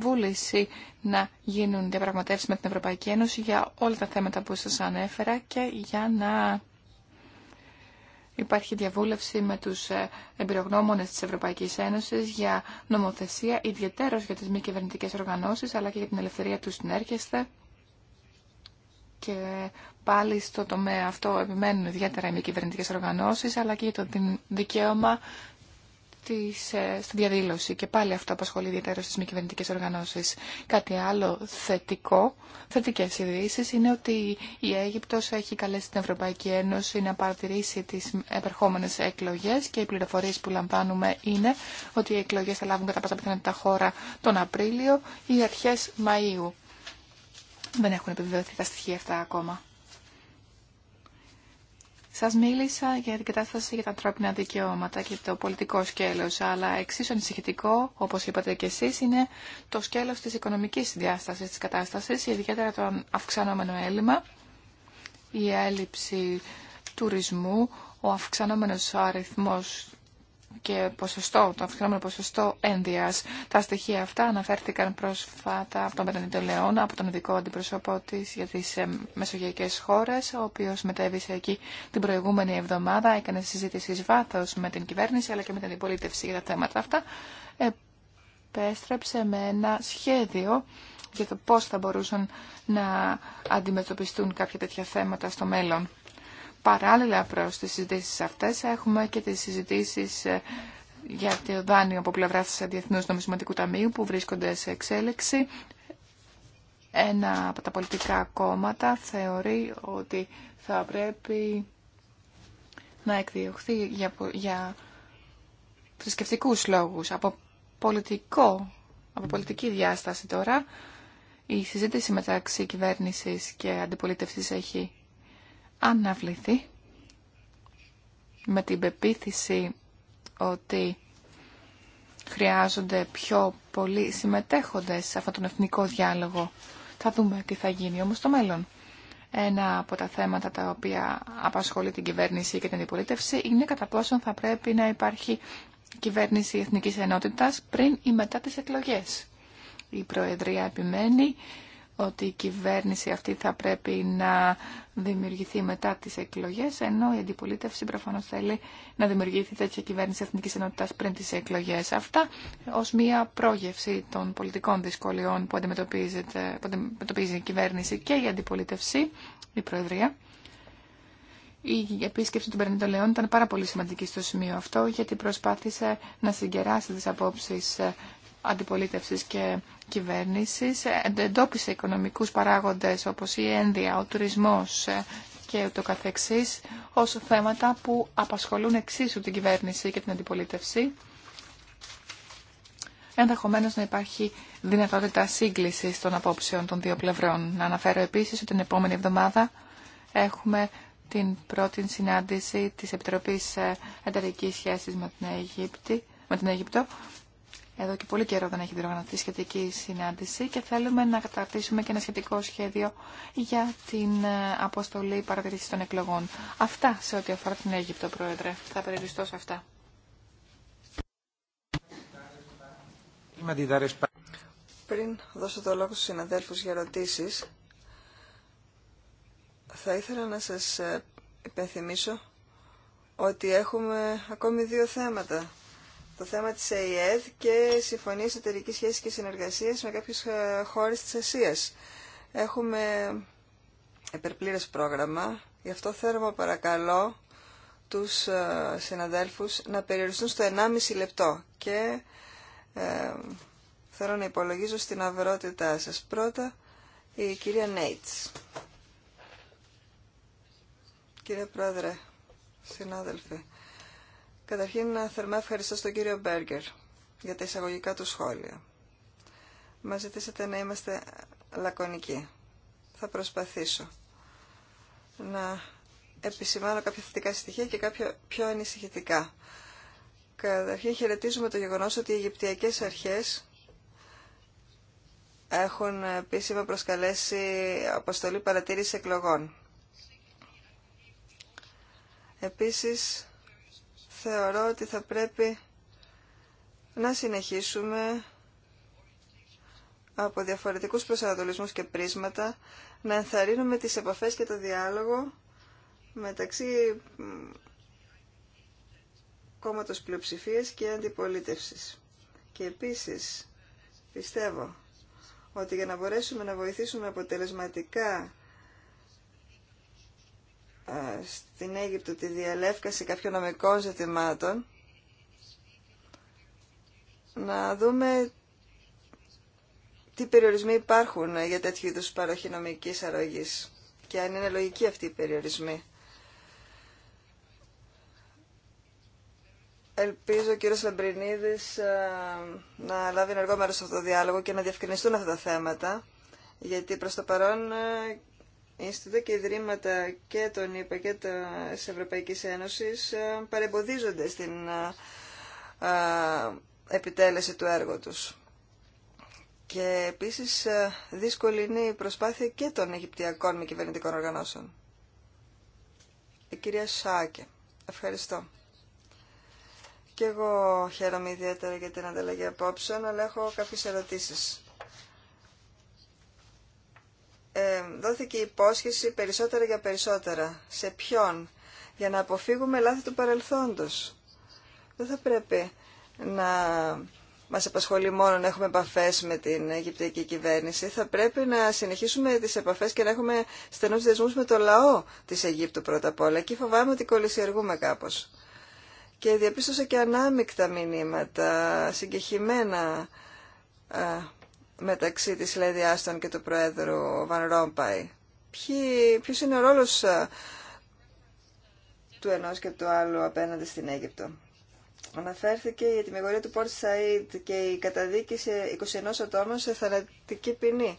βούληση να γίνουν διαπραγματεύσεις με την Ευρωπαϊκή Ένωση για όλα τα θέματα που σας ανέφερα και για να Υπάρχει διαβούλευση με τους ε, εμπειρογνώμονες της Ευρωπαϊκής Ένωσης για νομοθεσία, ιδιαίτερως για τις μη κυβερνητικέ οργανώσεις, αλλά και για την ελευθερία του συνέρχεσθε. Και πάλι στο τομέα αυτό επιμένουν ιδιαίτερα οι μη κυβερνητικέ οργανώσεις, αλλά και για το δικαίωμα στις, ε, στη διαδήλωση και πάλι αυτό απασχολεί ιδιαίτερα στις μη κυβερνητικές οργανώσεις. Κάτι άλλο θετικό, θετικές ειδήσει είναι ότι η Αίγυπτος έχει καλέσει την Ευρωπαϊκή Ένωση να παρατηρήσει τις επερχόμενες εκλογές και οι πληροφορίες που λαμβάνουμε είναι ότι οι εκλογές θα λάβουν κατά πάσα πιθανότητα χώρα τον Απρίλιο ή αρχές Μαΐου. Δεν έχουν επιβεβαιωθεί τα στοιχεία αυτά ακόμα. Σας μίλησα για την κατάσταση για τα ανθρώπινα δικαιώματα και το πολιτικό σκέλος, αλλά εξίσου ανησυχητικό, όπως είπατε και εσείς, είναι το σκέλος της οικονομικής διάστασης της κατάστασης, ιδιαίτερα το αυξανόμενο έλλειμμα, η έλλειψη τουρισμού, ο αυξανόμενος αριθμός και ποσοστό, το αυξημένο ποσοστό ένδυα. Τα στοιχεία αυτά αναφέρθηκαν πρόσφατα από τον Πεντανίτο Λεώνα, από τον ειδικό αντιπροσώπο τη για τις ε, μεσογειακές χώρε, ο οποίος μετέβησε εκεί την προηγούμενη εβδομάδα, έκανε συζήτηση βάθο με την κυβέρνηση αλλά και με την αντιπολίτευση για τα θέματα αυτά. Επέστρεψε με ένα σχέδιο για το πώς θα μπορούσαν να αντιμετωπιστούν κάποια τέτοια θέματα στο μέλλον. Παράλληλα προς τις συζητήσεις αυτές έχουμε και τις συζητήσεις ε, για το δάνειο από πλευρά της Διεθνούς Νομισματικού Ταμείου που βρίσκονται σε εξέλιξη. Ένα από τα πολιτικά κόμματα θεωρεί ότι θα πρέπει να εκδιωχθεί για, για θρησκευτικούς λόγους. Από, πολιτικό, από πολιτική διάσταση τώρα η συζήτηση μεταξύ κυβέρνησης και αντιπολίτευσης έχει αναβληθεί με την πεποίθηση ότι χρειάζονται πιο πολλοί συμμετέχοντες σε αυτόν τον εθνικό διάλογο. Θα δούμε τι θα γίνει όμως στο μέλλον. Ένα από τα θέματα τα οποία απασχολεί την κυβέρνηση και την αντιπολίτευση είναι κατά πόσον θα πρέπει να υπάρχει κυβέρνηση εθνικής ενότητας πριν ή μετά τις εκλογές. Η Προεδρία επιμένει ότι η κυβέρνηση αυτή θα πρέπει να δημιουργηθεί μετά τις εκλογές, ενώ η αντιπολίτευση προφανώ θέλει να δημιουργηθεί τέτοια κυβέρνηση εθνικής ενότητας πριν τις εκλογές. Αυτά ως μια πρόγευση των πολιτικών δυσκολιών που, αντιμετωπίζει η κυβέρνηση και η αντιπολίτευση, η Προεδρία. Η επίσκεψη των Περνητολαιών ήταν πάρα πολύ σημαντική στο σημείο αυτό, γιατί προσπάθησε να συγκεράσει τις απόψεις αντιπολίτευσης και κυβέρνησης εντόπισε οικονομικούς παράγοντες όπως η ένδια, ο τουρισμός ε, και ούτω καθεξής ως θέματα που απασχολούν εξίσου την κυβέρνηση και την αντιπολίτευση ενδεχομένω να υπάρχει δυνατότητα σύγκληση των απόψεων των δύο πλευρών. Να αναφέρω επίση ότι την επόμενη εβδομάδα έχουμε την πρώτη συνάντηση της Επιτροπής ε, Εταιρικής Σχέσης με την, με την Αιγύπτο εδώ και πολύ καιρό δεν έχει διοργανωθεί σχετική συνάντηση και θέλουμε να καταρτήσουμε και ένα σχετικό σχέδιο για την ε, αποστολή παρατηρήσης των εκλογών. Αυτά σε ό,τι αφορά την Αίγυπτο, Πρόεδρε. Θα περιοριστώ σε αυτά. Πριν δώσω το λόγο στους συναδέλφους για ερωτήσει. θα ήθελα να σας ε, υπενθυμίσω ότι έχουμε ακόμη δύο θέματα το θέμα της ΕΙΕΔ και συμφωνίες εταιρική σχέση και συνεργασίας με κάποιες ε, χώρες της Ασίας. Έχουμε επερπλήρες πρόγραμμα, γι' αυτό θέλω παρακαλώ τους ε, συναδέλφους να περιοριστούν στο 1,5 λεπτό και ε, θέλω να υπολογίζω στην αυρότητά σας. Πρώτα η κυρία Νέιτς. Κύριε Πρόεδρε, συνάδελφοι, Καταρχήν, να θερμά ευχαριστώ στον κύριο Μπέργκερ για τα εισαγωγικά του σχόλια. Μα ζητήσατε να είμαστε λακωνικοί. Θα προσπαθήσω να επισημάνω κάποια θετικά στοιχεία και κάποια πιο ανησυχητικά. Καταρχήν χαιρετίζουμε το γεγονός ότι οι Αιγυπτιακές αρχές έχουν επίσημα προσκαλέσει αποστολή παρατήρηση εκλογών. Επίσης, θεωρώ ότι θα πρέπει να συνεχίσουμε από διαφορετικούς προσανατολισμούς και πρίσματα να ενθαρρύνουμε τις επαφές και το διάλογο μεταξύ κόμματος πλειοψηφίας και αντιπολίτευσης. Και επίσης πιστεύω ότι για να μπορέσουμε να βοηθήσουμε αποτελεσματικά στην Αίγυπτο τη διαλεύκαση κάποιων νομικών ζητημάτων, να δούμε τι περιορισμοί υπάρχουν για τέτοιου είδους παροχή νομικής αρρωγής και αν είναι λογική αυτή οι περιορισμοί. Ελπίζω ο κύριος Λαμπρινίδης να λάβει ενεργό μέρος σε αυτό το διάλογο και να διευκρινιστούν αυτά τα θέματα, γιατί προς το παρόν Ινστιτούτα και Ιδρύματα και των ΗΠΑ και της Ευρωπαϊκής Ένωσης ε, παρεμποδίζονται στην ε, ε, επιτέλεση του έργου τους. Και επίσης δύσκολη είναι η προσπάθεια και των Αιγυπτιακών μη κυβερνητικών οργανώσεων. Η κυρία Σάκε. Ευχαριστώ. Και εγώ χαίρομαι ιδιαίτερα για την ανταλλαγή απόψεων, αλλά έχω κάποιες ερωτήσεις δόθηκε υπόσχεση περισσότερα για περισσότερα. Σε ποιον. Για να αποφύγουμε λάθη του παρελθόντος. Δεν θα πρέπει να μας απασχολεί μόνο να έχουμε επαφές με την Αιγυπτιακή κυβέρνηση. Θα πρέπει να συνεχίσουμε τις επαφές και να έχουμε στενούς δεσμούς με το λαό της Αιγύπτου πρώτα απ' όλα. Εκεί φοβάμαι ότι κολλησιεργούμε κάπως. Και διαπίστωσα και ανάμεικτα μηνύματα, συγκεχημένα ε, μεταξύ της Λέδη Άστον και του Προέδρου Βαν Ρόμπαϊ. Ποιος είναι ο ρόλος ε, του ενός και του άλλου απέναντι στην Αίγυπτο. Αναφέρθηκε η ετοιμιγορία του Πόρτ Σαΐντ και η καταδίκη σε 21 ατόμων σε θανατική ποινή.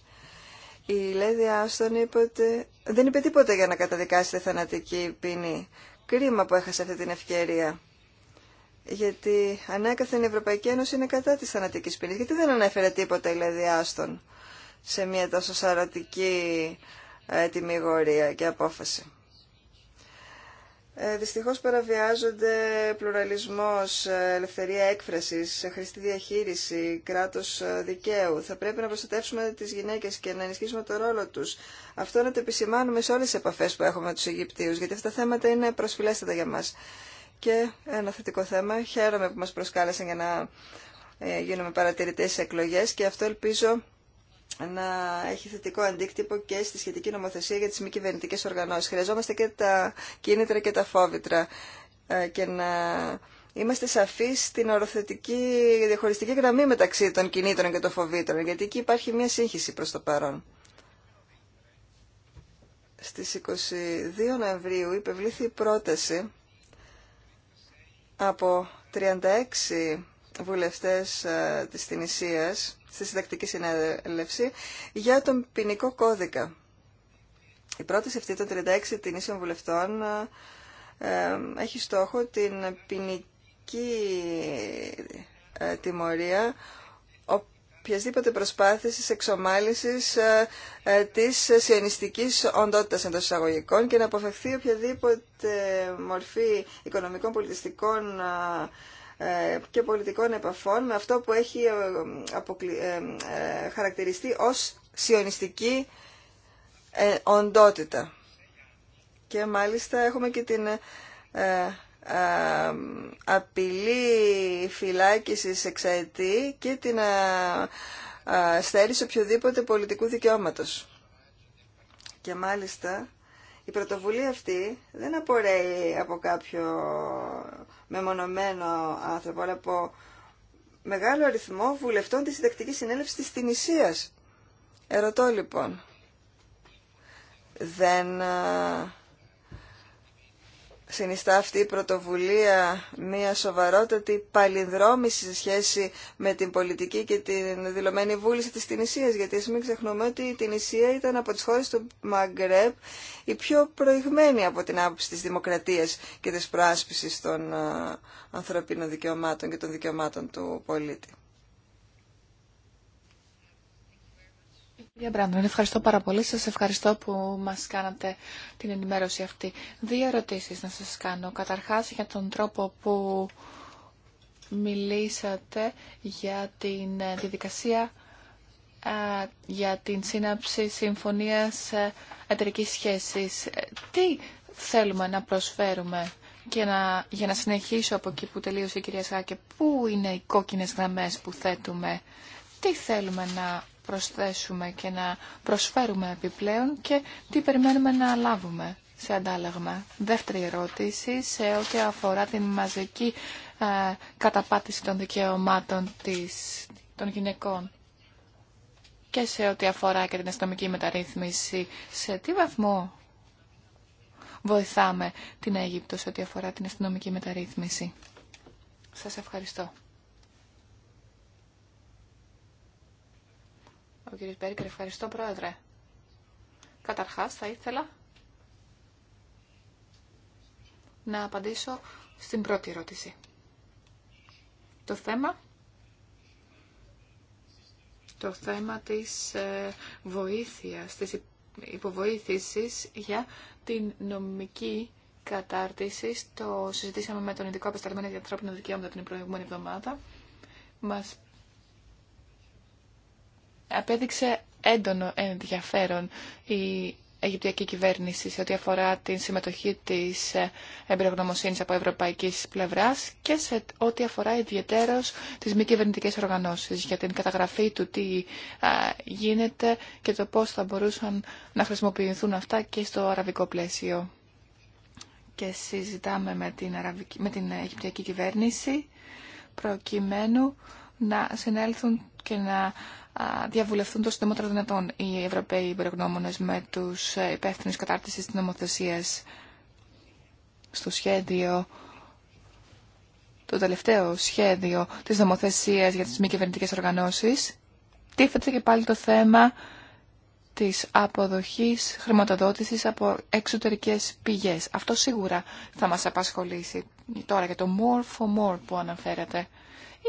Η Λέδη Άστον είπε ότι δεν είπε τίποτα για να καταδικάσει τη θανατική ποινή. Κρίμα που έχασε αυτή την ευκαιρία. Γιατί ανέκαθεν η Ευρωπαϊκή Ένωση είναι κατά της θανατικής ποινής. Γιατί δεν ανέφερε τίποτα η Λέδη Άστον σε μια τόσο σαρωτική ετοιμιγορία και απόφαση. Ε, δυστυχώς παραβιάζονται πλουραλισμός, ε, ελευθερία έκφρασης, ε, χρηστή διαχείριση, κράτος ε, δικαίου. Θα πρέπει να προστατεύσουμε τις γυναίκες και να ενισχύσουμε το ρόλο τους. Αυτό να το επισημάνουμε σε όλες τις επαφές που έχουμε με τους Αιγυπτίους, γιατί αυτά τα θέματα είναι προσφυλέστατα για μας. Και ένα θετικό θέμα. Χαίρομαι που μας προσκάλεσαν για να ε, γίνουμε παρατηρητές σε εκλογές και αυτό ελπίζω να έχει θετικό αντίκτυπο και στη σχετική νομοθεσία για τις μη κυβερνητικέ οργανώσεις. Χρειαζόμαστε και τα κίνητρα και τα φόβητρα ε, και να είμαστε σαφείς στην οροθετική διαχωριστική γραμμή μεταξύ των κινήτρων και των φοβήτρων, γιατί εκεί υπάρχει μια σύγχυση προς το παρόν. Στις 22 Νοεμβρίου υπευλήθη η πρόταση από 36 βουλευτές ε, της Τινησίας στη συντακτική συνέλευση για τον ποινικό κώδικα. Η πρόταση αυτή των 36 Τινήσεων βουλευτών ε, ε, έχει στόχο την ποινική τιμωρία οποιασδήποτε προσπάθηση εξομάλυση ε, ε, της σιωνιστικής οντότητας εντό εισαγωγικών και να αποφευθεί οποιαδήποτε μορφή οικονομικών, πολιτιστικών ε, και πολιτικών επαφών με αυτό που έχει χαρακτηριστεί ως σιωνιστική οντότητα. Και μάλιστα έχουμε και την ε, απειλή φυλάκισης εξαετή και την ε, ε, στέρηση οποιοδήποτε πολιτικού δικαιώματος. Και μάλιστα η πρωτοβουλία αυτή δεν απορρέει από κάποιο μεμονωμένο άνθρωπο, αλλά από μεγάλο αριθμό βουλευτών της συντακτική Συνέλευσης της Τινησίας. Ερωτώ λοιπόν, δεν συνιστά αυτή η πρωτοβουλία μια σοβαρότατη παλινδρόμηση σε σχέση με την πολιτική και την δηλωμένη βούληση της Τινησίας, γιατί ας μην ξεχνούμε ότι η Τινησία ήταν από τις χώρες του Μαγκρέπ η πιο προηγμένη από την άποψη της δημοκρατίας και της προάσπισης των ε, ανθρωπίνων δικαιωμάτων και των δικαιωμάτων του πολίτη. Κυρία Μπράντον, ευχαριστώ πάρα πολύ. Σας ευχαριστώ που μας κάνατε την ενημέρωση αυτή. Δύο ερωτήσεις να σας κάνω. Καταρχάς για τον τρόπο που μιλήσατε για την διαδικασία ε, ε, για την σύναψη συμφωνίας ε, εταιρικής σχέσης. Τι θέλουμε να προσφέρουμε και να, για να συνεχίσω από εκεί που τελείωσε η κυρία Σάκε, πού είναι οι κόκκινες γραμμές που θέτουμε, τι θέλουμε να προσθέσουμε και να προσφέρουμε επιπλέον και τι περιμένουμε να λάβουμε σε αντάλλαγμα. Δεύτερη ερώτηση σε ό,τι αφορά την μαζική ε, καταπάτηση των δικαιωμάτων της, των γυναικών και σε ό,τι αφορά και την αστυνομική μεταρρύθμιση. Σε τι βαθμό βοηθάμε την Αίγυπτο σε ό,τι αφορά την αστυνομική μεταρρύθμιση. Σας ευχαριστώ. Ο κ. Μπέρκερ, ευχαριστώ πρόεδρε. Καταρχάς θα ήθελα να απαντήσω στην πρώτη ερώτηση. Το θέμα το θέμα της ε, βοήθειας, της υποβοήθησης για την νομική κατάρτιση. Το συζητήσαμε με τον ειδικό απεσταλμένο για ανθρώπινα δικαιώματα την προηγούμενη εβδομάδα. Μας απέδειξε έντονο ενδιαφέρον η Αιγυπτιακή κυβέρνηση σε ό,τι αφορά την συμμετοχή της ε, εμπειρογνωμοσύνης από ευρωπαϊκής πλευράς και σε ό,τι αφορά ιδιαίτερω τις μη κυβερνητικέ οργανώσεις για την καταγραφή του τι γίνεται και το πώς θα μπορούσαν να χρησιμοποιηθούν αυτά και στο αραβικό πλαίσιο. Και συζητάμε με την, με την Αιγυπτιακή κυβέρνηση προκειμένου να συνέλθουν και να διαβουλευτούν το συντομότερο δυνατόν οι Ευρωπαίοι υπερογνώμονε με του ε, υπεύθυνου κατάρτιση τη νομοθεσία στο σχέδιο, το τελευταίο σχέδιο τη νομοθεσία για τι μη κυβερνητικέ οργανώσει. Τίθεται και πάλι το θέμα της αποδοχής χρηματοδότησης από εξωτερικές πηγές. Αυτό σίγουρα θα μας απασχολήσει τώρα για το more for more που αναφέρατε.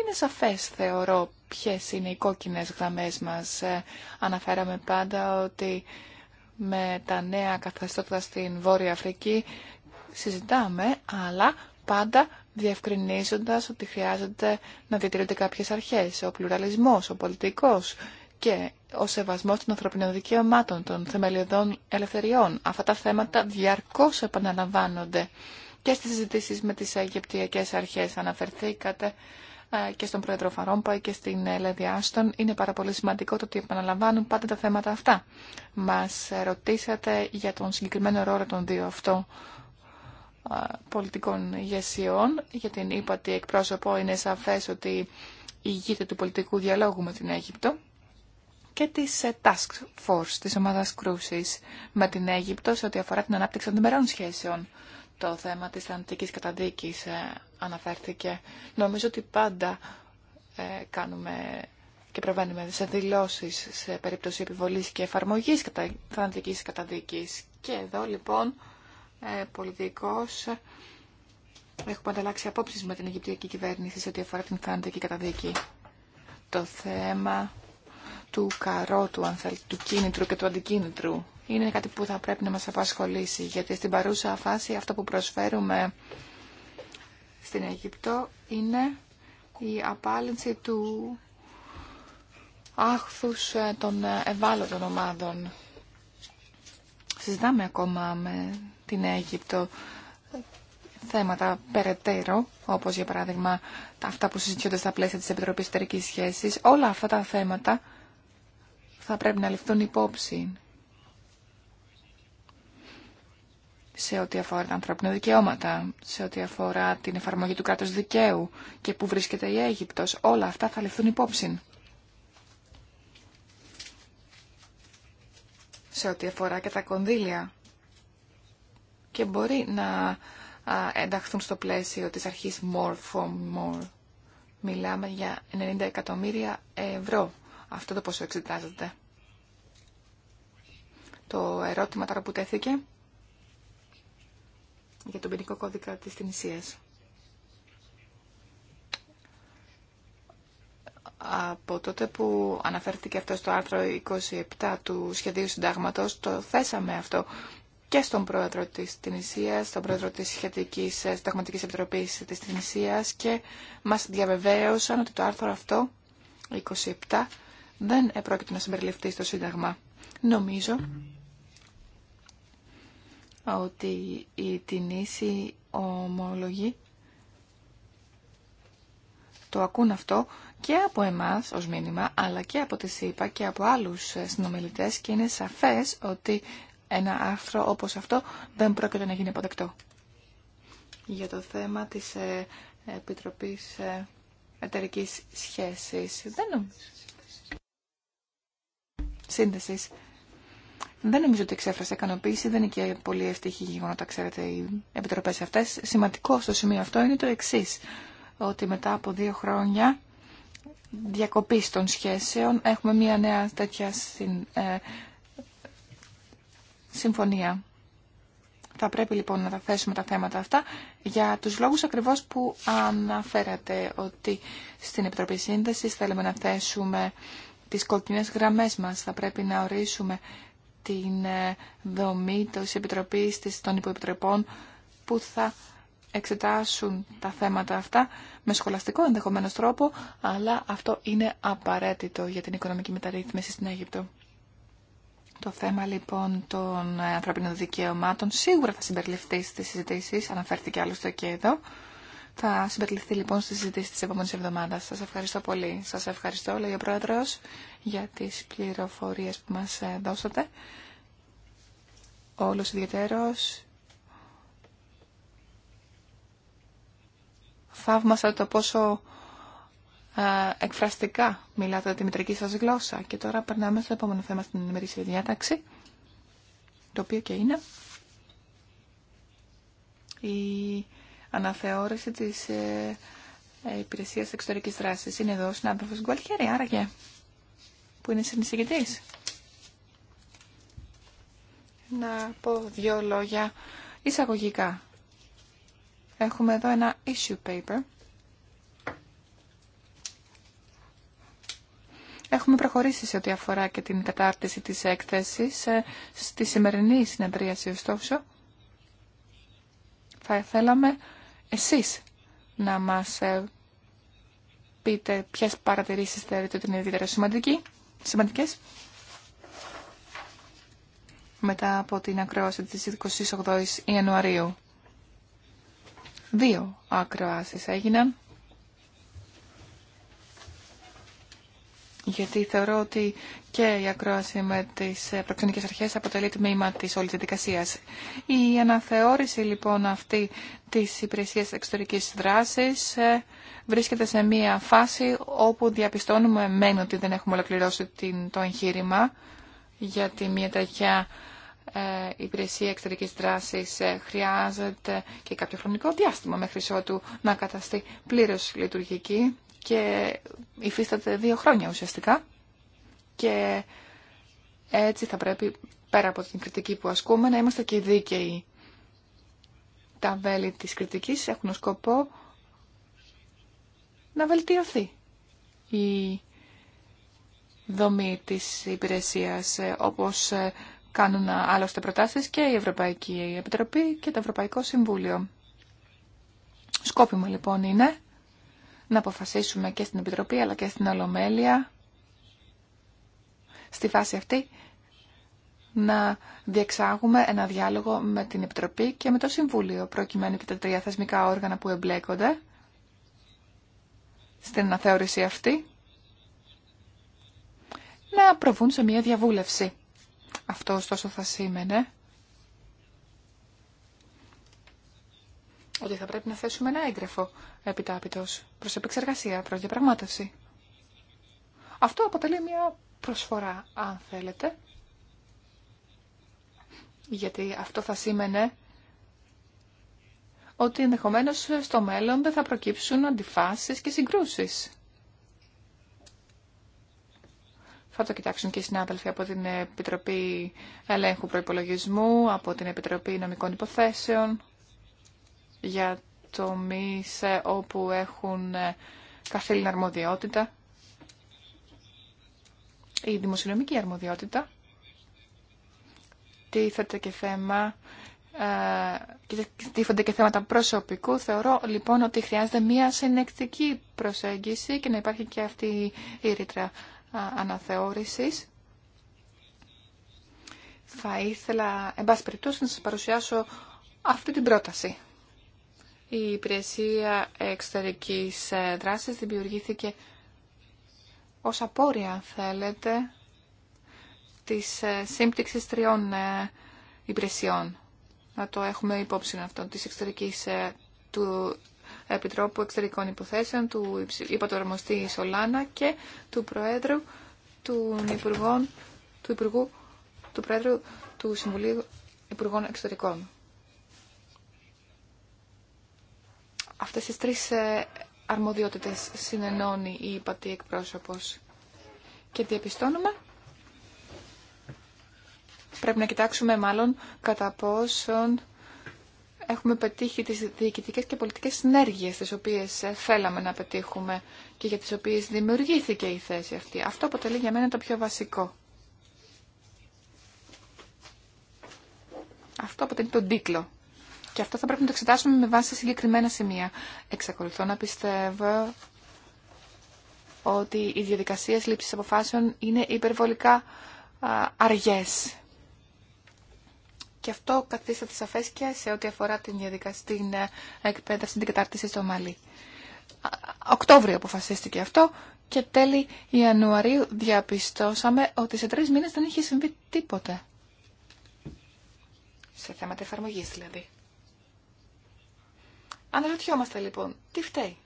Είναι σαφές θεωρώ ποιες είναι οι κόκκινες γραμμές μας. Ε, αναφέραμε πάντα ότι με τα νέα καθεστώτα στην Βόρεια Αφρική συζητάμε, αλλά πάντα διευκρινίζοντας ότι χρειάζεται να διατηρούνται κάποιες αρχές, ο πλουραλισμός, ο πολιτικός και ο σεβασμός των ανθρωπινών δικαιωμάτων, των θεμελιωδών ελευθεριών. Αυτά τα θέματα διαρκώς επαναλαμβάνονται και στις συζητήσεις με τις Αιγυπτιακές αρχές αναφερθήκατε ε, και στον Πρόεδρο Φαρόμπα και στην Ελέδη Άστον. Είναι πάρα πολύ σημαντικό το ότι επαναλαμβάνουν πάντα τα θέματα αυτά. Μας ρωτήσατε για τον συγκεκριμένο ρόλο των δύο αυτών ε, πολιτικών ηγεσιών. Για την ότι εκπρόσωπο είναι σαφές ότι ηγείται του πολιτικού διαλόγου με την Αίγυπτο και της ε, Task Force, της ομάδας κρούσης με την Αίγυπτο σε ό,τι αφορά την ανάπτυξη των σχέσεων το θέμα της αντικης καταδίκης ε, αναφέρθηκε. Νομίζω ότι πάντα ε, κάνουμε και προβαίνουμε σε δηλώσεις σε περίπτωση επιβολής και εφαρμογής κατα... θανατικής καταδίκης. Και εδώ λοιπόν ε, πολιτικός ε, έχουμε ανταλλάξει απόψεις με την Αιγυπτιακή κυβέρνηση σε ό,τι αφορά την θανατική καταδίκη. Το θέμα του καρότου, του κίνητρου και του αντικίνητρου είναι κάτι που θα πρέπει να μας απασχολήσει, γιατί στην παρούσα φάση αυτό που προσφέρουμε στην Αιγύπτο είναι η απάλυνση του άχθους ε, των ευάλωτων ομάδων. Συζητάμε ακόμα με την Αίγυπτο θέματα περαιτέρω, όπως για παράδειγμα αυτά που συζητιούνται στα πλαίσια της Επιτροπής Εταιρικής Σχέσης. Όλα αυτά τα θέματα θα πρέπει να ληφθούν υπόψη σε ό,τι αφορά τα ανθρώπινα δικαιώματα, σε ό,τι αφορά την εφαρμογή του κράτους δικαίου και που βρίσκεται η Αίγυπτος. Όλα αυτά θα ληφθούν υπόψη. Σε ό,τι αφορά και τα κονδύλια. Και μπορεί να ενταχθούν στο πλαίσιο της αρχής more for more. Μιλάμε για 90 εκατομμύρια ευρώ. Αυτό το πόσο εξετάζεται. Το ερώτημα τώρα που τέθηκε για τον ποινικό κώδικα της Τινησίας. Από τότε που αναφέρθηκε αυτό στο άρθρο 27 του σχεδίου συντάγματος, το θέσαμε αυτό και στον πρόεδρο της Τινησίας, στον πρόεδρο της σχετικής ε, συνταγματικής επιτροπής της Τινησίας και μας διαβεβαίωσαν ότι το άρθρο αυτό, 27, δεν επρόκειτο να συμπεριληφθεί στο Σύνταγμα. Νομίζω ότι η Τινήση ομολογεί. Το ακούν αυτό και από εμάς ως μήνυμα, αλλά και από τη ΣΥΠΑ και από άλλους συνομιλητές και είναι σαφές ότι ένα άρθρο όπως αυτό δεν πρόκειται να γίνει αποδεκτό. Για το θέμα της ε, Επιτροπής ε, Εταιρικής Σχέσης, δεν νομίζω. Σύνδεσης. Δεν νομίζω ότι εξέφρασε ικανοποίηση, δεν είναι και πολύ ευτυχή γεγονότα, ξέρετε, οι επιτροπέ αυτέ. Σημαντικό στο σημείο αυτό είναι το εξή, ότι μετά από δύο χρόνια διακοπή των σχέσεων έχουμε μια νέα τέτοια ε, συμφωνία. Θα πρέπει λοιπόν να τα θέσουμε τα θέματα αυτά για τους λόγους ακριβώς που αναφέρατε ότι στην Επιτροπή Σύνδεσης θέλουμε να θέσουμε τις κόκκινες γραμμές μας. Θα πρέπει να ορίσουμε την ε, δομή της Επιτροπής των Υποεπιτροπών που θα εξετάσουν τα θέματα αυτά με σχολαστικό ενδεχομένως τρόπο, αλλά αυτό είναι απαραίτητο για την οικονομική μεταρρύθμιση στην Αίγυπτο. Το θέμα λοιπόν των ε, ανθρωπίνων δικαιωμάτων σίγουρα θα συμπεριληφθεί στις συζητήσεις, αναφέρθηκε άλλωστε και εδώ. Θα συμπεριληφθεί λοιπόν στη συζήτηση τη επόμενη εβδομάδα. Σα ευχαριστώ πολύ. Σα ευχαριστώ, λέει ο πρόεδρο για τι πληροφορίε που μα ε, δώσατε. Όλο ιδιαίτερο. Θαύμασα το πόσο ε, εκφραστικά μιλάτε τη μητρική σας γλώσσα. Και τώρα περνάμε στο επόμενο θέμα στην ημερήσια διάταξη, το οποίο και είναι η αναθεώρηση της ε, ε, υπηρεσίας εξωτερικής δράσης. Είναι εδώ ο συνάδελφο Γκουαλχέρι, άραγε, που είναι συνεισηγητή. Να πω δύο λόγια εισαγωγικά. Έχουμε εδώ ένα issue paper. Έχουμε προχωρήσει σε ό,τι αφορά και την κατάρτιση της έκθεσης ε, στη σημερινή συνεδρίαση ωστόσο. Θα θέλαμε εσείς να μας ε, πείτε ποιες παρατηρήσεις θεωρείτε ότι είναι ιδιαίτερα σημαντικές. Μετά από την ακρόαση της 28 η Ιανουαρίου. Δύο ακροάσεις έγιναν γιατί θεωρώ ότι και η ακρόαση με τι ε, προξενικέ αρχές αποτελεί τμήμα της όλης διαδικασία. Η αναθεώρηση λοιπόν αυτή της υπηρεσία εξωτερική δράση ε, βρίσκεται σε μία φάση όπου διαπιστώνουμε μεν ότι δεν έχουμε ολοκληρώσει το εγχείρημα γιατι μία τέτοια ε, υπηρεσία εξωτερικής δράσης χρειάζεται και κάποιο χρονικό διάστημα μέχρι ότου να καταστεί πλήρως λειτουργική και υφίσταται δύο χρόνια ουσιαστικά και έτσι θα πρέπει πέρα από την κριτική που ασκούμε να είμαστε και δίκαιοι. Τα βέλη της κριτικής έχουν σκοπό να βελτιωθεί η δομή της υπηρεσίας ε, όπως ε, κάνουν άλλωστε προτάσεις και η Ευρωπαϊκή Επιτροπή και το Ευρωπαϊκό Συμβούλιο. Σκόπιμο λοιπόν είναι να αποφασίσουμε και στην Επιτροπή αλλά και στην Ολομέλεια στη φάση αυτή να διεξάγουμε ένα διάλογο με την Επιτροπή και με το Συμβούλιο προκειμένου και τα τρία θεσμικά όργανα που εμπλέκονται στην αναθεώρηση αυτή να προβούν σε μια διαβούλευση. Αυτό ωστόσο θα σήμαινε ότι θα πρέπει να θέσουμε ένα έγγραφο επιτάπητος προς επεξεργασία, προς διαπραγμάτευση. Αυτό αποτελεί μια προσφορά, αν θέλετε, γιατί αυτό θα σήμαινε ότι ενδεχομένω στο μέλλον δεν θα προκύψουν αντιφάσεις και συγκρούσεις. Θα το κοιτάξουν και οι συνάδελφοι από την Επιτροπή Ελέγχου Προϋπολογισμού, από την Επιτροπή Νομικών Υποθέσεων για τομείς ε, όπου έχουν ε, καθήλυνα αρμοδιότητα. Η δημοσιονομική αρμοδιότητα τίθεται και θέμα ε, και και θέματα προσωπικού. Θεωρώ λοιπόν ότι χρειάζεται μια συνεκτική προσέγγιση και να υπάρχει και αυτή η ρήτρα αναθεώρησης. Θα ήθελα, εν πάση περιπτώσει, να σας παρουσιάσω αυτή την πρόταση. Η υπηρεσία εξωτερικής ε, δράσης δημιουργήθηκε ως απόρρια, αν θέλετε, της ε, σύμπτυξης τριών ε, υπηρεσιών. Να το έχουμε υπόψη αυτό, της εξωτερικής του Επιτρόπου Εξωτερικών Υποθέσεων, του Υπατορμοστή Σολάνα και του Προέδρου του Υπουργών, του Υπουργού, του Προέδρου του Συμβουλίου Υπουργών Εξωτερικών. Αυτές τις τρεις ε, αρμοδιότητες συνενώνει η υπατή εκπρόσωπος. Και διαπιστώνουμε πρέπει να κοιτάξουμε μάλλον κατά πόσον έχουμε πετύχει τις διοικητικές και πολιτικές συνέργειες τις οποίες ε, θέλαμε να πετύχουμε και για τις οποίες δημιουργήθηκε η θέση αυτή. Αυτό αποτελεί για μένα το πιο βασικό. Αυτό αποτελεί τον τίτλο και αυτό θα πρέπει να το εξετάσουμε με βάση συγκεκριμένα σημεία. Εξακολουθώ να πιστεύω ότι οι διαδικασίες λήψης αποφάσεων είναι υπερβολικά αργές. Και αυτό καθίσταται σαφές και σε ό,τι αφορά την, διαδικασία, ε, εκπαίδευση, την κατάρτιση στο Μαλί. Οκτώβριο αποφασίστηκε αυτό και τέλη Ιανουαρίου διαπιστώσαμε ότι σε τρεις μήνες δεν είχε συμβεί τίποτε. Σε θέματα εφαρμογής δηλαδή. Αναρωτιόμαστε λοιπόν, τι φταίει.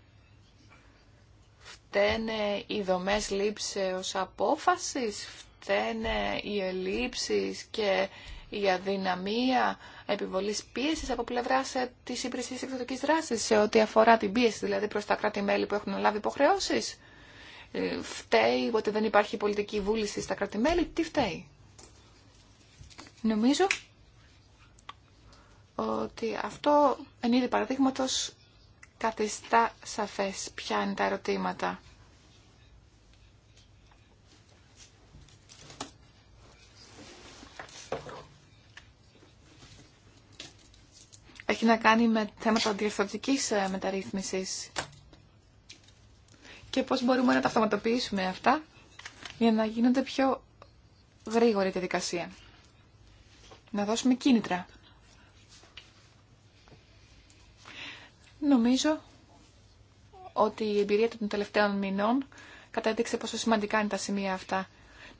Φταίνε οι δομές λήψεως απόφασης, φταίνε οι ελλείψεις και η αδυναμία επιβολής πίεσης από πλευρά ε, της υπηρεσίας εκδοτική δράσης σε ό,τι αφορά την πίεση, δηλαδή προς τα κράτη-μέλη που έχουν λάβει υποχρεώσεις. Ε, φταίει ότι δεν υπάρχει πολιτική βούληση στα κράτη-μέλη, τι φταίει. Νομίζω ότι αυτό εν είδη παραδείγματος καθιστά σαφές ποια είναι τα ερωτήματα. Έχει να κάνει με θέματα διορθωτικής ε, μεταρρύθμισης και πώς μπορούμε να τα αυτοματοποιήσουμε αυτά για να γίνονται πιο γρήγορη τη δικασία. Να δώσουμε κίνητρα. Νομίζω ότι η εμπειρία των τελευταίων μηνών κατέδειξε πόσο σημαντικά είναι τα σημεία αυτά.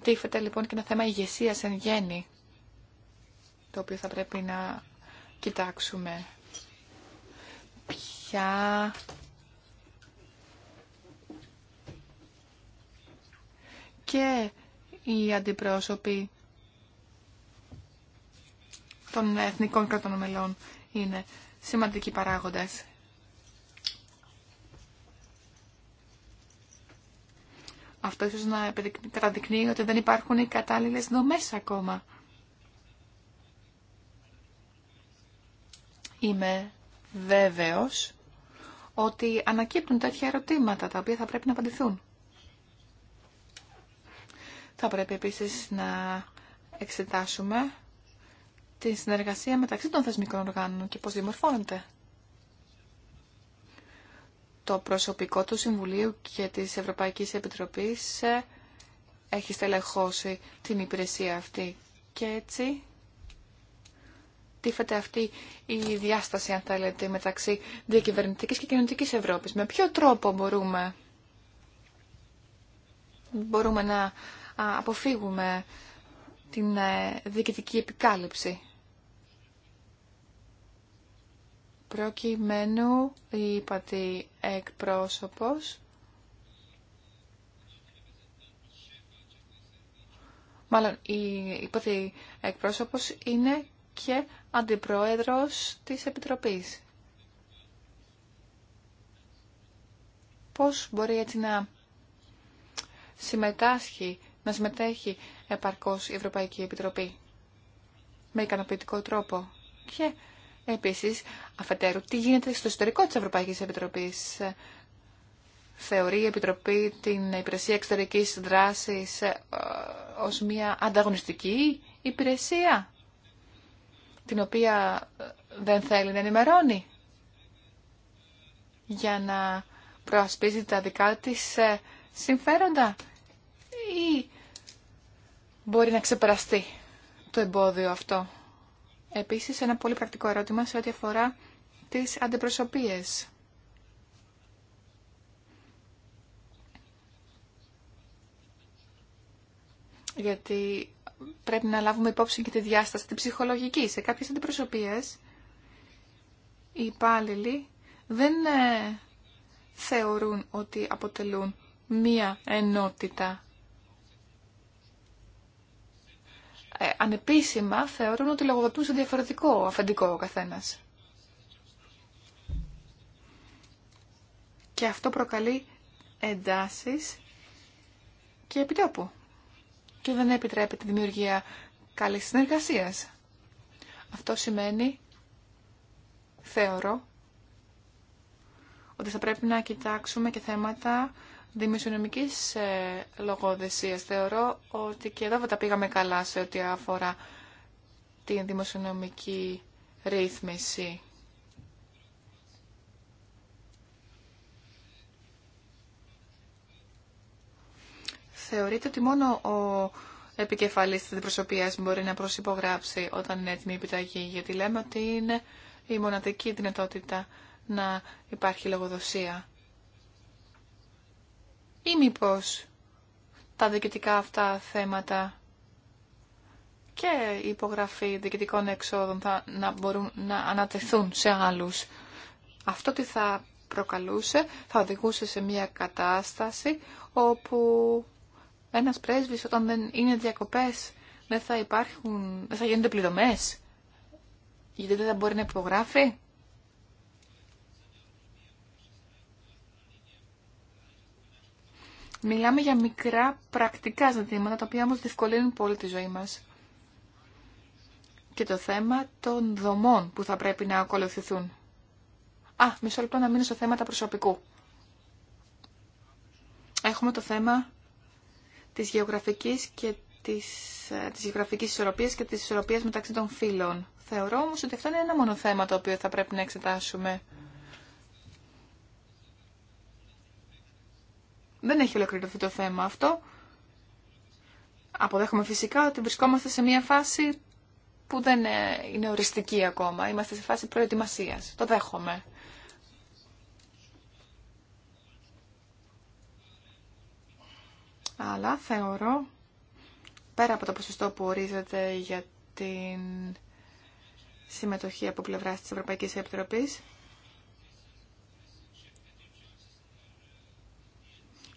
Τίφεται λοιπόν και ένα θέμα ηγεσία εν γέννη, το οποίο θα πρέπει να κοιτάξουμε. Ποια και οι αντιπρόσωποι των εθνικών κρατών μελών είναι σημαντικοί παράγοντες. Αυτό ίσως να καταδεικνύει ότι δεν υπάρχουν οι κατάλληλες δομές ακόμα. Είμαι βέβαιος ότι ανακύπτουν τέτοια ερωτήματα τα οποία θα πρέπει να απαντηθούν. Θα πρέπει επίσης να εξετάσουμε τη συνεργασία μεταξύ των θεσμικών οργάνων και πώς δημορφώνεται το προσωπικό του Συμβουλίου και της Ευρωπαϊκής Επιτροπής ε, έχει στελεχώσει την υπηρεσία αυτή. Και έτσι τύφεται αυτή η διάσταση, αν θέλετε, μεταξύ διακυβερνητικής και κοινωνικής Ευρώπης. Με ποιο τρόπο μπορούμε, μπορούμε να αποφύγουμε την ε, διοικητική επικάλυψη. προκειμένου η υπατή εκπρόσωπος Μάλλον η υπατή εκπρόσωπος είναι και αντιπρόεδρος της Επιτροπής. Πώς μπορεί έτσι να συμμετάσχει, να συμμετέχει επαρκώς η Ευρωπαϊκή Επιτροπή με ικανοποιητικό τρόπο και Επίσης, αφετέρου, τι γίνεται στο ιστορικό της Ευρωπαϊκής Επιτροπής. Θεωρεί η Επιτροπή την υπηρεσία εξωτερικής δράσης ε, ως μια ανταγωνιστική υπηρεσία, την οποία ε, δεν θέλει να ενημερώνει για να προασπίζει τα δικά της ε, συμφέροντα ή μπορεί να ξεπεραστεί το εμπόδιο αυτό. Επίσης, ένα πολύ πρακτικό ερώτημα σε ό,τι αφορά τις αντιπροσωπίες. Γιατί πρέπει να λάβουμε υπόψη και τη διάσταση την ψυχολογική. Σε κάποιες αντιπροσωπείες οι υπάλληλοι δεν ε, θεωρούν ότι αποτελούν μία ενότητα ε, ανεπίσημα θεωρούν ότι λογοδοτούν σε διαφορετικό αφεντικό ο καθένας. Και αυτό προκαλεί εντάσεις και επιτόπου. Και δεν επιτρέπει τη δημιουργία καλής συνεργασίας. Αυτό σημαίνει, θεωρώ, ότι θα πρέπει να κοιτάξουμε και θέματα δημοσιονομικής ε, λογοδεσίας. Θεωρώ ότι και εδώ τα πήγαμε καλά σε ό,τι αφορά την δημοσιονομική ρύθμιση. Θεωρείται ότι μόνο ο επικεφαλής της αντιπροσωπείας μπορεί να προσυπογράψει όταν είναι έτοιμη η επιταγή, γιατί λέμε ότι είναι η μοναδική δυνατότητα να υπάρχει λογοδοσία ή μήπω τα διοικητικά αυτά θέματα και η υπογραφή διοικητικών εξόδων θα να μπορούν να ανατεθούν σε άλλους. Αυτό τι θα προκαλούσε, θα οδηγούσε σε μια κατάσταση όπου ένας πρέσβης όταν δεν είναι διακοπές δεν θα υπάρχουν, θα γίνονται πληρωμές, γιατί δεν θα μπορεί να υπογράφει. Μιλάμε για μικρά πρακτικά ζητήματα, τα οποία όμως δυσκολύνουν πολύ τη ζωή μας. Και το θέμα των δομών που θα πρέπει να ακολουθηθούν. Α, μισό λεπτό να μείνω στο θέμα τα προσωπικού. Έχουμε το θέμα της γεωγραφικής και της, ε, της γεωγραφικής ισορροπίας και της ισορροπίας μεταξύ των φύλων. Θεωρώ όμως ότι αυτό είναι ένα μόνο θέμα το οποίο θα πρέπει να εξετάσουμε. Δεν έχει ολοκληρωθεί το θέμα αυτό. Αποδέχομαι φυσικά ότι βρισκόμαστε σε μια φάση που δεν ε, είναι οριστική ακόμα. Είμαστε σε φάση προετοιμασίας. Το δέχομαι. Αλλά θεωρώ, πέρα από το ποσοστό που ορίζεται για την συμμετοχή από πλευράς της Ευρωπαϊκής Επιτροπής,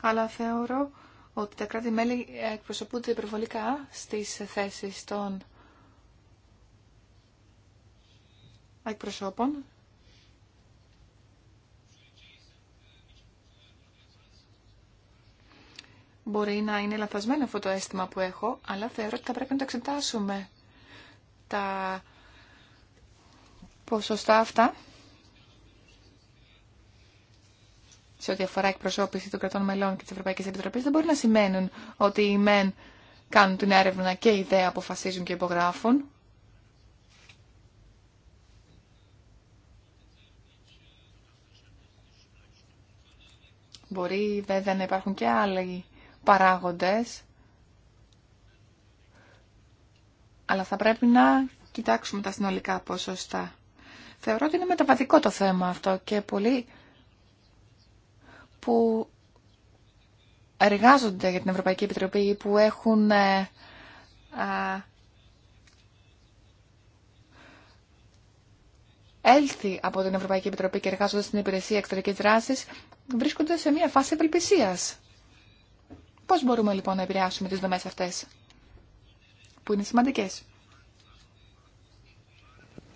αλλά θεωρώ ότι τα κράτη-μέλη εκπροσωπούνται υπερβολικά στις θέσεις των εκπροσώπων. Μπορεί να είναι λαθασμένο αυτό το αίσθημα που έχω, αλλά θεωρώ ότι θα πρέπει να το εξετάσουμε. Τα ποσοστά αυτά σε ό,τι αφορά εκπροσώπηση των κρατών μελών και τη Ευρωπαϊκή Επιτροπή δεν μπορεί να σημαίνουν ότι οι μεν κάνουν την έρευνα και οι δε αποφασίζουν και υπογράφουν. Μπορεί βέβαια να υπάρχουν και άλλοι παράγοντες, αλλά θα πρέπει να κοιτάξουμε τα συνολικά ποσοστά. Θεωρώ ότι είναι μεταβατικό το θέμα αυτό και πολύ που εργάζονται για την Ευρωπαϊκή Επιτροπή ή που έχουν ε, έλθει από την Ευρωπαϊκή Επιτροπή και εργάζονται στην υπηρεσία εξωτερικής δράσης, βρίσκονται σε μια φάση ευελπισίας. Πώς μπορούμε λοιπόν να επηρεάσουμε τις δομές αυτές, που είναι σημαντικές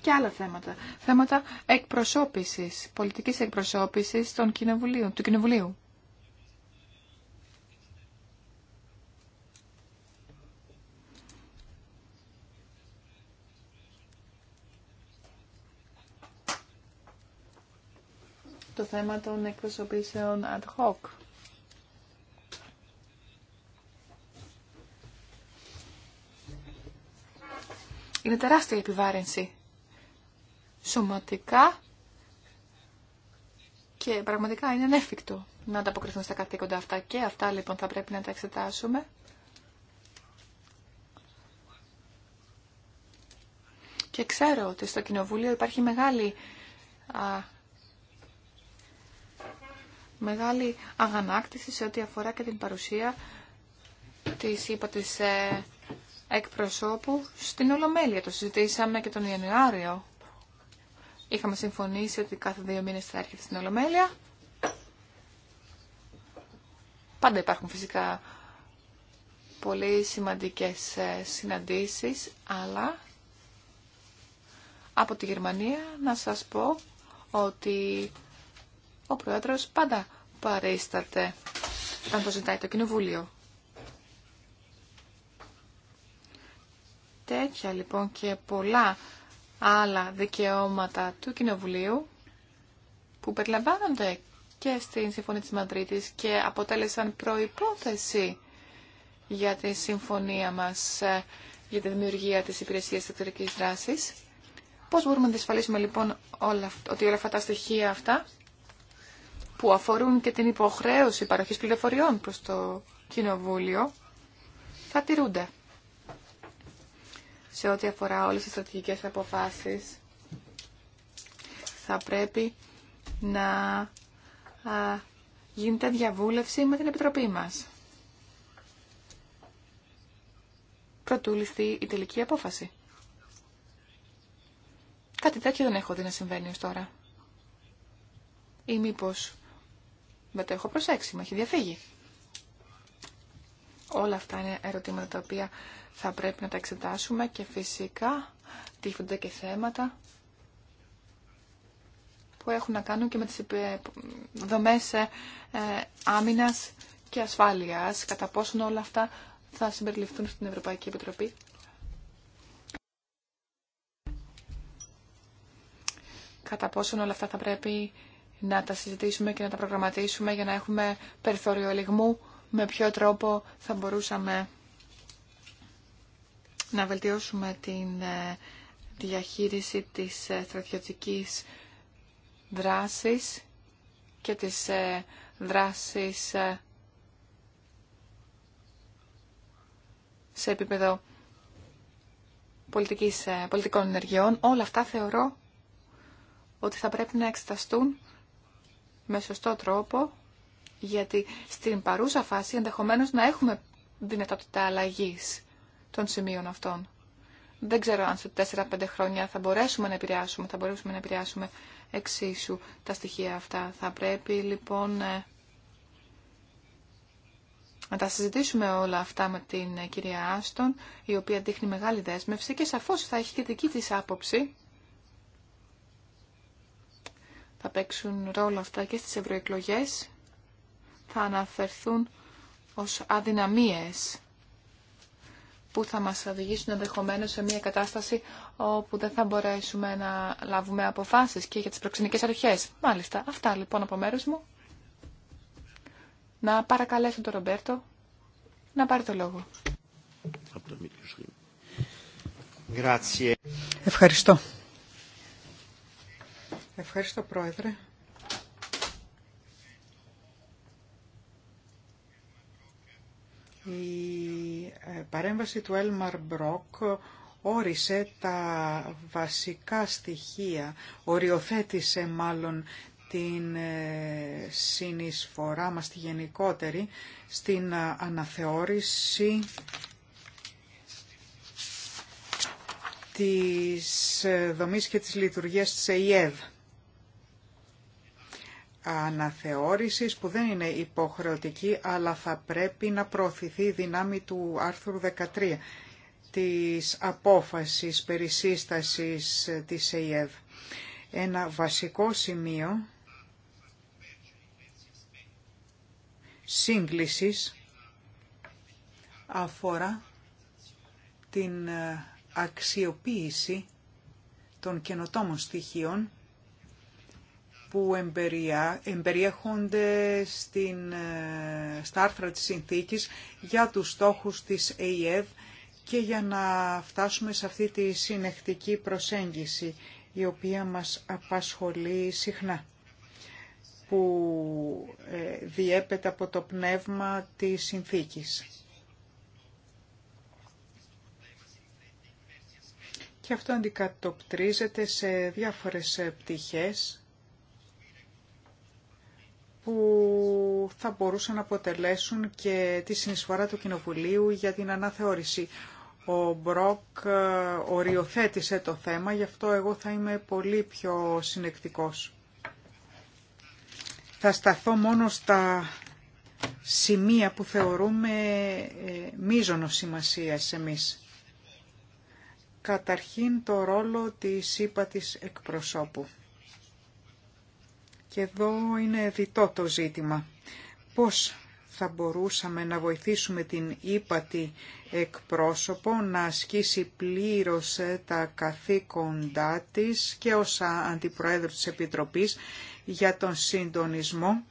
και άλλα θέματα. Θέματα εκπροσώπησης, πολιτικής εκπροσώπησης των κοινοβουλίων, του Κοινοβουλίου. το θέμα των εκπροσωπήσεων ad hoc. Είναι τεράστια η επιβάρυνση σωματικά και πραγματικά είναι ανέφικτο να ανταποκριθούν στα καθήκοντα αυτά και αυτά λοιπόν θα πρέπει να τα εξετάσουμε. Και ξέρω ότι στο Κοινοβούλιο υπάρχει μεγάλη, μεγάλη αγανάκτηση σε ό,τι αφορά και την παρουσία της είπα ε, εκπροσώπου στην Ολομέλεια. Το συζητήσαμε και τον Ιανουάριο Είχαμε συμφωνήσει ότι κάθε δύο μήνες θα έρχεται στην Ολομέλεια. Πάντα υπάρχουν φυσικά πολύ σημαντικές ε, συναντήσεις, αλλά από τη Γερμανία να σας πω ότι ο Πρόεδρος πάντα παρίσταται όταν το ζητάει το Κοινοβούλιο. Τέτοια λοιπόν και πολλά άλλα δικαιώματα του Κοινοβουλίου που περιλαμβάνονται και στην Συμφωνία της Μαδρίτης και αποτέλεσαν προϋπόθεση για τη συμφωνία μας ε, για τη δημιουργία της υπηρεσίας εξωτερικής δράσης. Πώς μπορούμε να διασφαλίσουμε λοιπόν όλα, ότι όλα αυτά τα στοιχεία αυτά που αφορούν και την υποχρέωση παροχής πληροφοριών προς το Κοινοβούλιο θα τηρούνται σε ό,τι αφορά όλες τις στρατηγικές αποφάσεις θα πρέπει να α, γίνεται διαβούλευση με την Επιτροπή μας. Προτού ληφθεί η τελική απόφαση. Κάτι τέτοιο δεν έχω δει να συμβαίνει ως τώρα. Ή μήπως με το έχω προσέξει, με έχει διαφύγει. Όλα αυτά είναι ερωτήματα τα οποία θα πρέπει να τα εξετάσουμε και φυσικά τύχονται και θέματα που έχουν να κάνουν και με τις δομές ε, ε, άμυνας και ασφάλειας, κατά πόσον όλα αυτά θα συμπεριληφθούν στην Ευρωπαϊκή Επιτροπή. Κατά πόσον όλα αυτά θα πρέπει να τα συζητήσουμε και να τα προγραμματίσουμε για να έχουμε περιθώριο ελιγμού με ποιο τρόπο θα μπορούσαμε να βελτιώσουμε την ε, διαχείριση της ε, στρατιωτικής δράσης και της ε, δράσης σε επίπεδο πολιτικής, πολιτικών ενεργειών. Όλα αυτά θεωρώ ότι θα πρέπει να εξεταστούν με σωστό τρόπο γιατί στην παρούσα φάση ενδεχομένως να έχουμε δυνατότητα αλλαγή των σημείων αυτών. Δεν ξέρω αν σε 4-5 χρόνια θα μπορέσουμε να επηρεάσουμε, θα μπορέσουμε να επηρεάσουμε εξίσου τα στοιχεία αυτά. Θα πρέπει λοιπόν ε, να τα συζητήσουμε όλα αυτά με την ε, κυρία Άστον, η οποία δείχνει μεγάλη δέσμευση και σαφώς θα έχει και δική της άποψη. Θα παίξουν ρόλο αυτά και στις ευρωεκλογές θα αναφερθούν ως αδυναμίες που θα μας οδηγήσουν ενδεχομένω σε μια κατάσταση όπου δεν θα μπορέσουμε να λάβουμε αποφάσεις και για τις προξενικές αρχές. Μάλιστα, αυτά λοιπόν από μέρους μου. Να παρακαλέσω τον Ρομπέρτο να πάρει το λόγο. Ευχαριστώ. Ευχαριστώ, Πρόεδρε. Η ε, παρέμβαση του Έλμαρ Μπρόκ όρισε τα βασικά στοιχεία, οριοθέτησε μάλλον την ε, συνεισφορά μας τη γενικότερη στην ε, αναθεώρηση της δομής και της λειτουργίας της ΕΙΕΔ αναθεώρησης που δεν είναι υποχρεωτική αλλά θα πρέπει να προωθηθεί η δυνάμη του άρθρου 13 της απόφασης περί της ΕΙΕΔ. Ένα βασικό σημείο σύγκλησης αφορά την αξιοποίηση των καινοτόμων στοιχείων που εμπεριέχονται στην, ε, στα άρθρα της συνθήκης για τους στόχους της ΕΙΕΔ και για να φτάσουμε σε αυτή τη συνεχτική προσέγγιση η οποία μας απασχολεί συχνά που ε, διέπεται από το πνεύμα της συνθήκης. Και αυτό αντικατοπτρίζεται σε διάφορες πτυχές που θα μπορούσαν να αποτελέσουν και τη συνεισφορά του Κοινοβουλίου για την αναθεώρηση. Ο Μπροκ ε, οριοθέτησε το θέμα, γι' αυτό εγώ θα είμαι πολύ πιο συνεκτικός. Θα σταθώ μόνο στα σημεία που θεωρούμε ε, μίζωνο σημασίας εμείς. Καταρχήν το ρόλο της ύπατης εκπροσώπου. Και εδώ είναι διτό το ζήτημα. Πώς θα μπορούσαμε να βοηθήσουμε την ύπατη εκπρόσωπο να ασκήσει πλήρως τα καθήκοντά της και ως Αντιπροέδρου της Επιτροπής για τον συντονισμό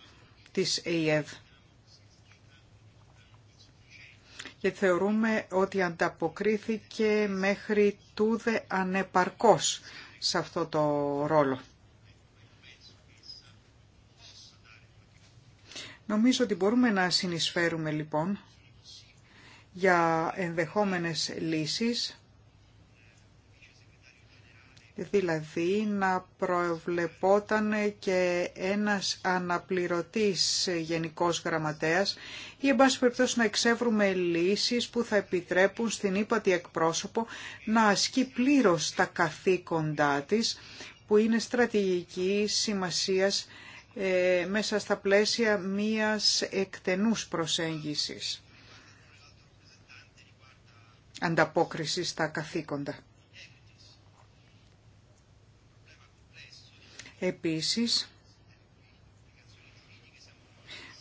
της ΕΙΕΔ. Και θεωρούμε ότι ανταποκρίθηκε μέχρι τούδε ανεπαρκώς σε αυτό το ρόλο. Νομίζω ότι μπορούμε να συνεισφέρουμε λοιπόν για ενδεχόμενες λύσεις, δηλαδή να προβλεπόταν και ένας αναπληρωτής γενικός γραμματέας ή εν πάση περιπτώσει να εξεύρουμε λύσεις που θα επιτρέπουν στην ύπατη εκπρόσωπο να ασκεί πλήρως τα καθήκοντά της που είναι στρατηγική σημασίας ε, μέσα στα πλαίσια μίας εκτενούς προσέγγισης ανταπόκριση στα καθήκοντα. Επίσης,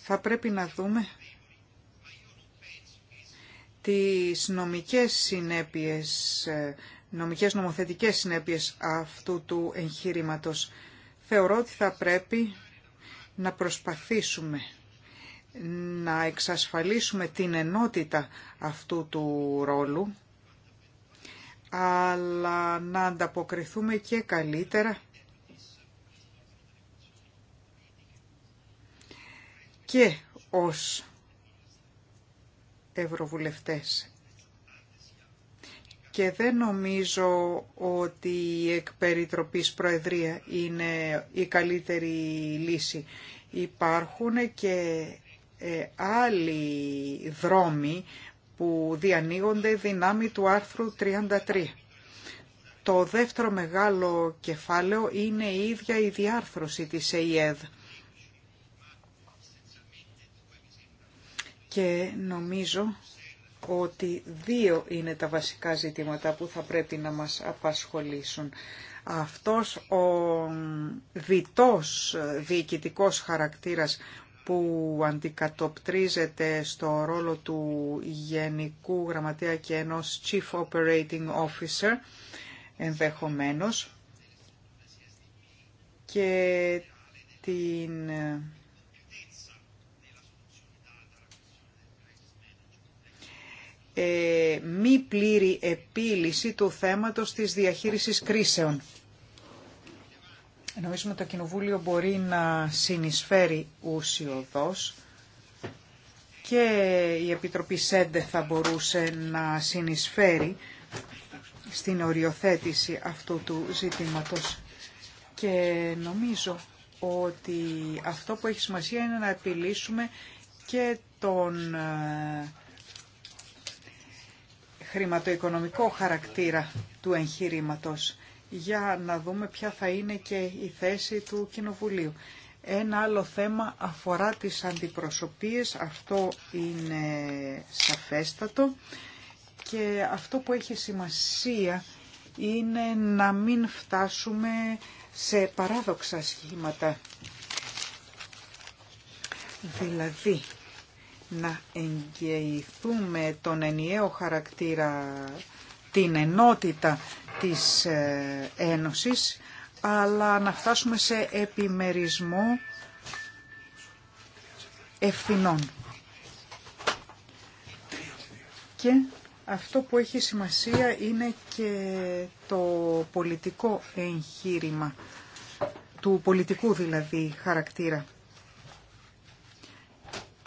θα πρέπει να δούμε τις νομικές συνέπειες, ε, νομικές νομοθετικές συνέπειες αυτού του εγχείρηματος. Θεωρώ ότι θα πρέπει να προσπαθήσουμε να εξασφαλίσουμε την ενότητα αυτού του ρόλου, αλλά να ανταποκριθούμε και καλύτερα και ως ευρωβουλευτές και δεν νομίζω ότι η εκπεριτροπής προεδρία είναι η καλύτερη λύση. Υπάρχουν και ε, άλλοι δρόμοι που διανοίγονται δυνάμει του άρθρου 33. Το δεύτερο μεγάλο κεφάλαιο είναι η ίδια η διάρθρωση της ΕΙΕΔ. Και νομίζω ότι δύο είναι τα βασικά ζητήματα που θα πρέπει να μας απασχολήσουν. Αυτός ο διτός διοικητικός χαρακτήρας που αντικατοπτρίζεται στο ρόλο του Γενικού Γραμματέα και ενός Chief Operating Officer ενδεχομένως και την Ε, μη πλήρη επίλυση του θέματος της διαχείρισης κρίσεων. Νομίζουμε ότι το Κοινοβούλιο μπορεί να συνεισφέρει ουσιοδός και η Επιτροπή ΣΕΝΤΕ θα μπορούσε να συνεισφέρει στην οριοθέτηση αυτού του ζητήματος. Και νομίζω ότι αυτό που έχει σημασία είναι να επιλύσουμε και τον ε, χρηματοοικονομικό χαρακτήρα του εγχειρήματος για να δούμε ποια θα είναι και η θέση του Κοινοβουλίου. Ένα άλλο θέμα αφορά τις αντιπροσωπείες, αυτό είναι σαφέστατο και αυτό που έχει σημασία είναι να μην φτάσουμε σε παράδοξα σχήματα. Δηλαδή, να εγγυηθούμε τον ενιαίο χαρακτήρα, την ενότητα της ε, Ένωσης, αλλά να φτάσουμε σε επιμερισμό ευθυνών. Και αυτό που έχει σημασία είναι και το πολιτικό εγχείρημα, του πολιτικού δηλαδή χαρακτήρα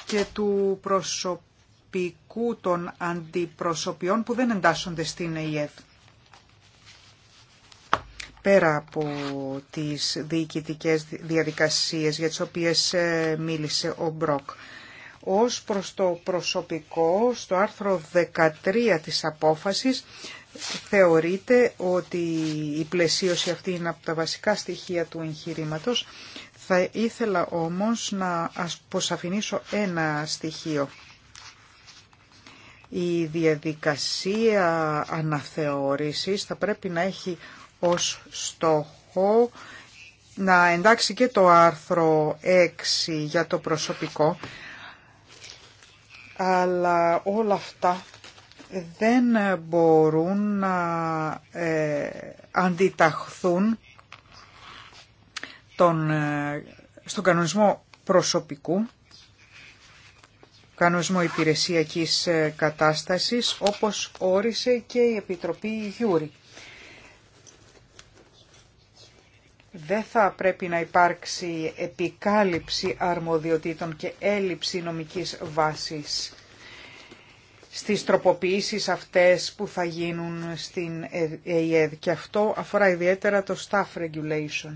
και του προσωπικού των αντιπροσωπιών που δεν εντάσσονται στην ΕΙΕΔ. Πέρα από τις διοικητικές διαδικασίες για τις οποίες ε, μίλησε ο Μπροκ. Ως προς το προσωπικό, στο άρθρο 13 της απόφασης, θεωρείται ότι η πλαισίωση αυτή είναι από τα βασικά στοιχεία του εγχειρήματο θα ήθελα όμως να αποσαφηνίσω ένα στοιχείο. Η διαδικασία αναθεώρησης θα πρέπει να έχει ως στόχο να εντάξει και το άρθρο 6 για το προσωπικό, αλλά όλα αυτά δεν μπορούν να ε, αντιταχθούν ε, στον, κανονισμό προσωπικού, κανονισμό υπηρεσιακής ε, κατάστασης, όπως όρισε και η Επιτροπή Γιούρη. Δεν θα πρέπει να υπάρξει επικάλυψη αρμοδιοτήτων και έλλειψη νομικής βάσης στις τροποποιήσεις αυτές που θα γίνουν στην ΕΕΔ και αυτό αφορά ιδιαίτερα το staff regulation.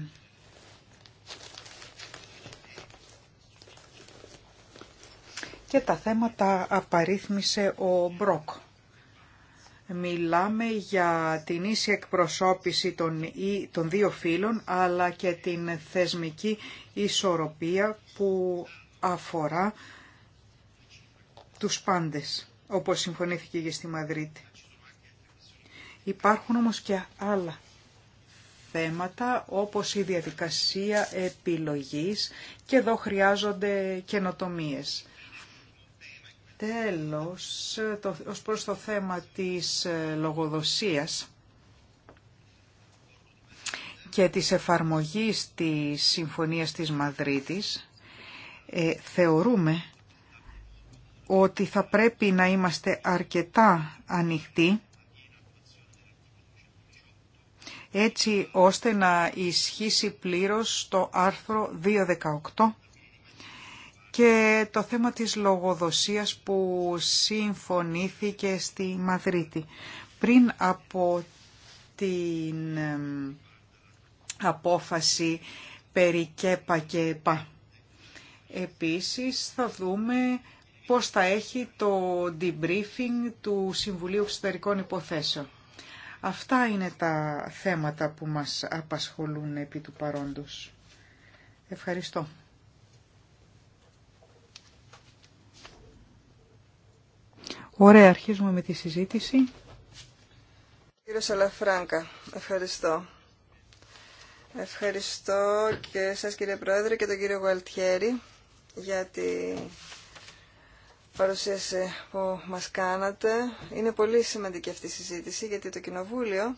και τα θέματα απαρίθμησε ο Μπρόκ. Μιλάμε για την ίση εκπροσώπηση των, δύο φύλων, αλλά και την θεσμική ισορροπία που αφορά τους πάντες, όπως συμφωνήθηκε και στη Μαδρίτη. Υπάρχουν όμως και άλλα θέματα όπως η διαδικασία επιλογής και εδώ χρειάζονται καινοτομίες. Τέλος, το, ως προς το θέμα της ε, λογοδοσίας και της εφαρμογής της Συμφωνίας της Μαδρίτης, ε, θεωρούμε ότι θα πρέπει να είμαστε αρκετά ανοιχτοί έτσι ώστε να ισχύσει πλήρως το άρθρο 218 και το θέμα της λογοδοσίας που συμφωνήθηκε στη Μαδρίτη. Πριν από την απόφαση περί ΚΕΠΑ και ΕΠΑ. Επίσης θα δούμε πώς θα έχει το debriefing του Συμβουλίου Εξωτερικών Υποθέσεων. Αυτά είναι τα θέματα που μας απασχολούν επί του παρόντος. Ευχαριστώ. Ωραία, αρχίζουμε με τη συζήτηση. Κύριε Σαλαφράγκα, ευχαριστώ. Ευχαριστώ και σας κύριε Πρόεδρε και τον κύριο Γουαλτιέρη για την παρουσίαση που μας κάνατε. Είναι πολύ σημαντική αυτή η συζήτηση γιατί το Κοινοβούλιο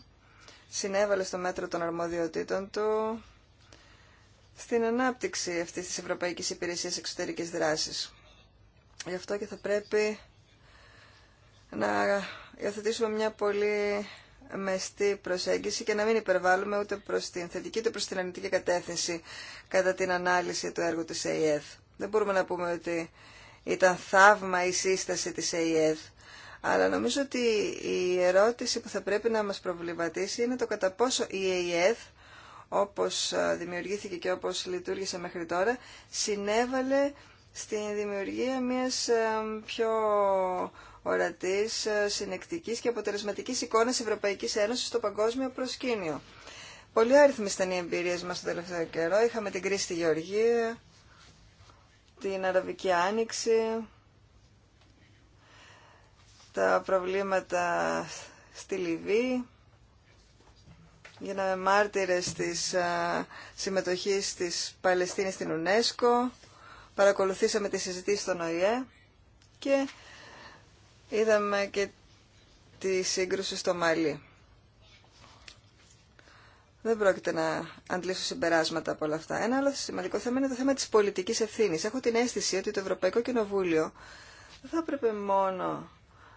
συνέβαλε στο μέτρο των αρμοδιοτήτων του στην ανάπτυξη αυτής της Ευρωπαϊκής Υπηρεσίας Εξωτερικής Δράσης. Γι' αυτό και θα πρέπει να υιοθετήσουμε μια πολύ μεστή προσέγγιση και να μην υπερβάλλουμε ούτε προς την θετική ούτε προς την αρνητική κατεύθυνση κατά την ανάλυση του έργου της ΑΕΔ. Δεν μπορούμε να πούμε ότι ήταν θαύμα η σύσταση της ΑΕΔ, αλλά νομίζω ότι η ερώτηση που θα πρέπει να μας προβληματίσει είναι το κατά πόσο η ΑΕΔ όπως δημιουργήθηκε και όπως λειτουργήσε μέχρι τώρα, συνέβαλε στην δημιουργία μιας πιο ορατή ε, συνεκτική και αποτελεσματική εικόνα Ευρωπαϊκή Ένωση στο παγκόσμιο προσκήνιο. Πολύ άριθμε ήταν οι εμπειρίε μα τον τελευταίο καιρό. Είχαμε την κρίση στη Γεωργία, την Αραβική Άνοιξη, τα προβλήματα στη Λιβύη. Γίναμε μάρτυρες της συμμετοχή συμμετοχής της Παλαιστίνης στην UNESCO, παρακολουθήσαμε τη συζητήση στον ΟΗΕ και Είδαμε και τη σύγκρουση στο Μαλί. Δεν πρόκειται να αντλήσω συμπεράσματα από όλα αυτά. Ένα άλλο σημαντικό θέμα είναι το θέμα της πολιτικής ευθύνης. Έχω την αίσθηση ότι το Ευρωπαϊκό Κοινοβούλιο δεν θα έπρεπε μόνο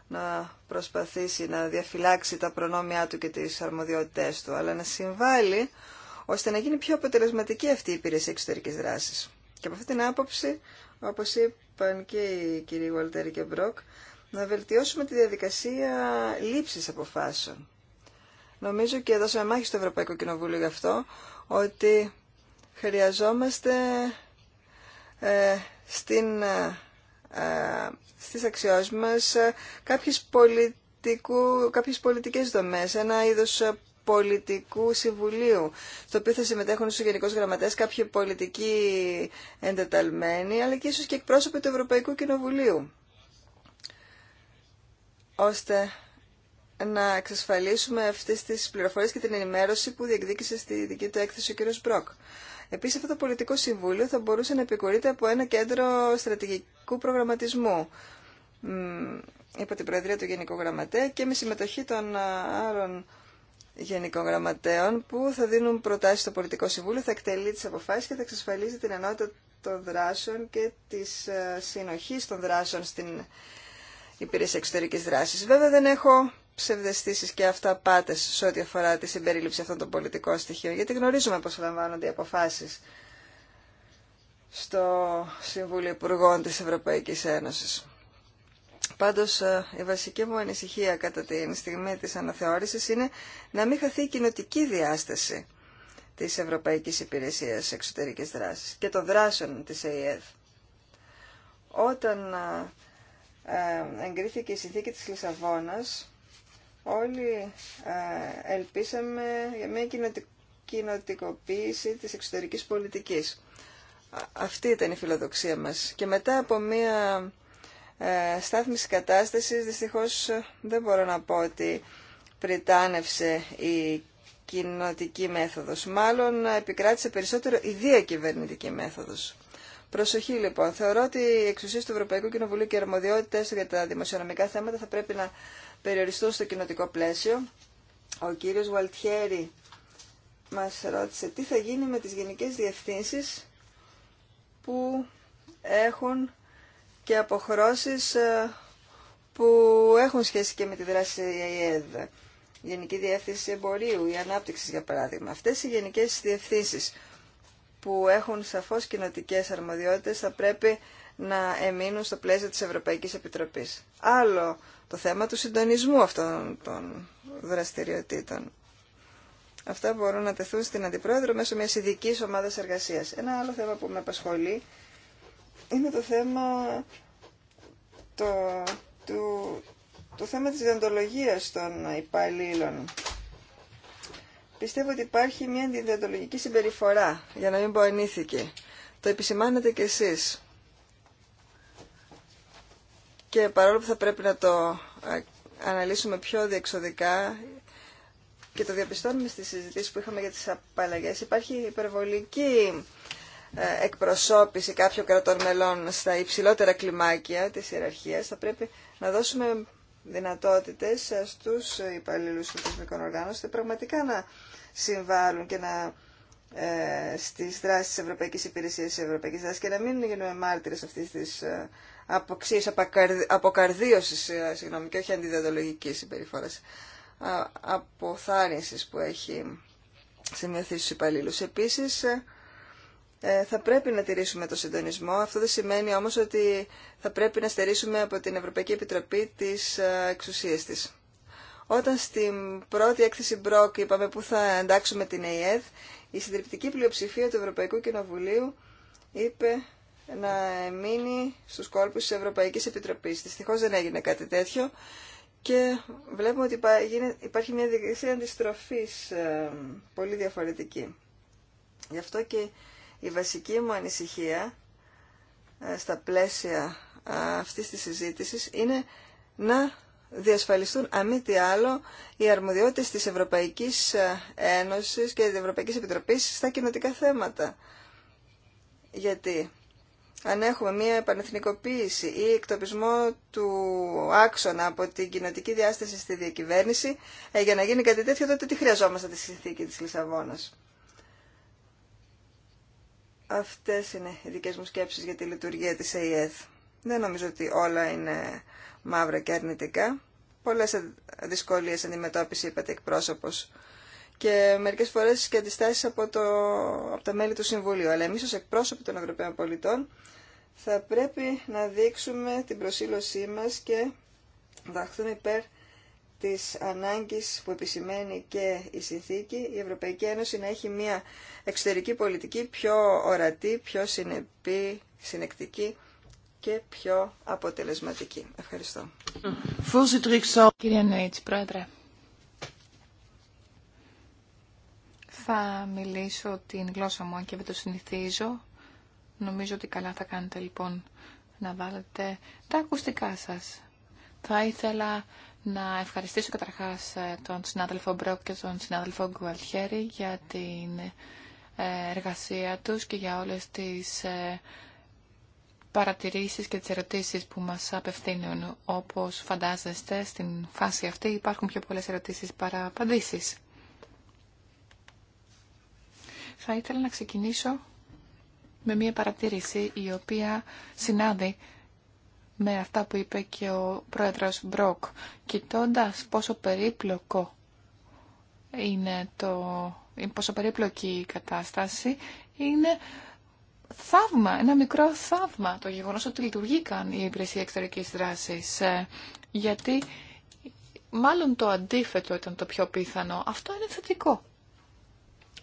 να προσπαθήσει να διαφυλάξει τα προνόμια του και τις αρμοδιότητές του, αλλά να συμβάλλει ώστε να γίνει πιο αποτελεσματική αυτή η υπηρεσία εξωτερικής δράσης. Και από αυτή την άποψη, όπως είπαν και οι κύριοι Βολτέρη και Μπροκ, να βελτιώσουμε τη διαδικασία λήψης αποφάσεων. Νομίζω και δώσαμε μάχη στο Ευρωπαϊκό Κοινοβούλιο γι' αυτό, ότι χρειαζόμαστε ε, στην, ε, ε στις αξιώσεις μας ε, κάποιες, πολιτικού, κάποιες πολιτικές δομές, ένα είδος ε, πολιτικού συμβουλίου, στο οποίο θα συμμετέχουν στους γενικούς γραμματές κάποιοι πολιτικοί εντεταλμένοι, αλλά και ίσως και εκπρόσωποι του Ευρωπαϊκού Κοινοβουλίου ώστε να εξασφαλίσουμε αυτέ τι πληροφορίε και την ενημέρωση που διεκδίκησε στη δική του έκθεση ο κ. Μπροκ. Επίση, αυτό το πολιτικό συμβούλιο θα μπορούσε να επικουρείται από ένα κέντρο στρατηγικού προγραμματισμού υπό την Προεδρία του Γενικού Γραμματέα και με συμμετοχή των άλλων Γενικών Γραμματέων που θα δίνουν προτάσει στο Πολιτικό Συμβούλιο, θα εκτελεί τι αποφάσει και θα εξασφαλίζει την ενότητα των δράσεων και τη συνοχή των δράσεων στην Υπηρεσία Εξωτερικής Δράσης. Βέβαια δεν έχω ψευδεστήσεις και αυτά πάτες σε ό,τι αφορά τη συμπερίληψη αυτών των πολιτικών στοιχείων, γιατί γνωρίζουμε πώς λαμβάνονται οι αποφάσεις στο Συμβούλιο Υπουργών της Ευρωπαϊκής Ένωσης. Πάντως ε, η βασική μου ανησυχία κατά τη στιγμή της αναθεώρησης είναι να μην χαθεί η κοινοτική διάσταση της Ευρωπαϊκής Υπηρεσίας Εξωτερικής Δράσης και των δράσεων της ΕΕΔ. Όταν ε, ε, εγκρίθηκε η συνθήκη της Λισαβόνας, όλοι ε, ελπίσαμε για μια κοινοτικοποίηση της εξωτερικής πολιτικής. Αυτή ήταν η φιλοδοξία μας. Και μετά από μια ε, στάθμιση κατάστασης, δυστυχώς δεν μπορώ να πω ότι πριτάνευσε η κοινοτική μέθοδος. Μάλλον επικράτησε περισσότερο η διακυβερνητική μέθοδος. Προσοχή λοιπόν. Θεωρώ ότι η εξουσία του Ευρωπαϊκού Κοινοβουλίου και οι αρμοδιότητε για τα δημοσιονομικά θέματα θα πρέπει να περιοριστούν στο κοινοτικό πλαίσιο. Ο κύριο Γουαλτιέρη μα ρώτησε τι θα γίνει με τι γενικέ διευθύνσει που έχουν και αποχρώσεις ε, που έχουν σχέση και με τη δράση ΕΕΔ. Γενική Διεύθυνση Εμπορίου ή ανάπτυξη, για παράδειγμα. αυτέ οι γενικέ διευθύνσει που έχουν σαφώς κοινοτικέ αρμοδιότητες θα πρέπει να εμείνουν στο πλαίσιο της Ευρωπαϊκής Επιτροπής. Άλλο το θέμα του συντονισμού αυτών των δραστηριοτήτων. Αυτά μπορούν να τεθούν στην Αντιπρόεδρο μέσω μιας ειδική ομάδας εργασίας. Ένα άλλο θέμα που με απασχολεί είναι το θέμα, το, του, το θέμα της διοντολογίας των υπαλλήλων Πιστεύω ότι υπάρχει μια αντιδιατολογική συμπεριφορά, για να μην πω ενήθικη. Το επισημάνετε κι εσείς. Και παρόλο που θα πρέπει να το ε, αναλύσουμε πιο διεξοδικά και το διαπιστώνουμε στις συζητήσεις που είχαμε για τις απαλλαγές, υπάρχει υπερβολική ε, εκπροσώπηση κάποιων κρατών μελών στα υψηλότερα κλιμάκια της ιεραρχίας. Θα πρέπει να δώσουμε δυνατότητες στους υπαλλήλου των θεσμικών οργάνων πραγματικά να συμβάλλουν και να ε, στις δράσεις της Ευρωπαϊκής Υπηρεσίας της Ευρωπαϊκής Δράσης και να μην γίνουμε μάρτυρες αυτής της ε, αποκαρδίωσης ε, και όχι αντιδεδολογικής συμπεριφοράς α, αποθάρρυνσης που έχει σημειωθεί στους υπαλλήλους. Επίσης, ε, θα πρέπει να τηρήσουμε το συντονισμό. Αυτό δεν σημαίνει όμως ότι θα πρέπει να στερήσουμε από την Ευρωπαϊκή Επιτροπή τις εξουσίες της. Όταν στην πρώτη έκθεση Μπρόκ είπαμε που θα εντάξουμε την ΕΕΔ, η συντριπτική πλειοψηφία του Ευρωπαϊκού Κοινοβουλίου είπε να μείνει στους κόλπους της Ευρωπαϊκής Επιτροπής. Δυστυχώ δεν έγινε κάτι τέτοιο και βλέπουμε ότι υπάρχει μια διαδικασία αντιστροφής ε, πολύ διαφορετική. Γι' αυτό και η βασική μου ανησυχία ε, στα πλαίσια ε, αυτής της συζήτησης είναι να διασφαλιστούν αμή τι άλλο οι αρμοδιότητες της Ευρωπαϊκής ε, Ένωσης και της Ευρωπαϊκής Επιτροπής στα κοινοτικά θέματα. Γιατί αν έχουμε μία επανεθνικοποίηση ή εκτοπισμό του άξονα από την κοινοτική διάσταση στη διακυβέρνηση, ε, για να γίνει κάτι τέτοιο τότε τι χρειαζόμαστε τη συνθήκη της Λισαβόνας. Αυτές είναι οι δικές μου σκέψεις για τη λειτουργία της ΑΕΔ. Δεν νομίζω ότι όλα είναι μαύρα και αρνητικά. Πολλές δυσκολίες αντιμετώπιση είπατε εκπρόσωπος και μερικές φορές και αντιστάσεις από, το, από τα μέλη του Συμβουλίου. Αλλά εμείς ως εκπρόσωποι των Ευρωπαίων πολιτών θα πρέπει να δείξουμε την προσήλωσή μας και δαχθούμε υπέρ της ανάγκης που επισημαίνει και η συνθήκη η Ευρωπαϊκή Ένωση να έχει μια εξωτερική πολιτική πιο ορατή, πιο συνεπή, συνεκτική και πιο αποτελεσματική. Ευχαριστώ. Κύριε Πρόεδρε. Θα μιλήσω την γλώσσα μου, αν και δεν το συνηθίζω. Νομίζω ότι καλά θα κάνετε λοιπόν να βάλετε τα ακουστικά σας. Θα ήθελα να ευχαριστήσω καταρχάς ε, τον συνάδελφο Μπρόκ και τον συνάδελφο Γκουαλχέρη για την ε, εργασία τους και για όλες τις ε, παρατηρήσεις και τις ερωτήσεις που μας απευθύνουν. Όπως φαντάζεστε, στην φάση αυτή υπάρχουν πιο πολλές ερωτήσεις παρά απαντήσεις. Θα ήθελα να ξεκινήσω με μια παρατήρηση η οποία συνάδει με αυτά που είπε και ο πρόεδρος Μπροκ, κοιτώντας πόσο περίπλοκο είναι το, πόσο περίπλοκη η κατάσταση, είναι θαύμα, ένα μικρό θαύμα το γεγονός ότι λειτουργήκαν οι υπηρεσίες εξωτερικής δράσης. Ε, γιατί μάλλον το αντίθετο ήταν το πιο πιθανό. Αυτό είναι θετικό.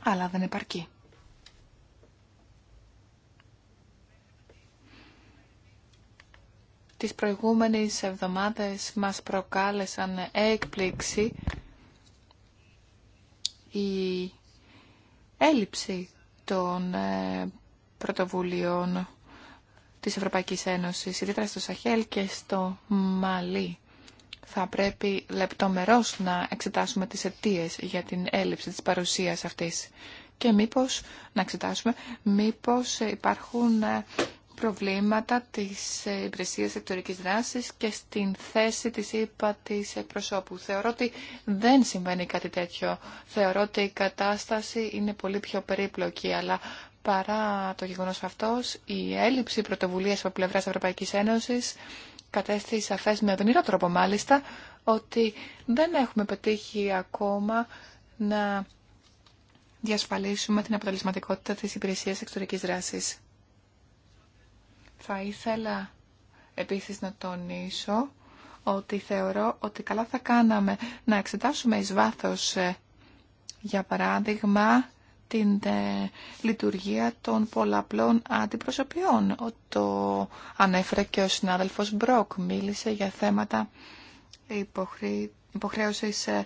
Αλλά δεν επαρκεί. Τις προηγούμενες εβδομάδες μας προκάλεσαν έκπληξη η έλλειψη των ε, πρωτοβουλειών της Ευρωπαϊκής Ένωσης, ιδιαίτερα στο Σαχέλ και στο Μαλί. Θα πρέπει λεπτομερώς να εξετάσουμε τις αιτίε για την έλλειψη της παρουσίας αυτής και μήπως, να εξετάσουμε, μήπως υπάρχουν ε, προβλήματα της ε, υπηρεσία εκτορικής δράσης και στην θέση της ΥΠΑ της Θεωρώ ότι δεν συμβαίνει κάτι τέτοιο. Θεωρώ ότι η κατάσταση είναι πολύ πιο περίπλοκη, αλλά Παρά το γεγονός αυτός, η έλλειψη πρωτοβουλίας από πλευράς Ευρωπαϊκής Ένωσης κατέστη σαφές με οδυνηρό τρόπο μάλιστα ότι δεν έχουμε πετύχει ακόμα να διασφαλίσουμε την αποτελεσματικότητα της υπηρεσίας εξωτερικής δράσης. Θα ήθελα επίσης να τονίσω ότι θεωρώ ότι καλά θα κάναμε να εξετάσουμε εις βάθος, ε, για παράδειγμα, την ε, λειτουργία των πολλαπλών αντιπροσωπιών. Το ανέφερε και ο συνάδελφος Μπροκ. Μίλησε για θέματα υποχρή... υποχρέωσης ε,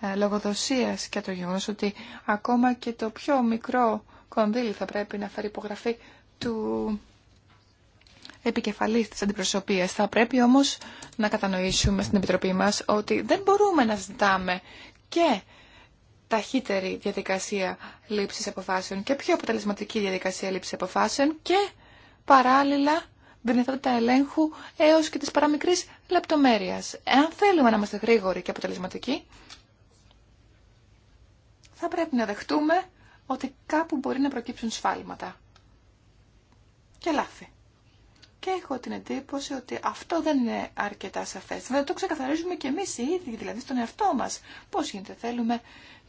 ε, λογοδοσίας και το γεγονός ότι ακόμα και το πιο μικρό κονδύλι θα πρέπει να φέρει υπογραφή του επικεφαλής της αντιπροσωπείας. Θα πρέπει όμως να κατανοήσουμε στην Επιτροπή μας ότι δεν μπορούμε να ζητάμε και ταχύτερη διαδικασία λήψης αποφάσεων και πιο αποτελεσματική διαδικασία λήψης αποφάσεων και παράλληλα δυνατότητα ελέγχου έως και της παραμικρής λεπτομέρειας. Εάν θέλουμε να είμαστε γρήγοροι και αποτελεσματικοί, θα πρέπει να δεχτούμε ότι κάπου μπορεί να προκύψουν σφάλματα και λάθη. Και έχω την εντύπωση ότι αυτό δεν είναι αρκετά σαφές. Δεν το ξεκαθαρίζουμε και εμείς οι ίδιοι, δηλαδή στον εαυτό μας. Πώς γίνεται, θέλουμε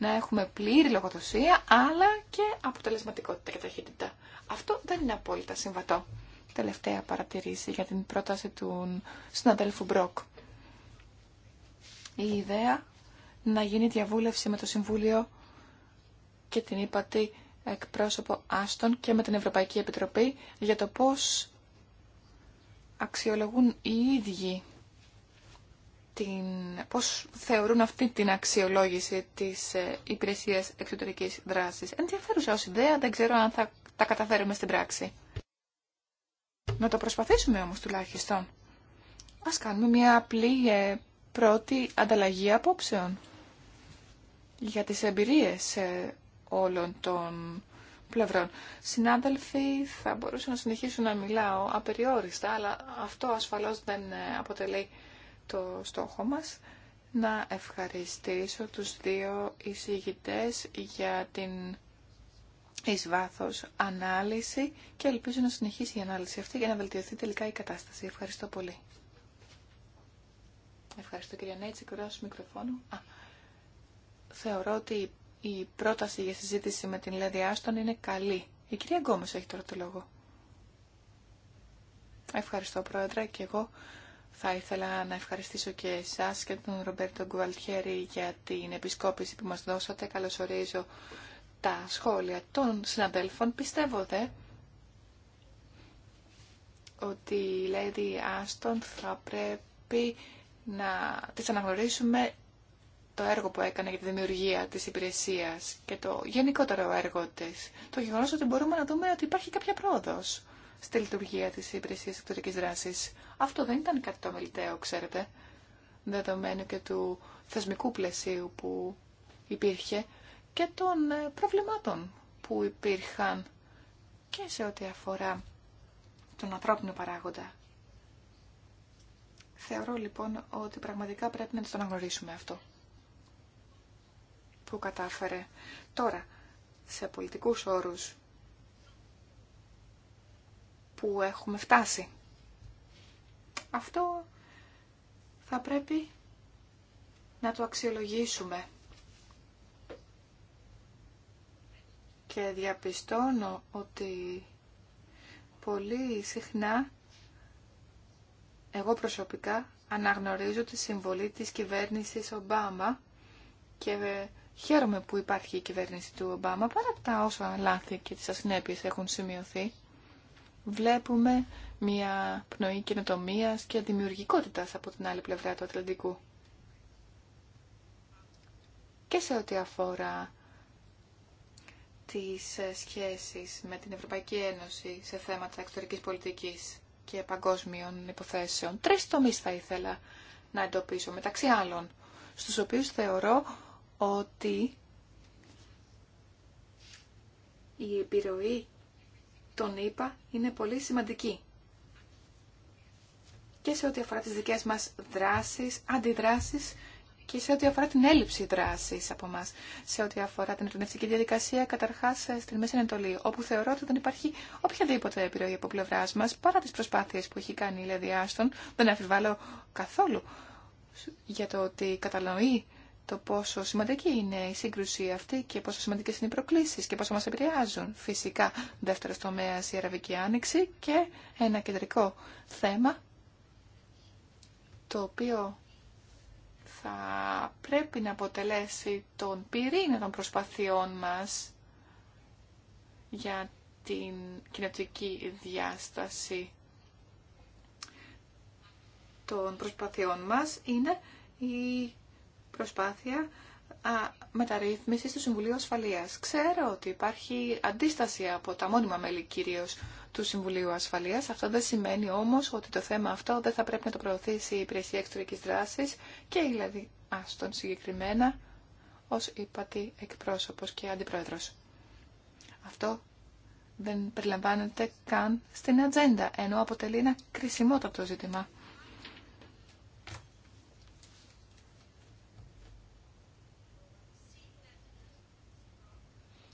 να έχουμε πλήρη λογοδοσία, αλλά και αποτελεσματικότητα και ταχύτητα. Αυτό δεν είναι απόλυτα συμβατό. Τελευταία παρατηρήση για την πρόταση του συναδέλφου Μπροκ. Η ιδέα να γίνει διαβούλευση με το Συμβούλιο και την ύπατη εκπρόσωπο Άστον και με την Ευρωπαϊκή Επιτροπή για το πώς αξιολογούν οι ίδιοι την, πώς θεωρούν αυτή την αξιολόγηση της ε, υπηρεσίας εξωτερικής δράσης. Ενδιαφέρουσα ως ιδέα, δεν ξέρω αν θα τα καταφέρουμε στην πράξη. Να το προσπαθήσουμε όμως τουλάχιστον. Ας κάνουμε μια απλή ε, πρώτη ανταλλαγή απόψεων για τις εμπειρίες ε, όλων των πλευρών. Συνάδελφοι, θα μπορούσα να συνεχίσω να μιλάω απεριόριστα, αλλά αυτό ασφαλώς δεν αποτελεί το στόχο μας. Να ευχαριστήσω τους δύο εισηγητές για την εις βάθος ανάλυση και ελπίζω να συνεχίσει η ανάλυση αυτή για να βελτιωθεί τελικά η κατάσταση. Ευχαριστώ πολύ. Ευχαριστώ κυρία Νέιτση, στο μικροφόνο. Α, θεωρώ ότι η πρόταση για συζήτηση με την Λέδη Άστον είναι καλή. Η κυρία Γκόμες έχει τώρα το λόγο. Ευχαριστώ πρόεδρε και εγώ θα ήθελα να ευχαριστήσω και εσά και τον Ρομπέρτο Γκουαλτιέρη για την επισκόπηση που μας δώσατε. Καλωσορίζω τα σχόλια των συναδέλφων. Πιστεύω δε ότι η Lady Άστον θα πρέπει να τις αναγνωρίσουμε το έργο που έκανε για τη δημιουργία της υπηρεσίας και το γενικότερο έργο της. Το γεγονός ότι μπορούμε να δούμε ότι υπάρχει κάποια πρόοδος στη λειτουργία της υπηρεσίας εκτορικής δράσης. Αυτό δεν ήταν κάτι το αμεληταίο, ξέρετε, δεδομένου και του θεσμικού πλαισίου που υπήρχε και των ε, προβλημάτων που υπήρχαν και σε ό,τι αφορά τον ανθρώπινο παράγοντα. Θεωρώ λοιπόν ότι πραγματικά πρέπει να το αναγνωρίσουμε αυτό που κατάφερε τώρα σε πολιτικούς όρους που έχουμε φτάσει. Αυτό θα πρέπει να το αξιολογήσουμε. Και διαπιστώνω ότι πολύ συχνά εγώ προσωπικά αναγνωρίζω τη συμβολή της κυβέρνησης Ομπάμα και χαίρομαι που υπάρχει η κυβέρνηση του Ομπάμα παρά τα όσα λάθη και τις ασυνέπειες έχουν σημειωθεί. Βλέπουμε μια πνοή καινοτομία και δημιουργικότητα από την άλλη πλευρά του Ατλαντικού. Και σε ό,τι αφορά τις ε, σχέσεις με την Ευρωπαϊκή Ένωση σε θέματα εξωτερικής πολιτικής και παγκόσμιων υποθέσεων. Τρεις τομείς θα ήθελα να εντοπίσω, μεταξύ άλλων, στους οποίους θεωρώ ότι η επιρροή των ΗΠΑ είναι πολύ σημαντική και σε ό,τι αφορά τις δικές μας δράσεις, αντιδράσεις και σε ό,τι αφορά την έλλειψη δράσης από εμά, σε ό,τι αφορά την ερμηνευτική διαδικασία, καταρχάς ε, στην Μέση Ανατολή, όπου θεωρώ ότι δεν υπάρχει οποιαδήποτε επιρροή από πλευρά μα, παρά τις προσπάθειες που έχει κάνει η Λέδη Άστον, δεν αφιβάλλω καθόλου για το ότι κατανοεί το πόσο σημαντική είναι η σύγκρουση αυτή και πόσο σημαντικές είναι οι προκλήσεις και πόσο μας επηρεάζουν. Φυσικά, δεύτερος τομέας η Αραβική Άνοιξη και ένα κεντρικό θέμα το οποίο θα πρέπει να αποτελέσει τον πυρήνα των προσπαθειών μας για την κοινωτική διάσταση των προσπαθειών μας είναι η προσπάθεια α, μεταρρύθμισης του Συμβουλίου Ασφαλείας. Ξέρω ότι υπάρχει αντίσταση από τα μόνιμα μέλη κυρίως του Συμβουλίου Ασφαλείας. Αυτό δεν σημαίνει όμως ότι το θέμα αυτό δεν θα πρέπει να το προωθήσει η Υπηρεσία Εξωτερικής δράση και η δηλαδή Άστον συγκεκριμένα ως υπατή εκπρόσωπος και αντιπρόεδρος. Αυτό δεν περιλαμβάνεται καν στην ατζέντα, ενώ αποτελεί ένα κρισιμότατο ζήτημα.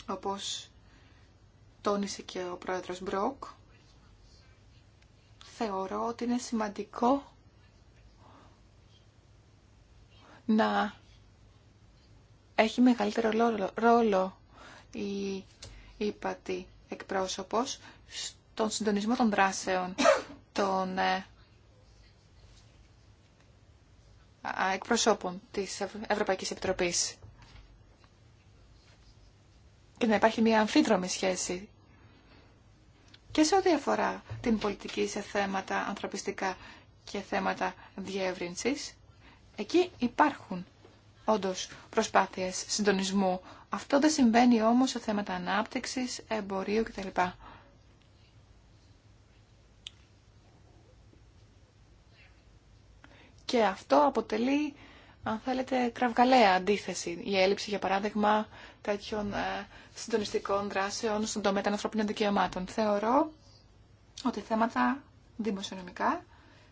Όπως τόνισε και ο πρόεδρος Μπρόκ, θεωρώ ότι είναι σημαντικό να έχει μεγαλύτερο ρόλο η ύπατη εκπρόσωπος στον συντονισμό των δράσεων των ε, εκπροσώπων της Ευρωπαϊκής Επιτροπής και να υπάρχει μια αμφίδρομη σχέση και σε ό,τι αφορά την πολιτική σε θέματα ανθρωπιστικά και θέματα διεύρυνσης. Εκεί υπάρχουν όντως προσπάθειες συντονισμού. Αυτό δεν συμβαίνει όμως σε θέματα ανάπτυξης, εμπορίου κτλ. Και αυτό αποτελεί αν θέλετε, κραυγαλαία αντίθεση. Η έλλειψη, για παράδειγμα, τέτοιων ε, συντονιστικών δράσεων στον τομέα των ανθρωπίνων δικαιωμάτων. Θεωρώ ότι θέματα δημοσιονομικά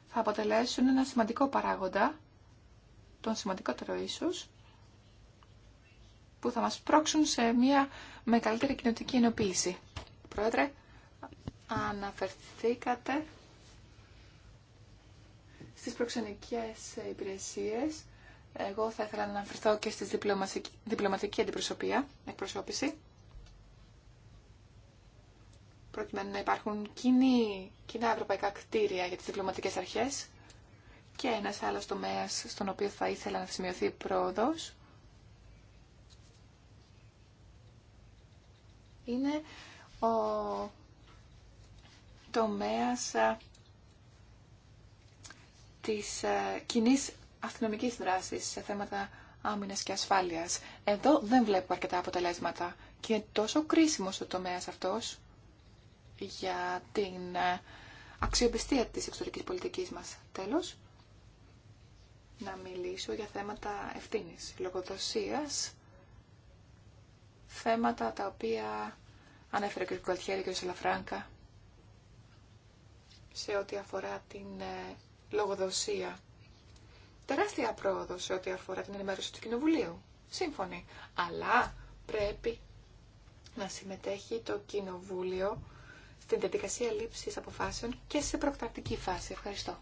θα αποτελέσουν ένα σημαντικό παράγοντα, τον σημαντικότερο ίσως, που θα μας πρόξουν σε μια μεγαλύτερη κοινωνική ενοποίηση. Πρόεδρε, αναφερθήκατε στις προξενικές ε, υπηρεσίες εγώ θα ήθελα να αναφερθώ και στη διπλωματική αντιπροσωπεία, εκπροσώπηση, προκειμένου να υπάρχουν κοινή, κοινά ευρωπαϊκά κτίρια για τις διπλωματικές αρχές και ένας άλλος τομέας στον οποίο θα ήθελα να σημειωθεί πρόοδος είναι ο τομέας ε, της ε, κοινής αστυνομική δράση σε θέματα άμυνα και ασφάλειας. Εδώ δεν βλέπω αρκετά αποτελέσματα και είναι τόσο κρίσιμο ο τομέα αυτός για την ε, αξιοπιστία της εξωτερικής πολιτικής μας. Τέλος, να μιλήσω για θέματα ευθύνη λογοδοσία, θέματα τα οποία ανέφερε και ο Κολτιέρη και ο Σαλαφράνκα σε ό,τι αφορά την ε, λογοδοσία τεράστια πρόοδο σε ό,τι αφορά την ενημέρωση του Κοινοβουλίου. Σύμφωνοι. Αλλά πρέπει να συμμετέχει το Κοινοβούλιο στην διαδικασία λήψη αποφάσεων και σε προκτακτική φάση. Ευχαριστώ.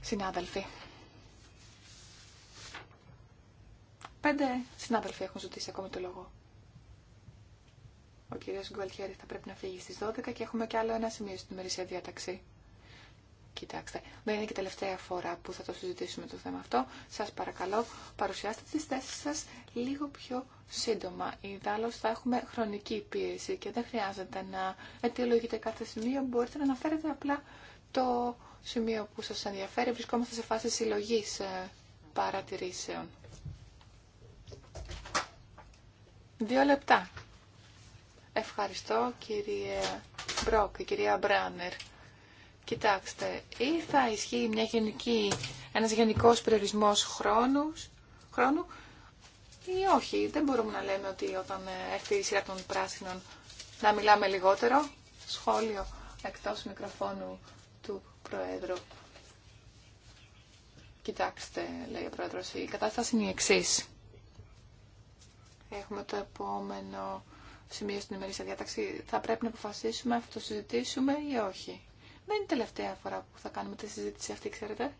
Συνάδελφοι. Πέντε συνάδελφοι έχουν ζητήσει ακόμη το λόγο. Ο κύριος Γκουαλτιέρη θα πρέπει να φύγει στις 12 και έχουμε και άλλο ένα σημείο στην ημερήσια διάταξη. Κοιτάξτε, δεν είναι και τελευταία φορά που θα το συζητήσουμε το θέμα αυτό. Σας παρακαλώ, παρουσιάστε τις θέσεις σας λίγο πιο σύντομα. Ιδάλλως θα έχουμε χρονική πίεση και δεν χρειάζεται να αιτιολογείτε κάθε σημείο. Μπορείτε να αναφέρετε απλά το σημείο που σας ενδιαφέρει. Βρισκόμαστε σε φάση συλλογής ε, παρατηρήσεων. Δύο λεπτά. Ευχαριστώ κύριε Μπρόκ, κυρία Μπράνερ. Κοιτάξτε, ή θα ισχύει μια γενική, ένας γενικός περιορισμός χρόνους, χρόνου ή όχι. Δεν μπορούμε να λέμε ότι όταν ε, έρθει η σειρά των πράσινων να μιλάμε λιγότερο. Σχόλιο εκτός μικροφώνου του Προέδρου. Κοιτάξτε, λέει ο Πρόεδρος, η κατάσταση είναι η εξής. Έχουμε το επόμενο σημείο στην ημερήσια διάταξη. Θα πρέπει να αποφασίσουμε αυτό το συζητήσουμε ή όχι. Δεν είναι η τελευταία φορά που θα κάνουμε τη συζήτηση αυτή, ξέρετε.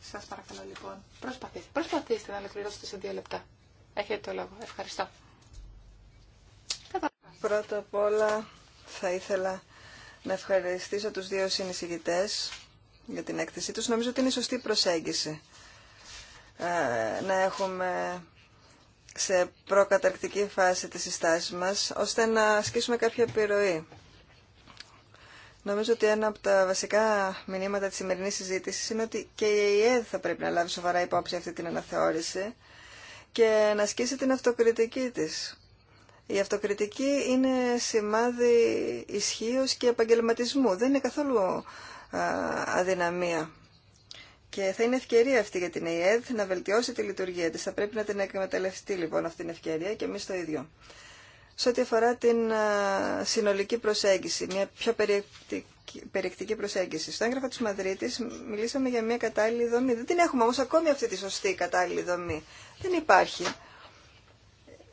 Σας παρακαλώ λοιπόν, προσπαθήστε, προσπαθήστε να ολοκληρώσετε σε δύο λεπτά. Έχετε το λόγο. Ευχαριστώ. Πρώτα απ' όλα θα ήθελα να ευχαριστήσω τους δύο συνεισηγητές για την έκθεσή τους. Νομίζω ότι είναι η σωστή προσέγγιση ε, να έχουμε σε προκαταρκτική φάση της συστάσης μας, ώστε να ασκήσουμε κάποια επιρροή. Νομίζω ότι ένα από τα βασικά μηνύματα της σημερινής συζήτησης είναι ότι και η ΕΕ θα πρέπει να λάβει σοβαρά υπόψη αυτή την αναθεώρηση και να ασκήσει την αυτοκριτική της. Η αυτοκριτική είναι σημάδι ισχύω και επαγγελματισμού. Δεν είναι καθόλου αδυναμία. Και θα είναι ευκαιρία αυτή για την ΕΕΔ να βελτιώσει τη λειτουργία της. Θα πρέπει να την εκμεταλλευτεί λοιπόν αυτή την ευκαιρία και εμείς το ίδιο. Σε ό,τι αφορά την συνολική προσέγγιση, μια πιο περιεκτική προσέγγιση. Στο έγγραφο της Μαδρίτης μιλήσαμε για μια κατάλληλη δομή. Δεν την έχουμε όμως ακόμη αυτή τη σωστή κατάλληλη δομή. Δεν υπάρχει.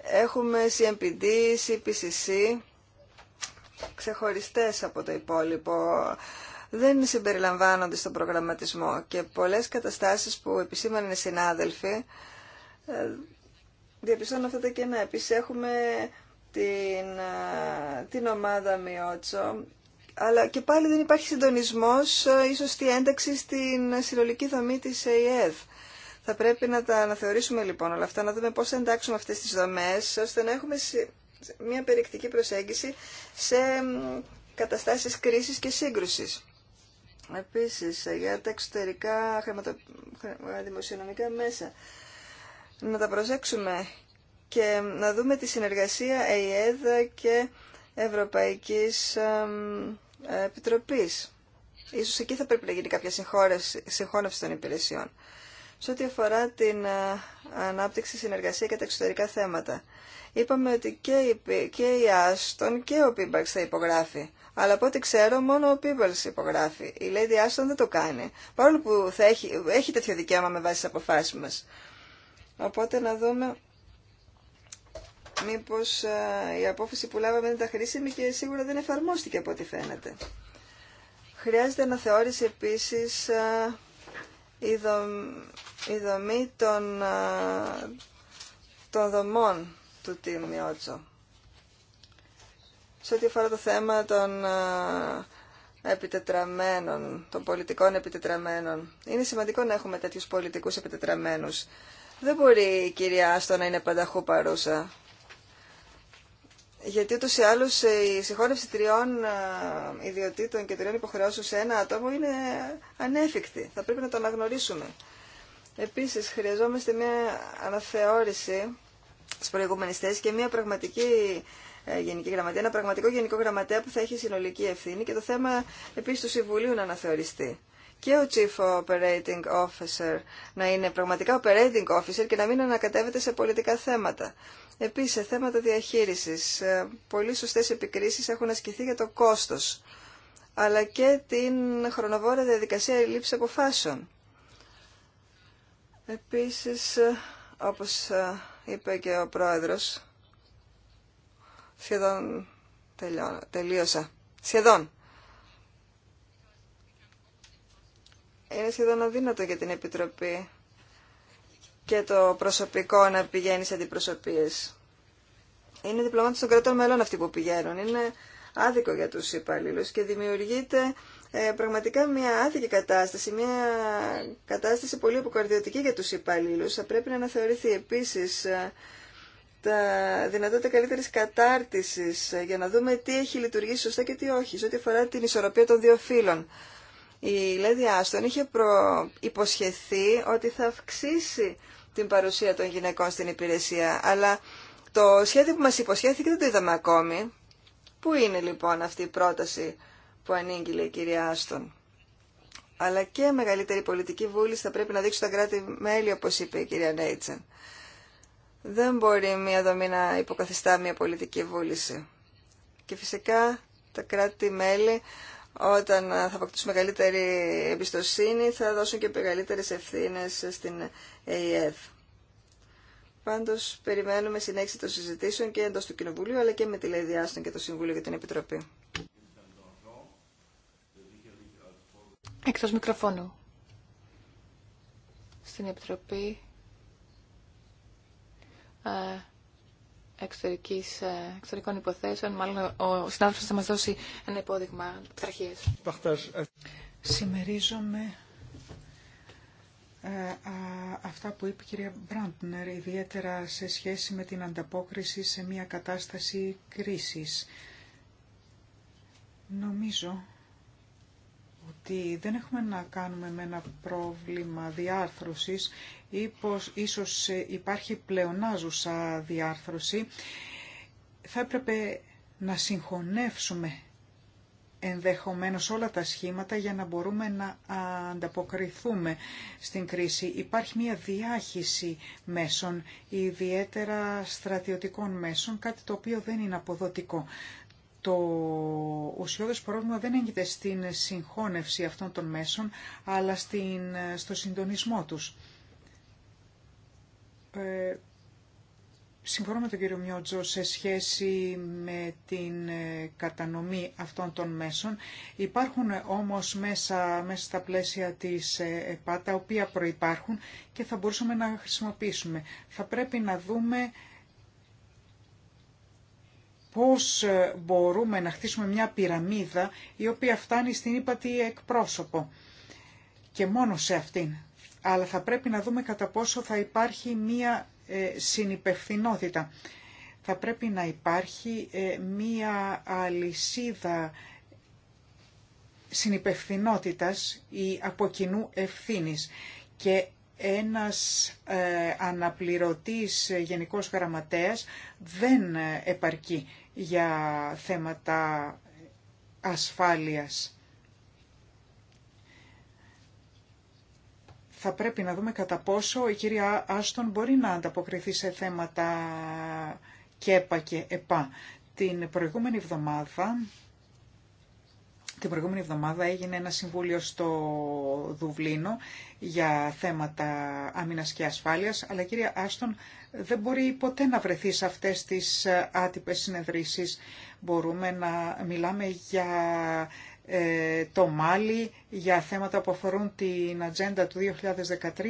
Έχουμε CMPD, CPCC, ξεχωριστές από το υπόλοιπο δεν συμπεριλαμβάνονται στον προγραμματισμό και πολλές καταστάσεις που επισήμανε οι συνάδελφοι ε, διαπιστώνουν αυτά τα κενά. Επίσης έχουμε την, ε, την ομάδα Μιότσο, αλλά και πάλι δεν υπάρχει συντονισμός, ε, ίσως στη ένταξη στην συνολική δομή της ΑΕΔ. Θα πρέπει να τα αναθεωρήσουμε λοιπόν όλα αυτά, να δούμε πώς θα εντάξουμε αυτές τις δομές, ώστε να έχουμε μια περιεκτική προσέγγιση σε καταστάσεις κρίσης και σύγκρουσης. Επίσης, για τα εξωτερικά χρηματο... δημοσιονομικά μέσα. Να τα προσέξουμε και να δούμε τη συνεργασία ΕΙΕΔ και Ευρωπαϊκής Επιτροπής. Ίσως εκεί θα πρέπει να γίνει κάποια συγχώνευση των υπηρεσιών σε ό,τι αφορά την ε, ανάπτυξη συνεργασία και τα εξωτερικά θέματα. Είπαμε ότι και η, και Άστον και ο Πίμπαλξ θα υπογράφει. Αλλά από ό,τι ξέρω, μόνο ο Πίμπαλξ υπογράφει. Η Lady Άστον δεν το κάνει. Παρόλο που θα έχει, έχει τέτοιο δικαίωμα με βάση τι αποφάσει μα. Οπότε να δούμε μήπως ε, η απόφαση που λάβαμε δεν ήταν χρήσιμη και σίγουρα δεν εφαρμόστηκε από ό,τι φαίνεται. Χρειάζεται να θεώρησε επίσης ε, η δομή των, των δομών του Τιμ Σε ό,τι αφορά το θέμα των επιτετραμένων, των πολιτικών επιτετραμένων. Είναι σημαντικό να έχουμε τέτοιους πολιτικούς επιτετραμένους. Δεν μπορεί η κυρία Άστο να είναι πανταχού παρούσα. Γιατί ούτω ή άλλω η συγχώνευση τριών ιδιωτήτων και τριών υποχρεώσεων σε ένα άτομο είναι ανέφικτη. Θα πρέπει να το αναγνωρίσουμε. Επίσης, χρειαζόμαστε μια αναθεώρηση στις προηγούμενες θέσεις και μια πραγματική ε, γενική γραμματεία, ένα πραγματικό γενικό γραμματέα που θα έχει συνολική ευθύνη και το θέμα επίσης του Συμβουλίου να αναθεωριστεί. Και ο Chief Operating Officer να είναι πραγματικά Operating Officer και να μην ανακατεύεται σε πολιτικά θέματα. Επίσης, θέματα διαχείρισης, ε, πολύ σωστές επικρίσεις έχουν ασκηθεί για το κόστος, αλλά και την χρονοβόρα διαδικασία λήψη αποφάσεων. Επίσης, όπως ε, είπε και ο πρόεδρος, σχεδόν τελείωσα. Σχεδόν. Είναι σχεδόν αδύνατο για την Επιτροπή και το προσωπικό να πηγαίνει σε αντιπροσωπείες. Είναι διπλωμάτες των κρατών μελών αυτοί που πηγαίνουν. Είναι άδικο για τους υπαλλήλους και δημιουργείται ε, πραγματικά μια άδικη κατάσταση, μια κατάσταση πολύ αποκαρδιωτική για τους υπαλλήλους. Θα πρέπει να αναθεωρηθεί επίσης ε, τα δυνατότητα καλύτερη κατάρτιση ε, για να δούμε τι έχει λειτουργήσει σωστά και τι όχι, σε ό,τι αφορά την ισορροπία των δύο φύλων. Η Λέδη Άστον είχε προ... υποσχεθεί ότι θα αυξήσει την παρουσία των γυναικών στην υπηρεσία, αλλά το σχέδιο που μας υποσχέθηκε δεν το είδαμε ακόμη. Πού είναι λοιπόν αυτή η πρόταση που ανήγγειλε η κυρία Άστον. Αλλά και μεγαλύτερη πολιτική βούληση θα πρέπει να δείξουν τα κράτη-μέλη, όπω είπε η κυρία Νέιτσεν. Δεν μπορεί μία δομή να υποκαθιστά μία πολιτική βούληση. Και φυσικά τα κράτη-μέλη όταν θα αποκτήσουν μεγαλύτερη εμπιστοσύνη θα δώσουν και μεγαλύτερε ευθύνε στην ΕΕΔ. Πάντω περιμένουμε συνέχιση των συζητήσεων και εντό του Κοινοβουλίου αλλά και με τη Λέιδη Άστον και το Συμβούλιο για την Επιτροπή. εκτός μικροφώνου στην Επιτροπή ε, εξωτερικής, ε, εξωτερικών υποθέσεων. Μάλλον ο συνάδελφος θα μας δώσει ένα υπόδειγμα πειθαρχίας. Συμμερίζομαι ε, αυτά που είπε η κυρία Μπραντνερ, ιδιαίτερα σε σχέση με την ανταπόκριση σε μια κατάσταση κρίσης. Νομίζω ότι δεν έχουμε να κάνουμε με ένα πρόβλημα διάρθρωσης ή πως ίσως υπάρχει πλεονάζουσα διάρθρωση. Θα έπρεπε να συγχωνεύσουμε ενδεχομένως όλα τα σχήματα για να μπορούμε να ανταποκριθούμε στην κρίση. Υπάρχει μια διάχυση μέσων, ιδιαίτερα στρατιωτικών μέσων, κάτι το οποίο δεν είναι αποδοτικό. Το ουσιώδες πρόβλημα δεν έγινε στην συγχώνευση αυτών των μέσων, αλλά στην, στο συντονισμό τους. Ε, συμφωνώ με τον κύριο Μιότζο σε σχέση με την ε, κατανομή αυτών των μέσων. Υπάρχουν όμως μέσα, μέσα στα πλαίσια της ε, ΕΠΑ τα οποία προϋπάρχουν και θα μπορούσαμε να χρησιμοποιήσουμε. Θα πρέπει να δούμε πώς ε, μπορούμε να χτίσουμε μια πυραμίδα η οποία φτάνει στην ύπατη εκπρόσωπο και μόνο σε αυτήν. Αλλά θα πρέπει να δούμε κατά πόσο θα υπάρχει μια ε, συνυπευθυνότητα. Θα πρέπει να υπάρχει ε, μια αλυσίδα συνυπευθυνότητας ή από κοινού ευθύνης και ένας ε, αναπληρωτής γενικός γραμματέας δεν επαρκεί για θέματα ασφάλειας. Θα πρέπει να δούμε κατά πόσο η κυρία Άστον μπορεί να ανταποκριθεί σε θέματα ΚΕΠΑ και ΕΠΑ. Την προηγούμενη εβδομάδα την προηγούμενη εβδομάδα έγινε ένα συμβούλιο στο Δουβλίνο για θέματα άμυνας και ασφάλειας, αλλά κυρία Άστον δεν μπορεί ποτέ να βρεθεί σε αυτές τις ε, άτυπες συνεδρίσεις. Μπορούμε να μιλάμε για ε, το Μάλι, για θέματα που αφορούν την ατζέντα του 2013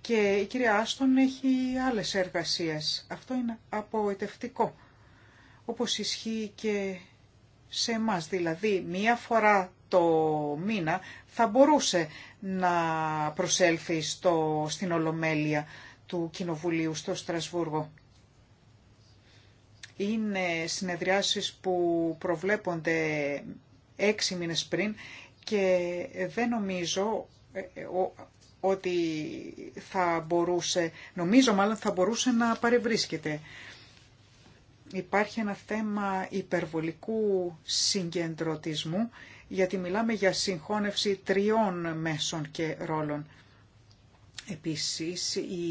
και η κυρία Άστον έχει άλλες εργασίες. Αυτό είναι απογοητευτικό, όπως ισχύει και σε εμά. Δηλαδή, μία φορά το μήνα θα μπορούσε να προσέλθει στο, στην Ολομέλεια του Κοινοβουλίου στο Στρασβούργο. Είναι συνεδριάσεις που προβλέπονται έξι μήνες πριν και δεν νομίζω ε, ότι θα μπορούσε, νομίζω μάλλον θα μπορούσε να παρευρίσκεται. Υπάρχει ένα θέμα υπερβολικού συγκεντρωτισμού γιατί μιλάμε για συγχώνευση τριών μέσων και ρόλων. Επίσης, η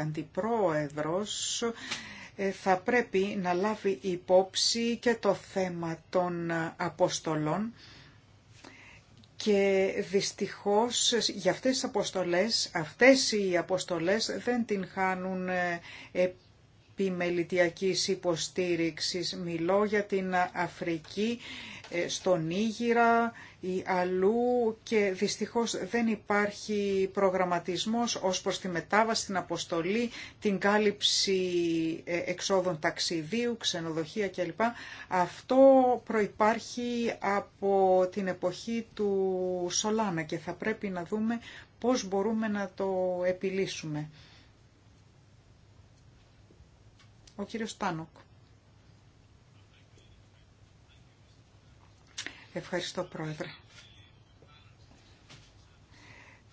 Αντιπρόεδρος ε, θα πρέπει να λάβει υπόψη και το θέμα των αποστολών και δυστυχώς για αυτές τις αποστολές, αυτές οι αποστολές δεν την χάνουν ε, επιμελητιακής υποστήριξης. Μιλώ για την Αφρική, ε, στον Νίγηρα ή αλλού και δυστυχώς δεν υπάρχει προγραμματισμός ως προς τη μετάβαση, την αποστολή, την κάλυψη ε, εξόδων ταξιδίου, ξενοδοχεία κλπ. Αυτό προϋπάρχει από την εποχή του Σολάνα και θα πρέπει να δούμε πώς μπορούμε να το επιλύσουμε. Ο κύριος Τάνοκ. Ευχαριστώ, Πρόεδρε.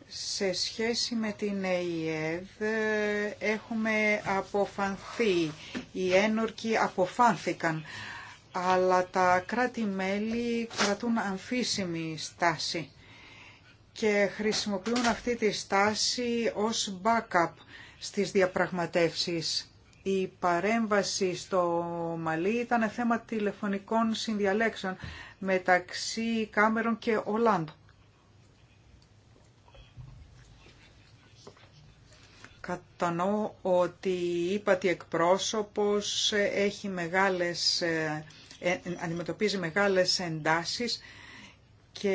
Σε σχέση με την εεδ έχουμε αποφανθεί, οι ένορκοι αποφάνθηκαν, αλλά τα κράτη-μέλη κρατούν αμφίσιμη στάση και χρησιμοποιούν αυτή τη στάση ως backup στις διαπραγματεύσεις. Η παρέμβαση στο Μαλί ήταν θέμα τηλεφωνικών συνδιαλέξεων μεταξύ Κάμερον και Ολάντ. Κατανοώ ότι η ύπατη εκπρόσωπος έχει μεγάλες, ε, ε, αντιμετωπίζει μεγάλες εντάσεις και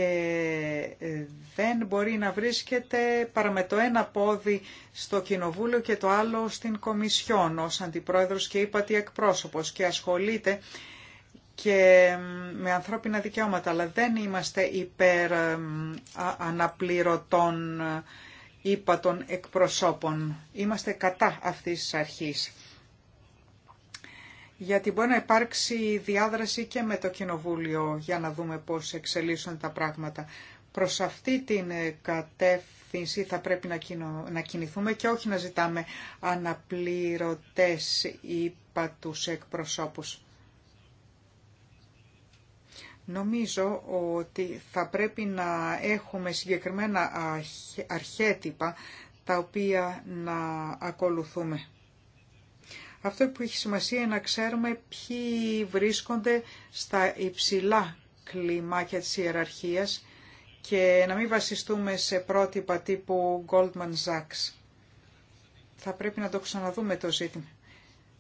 ε, δεν μπορεί να βρίσκεται παρά με το ένα πόδι στο Κοινοβούλιο και το άλλο στην Κομισιόν ως Αντιπρόεδρος και ύπατη εκπρόσωπος και ασχολείται και με ανθρώπινα δικαιώματα, αλλά δεν είμαστε υπέρ αναπληρωτών ύπατων εκπροσώπων. Είμαστε κατά αυτής της αρχής. Γιατί μπορεί να υπάρξει διάδραση και με το Κοινοβούλιο για να δούμε πώς εξελίσσονται τα πράγματα. Προς αυτή την ε, κατεύθυνση θα πρέπει να κινηθούμε και όχι να ζητάμε αναπληρωτές ύπα τους εκπροσώπους. Νομίζω ότι θα πρέπει να έχουμε συγκεκριμένα αρχέτυπα τα οποία να ακολουθούμε. Αυτό που έχει σημασία είναι να ξέρουμε ποιοι βρίσκονται στα υψηλά κλιμάκια της ιεραρχίας και να μην βασιστούμε σε πρότυπα τύπου Goldman Sachs. Θα πρέπει να το ξαναδούμε το ζήτημα.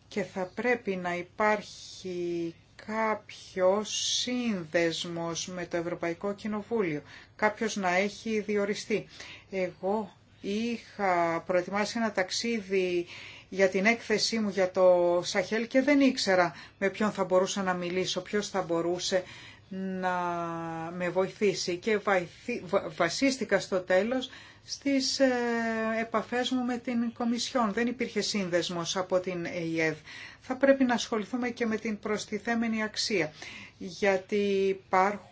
Και θα πρέπει να υπάρχει κάποιο σύνδεσμος με το Ευρωπαϊκό Κοινοβούλιο, κάποιος να έχει διοριστεί. Εγώ είχα προετοιμάσει ένα ταξίδι για την έκθεσή μου για το Σαχέλ και δεν ήξερα με ποιον θα μπορούσα να μιλήσω, ποιος θα μπορούσε να με βοηθήσει και βασίστηκα στο τέλος στις ε, επαφές μου με την Κομισιόν. Δεν υπήρχε σύνδεσμος από την ΕΙΕΔ. Θα πρέπει να ασχοληθούμε και με την προστιθέμενη αξία, γιατί υπάρχουν,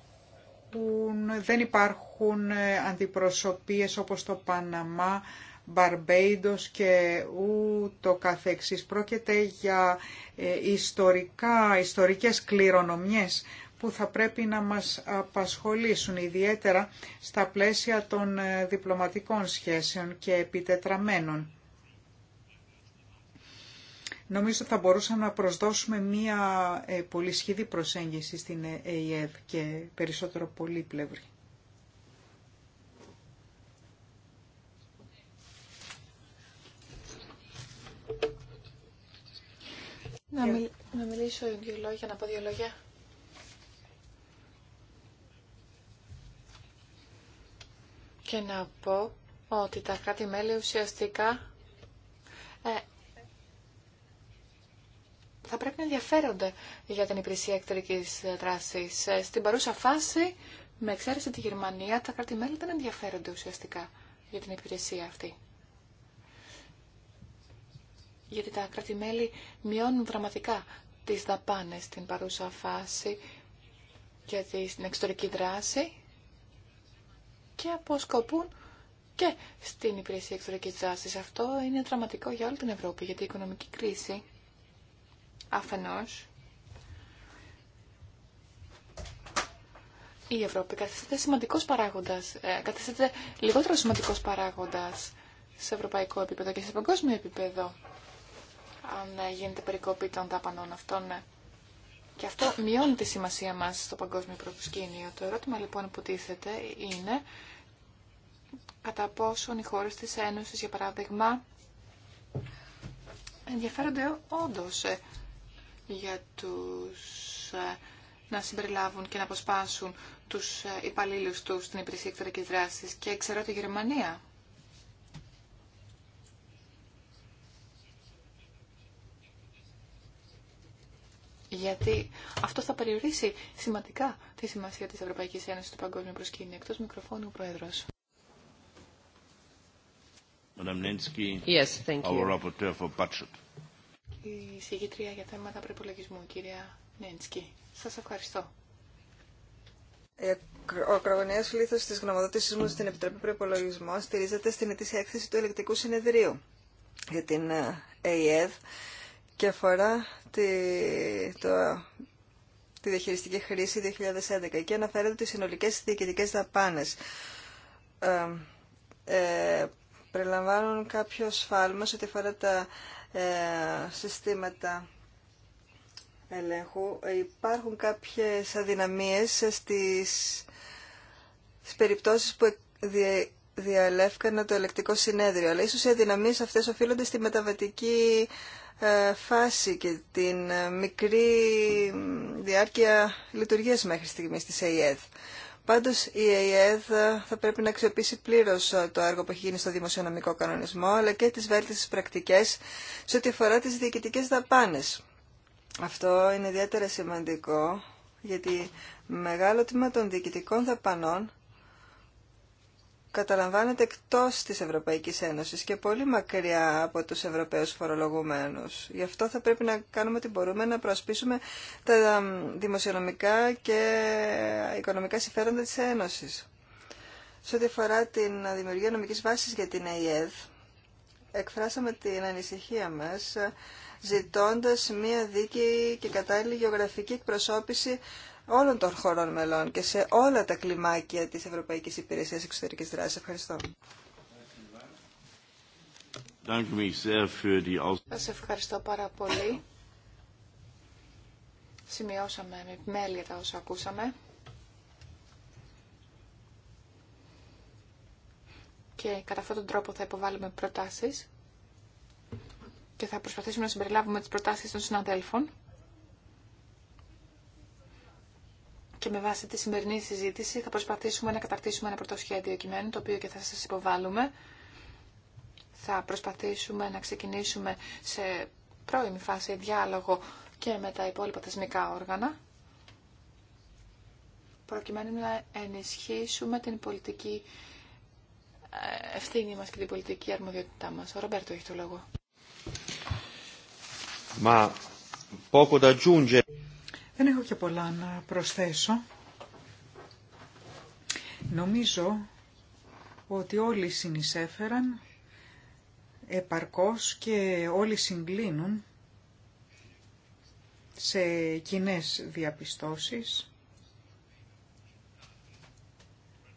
δεν υπάρχουν ε, αντιπροσωπείες όπως το Παναμά, Μπαρμπέιντος και ούτω καθεξής. Πρόκειται για ε, ιστορικά, ιστορικές κληρονομιές που θα πρέπει να μας απασχολήσουν ιδιαίτερα στα πλαίσια των ε, διπλωματικών σχέσεων και επιτετραμένων. Νομίζω θα μπορούσαμε να προσδώσουμε μία ε, πολύ σχηδή προσέγγιση στην Ε.Ε. και περισσότερο πολύπλευρη. Να, να μιλήσω δύο λόγια, να πω δύο λόγια και να πω ότι τα κράτη-μέλη ουσιαστικά ε, θα πρέπει να ενδιαφέρονται για την υπηρεσία εκτερικής δράσης. Ε, στην παρούσα φάση, με εξαίρεση τη Γερμανία, τα κράτη-μέλη δεν ενδιαφέρονται ουσιαστικά για την υπηρεσία αυτή. Γιατί τα κράτη-μέλη μειώνουν δραματικά τις δαπάνες στην παρούσα φάση και στην εξωτερική δράση και αποσκοπούν και στην υπηρεσία εξωτερικής δράσης. Αυτό είναι δραματικό για όλη την Ευρώπη, γιατί η οικονομική κρίση αφενός η Ευρώπη καθίσταται σημαντικός παράγοντας, ε, καθίσταται λιγότερο σημαντικός παράγοντας σε ευρωπαϊκό επίπεδο και σε παγκόσμιο επίπεδο αν ε, γίνεται περικοπή των δαπανών αυτών. Ναι. Και αυτό μειώνει τη σημασία μας στο παγκόσμιο προσκήνιο. Το ερώτημα λοιπόν που τίθεται είναι κατά πόσον οι χώρες της Ένωσης, για παράδειγμα, ενδιαφέρονται όντως ε, για τους ε, να συμπεριλάβουν και να αποσπάσουν τους ε, υπαλλήλους τους στην υπηρεσία εξωτερικής δράσης και ξέρω τη Γερμανία. Γιατί αυτό θα περιορίσει σημαντικά τη σημασία της Ευρωπαϊκής Ένωσης του Παγκόσμιου Προσκήνου. Εκτός μικροφώνου ο Πρόεδρος yes, thank you. rapporteur for budget. Η συγκήτρια για θέματα προπολογισμού, κυρία Νένσκι. Σας ευχαριστώ. Ε, ο ακρογωνιαίο λήθο τη γνωμοδότησή μου στην Επιτροπή Προπολογισμών στηρίζεται στην ετήσια έκθεση του Ελεκτικού Συνεδρίου για την ΕΕΔ και αφορά τη, το, τη διαχειριστική χρήση 2011 και αναφέρεται τι συνολικέ διοικητικέ δαπάνε. ε, ε περιλαμβάνουν κάποιο σφάλμα σε ό,τι αφορά τα ε, συστήματα ελέγχου. Υπάρχουν κάποιες αδυναμίες στις, στις περιπτώσεις που διε, το ελεκτικό συνέδριο. Αλλά ίσως οι αδυναμίες αυτές οφείλονται στη μεταβατική ε, φάση και την ε, μικρή διάρκεια λειτουργίας μέχρι στιγμής της ΑΕΔ. Πάντω η ΕΕΔ θα πρέπει να αξιοποιήσει πλήρως ε, το έργο που έχει γίνει στο δημοσιονομικό κανονισμό, αλλά και τι βέλτιστες πρακτικές σε ό,τι αφορά τις διοικητικέ δαπάνες. Αυτό είναι ιδιαίτερα σημαντικό, γιατί μεγάλο τμήμα των διοικητικών δαπανών καταλαμβάνεται εκτός της Ευρωπαϊκής Ένωσης και πολύ μακριά από τους Ευρωπαίους φορολογουμένους. Γι' αυτό θα πρέπει να κάνουμε ό,τι μπορούμε να προσπίσουμε τα δημοσιονομικά και οικονομικά συμφέροντα της Ένωσης. Σε ό,τι αφορά την δημιουργία νομικής βάσης για την ΑΕΔ, εκφράσαμε την ανησυχία μας ζητώντας μία δίκαιη και κατάλληλη γεωγραφική εκπροσώπηση όλων των χωρών μελών και σε όλα τα κλιμάκια της Ευρωπαϊκής Υπηρεσίας Εξωτερικής Δράσης. Ευχαριστώ. Σας ευχαριστώ πάρα πολύ. Σημειώσαμε με επιμέλεια τα όσα ακούσαμε. Και κατά αυτόν τον τρόπο θα υποβάλουμε προτάσεις και θα προσπαθήσουμε να συμπεριλάβουμε τις προτάσεις των συναδέλφων. Και με βάση τη σημερινή συζήτηση θα προσπαθήσουμε να κατακτήσουμε ένα πρώτο σχέδιο κειμένου, το οποίο και θα σας υποβάλουμε. Θα προσπαθήσουμε να ξεκινήσουμε σε πρώιμη φάση διάλογο και με τα υπόλοιπα θεσμικά όργανα, προκειμένου να ενισχύσουμε την πολιτική ε, ευθύνη μας και την πολιτική αρμοδιότητά μας. Ο Ρομπέρτο έχει το λόγο. Δεν έχω και πολλά να προσθέσω. Νομίζω ότι όλοι συνεισέφεραν επαρκώς και όλοι συγκλίνουν σε κοινέ διαπιστώσεις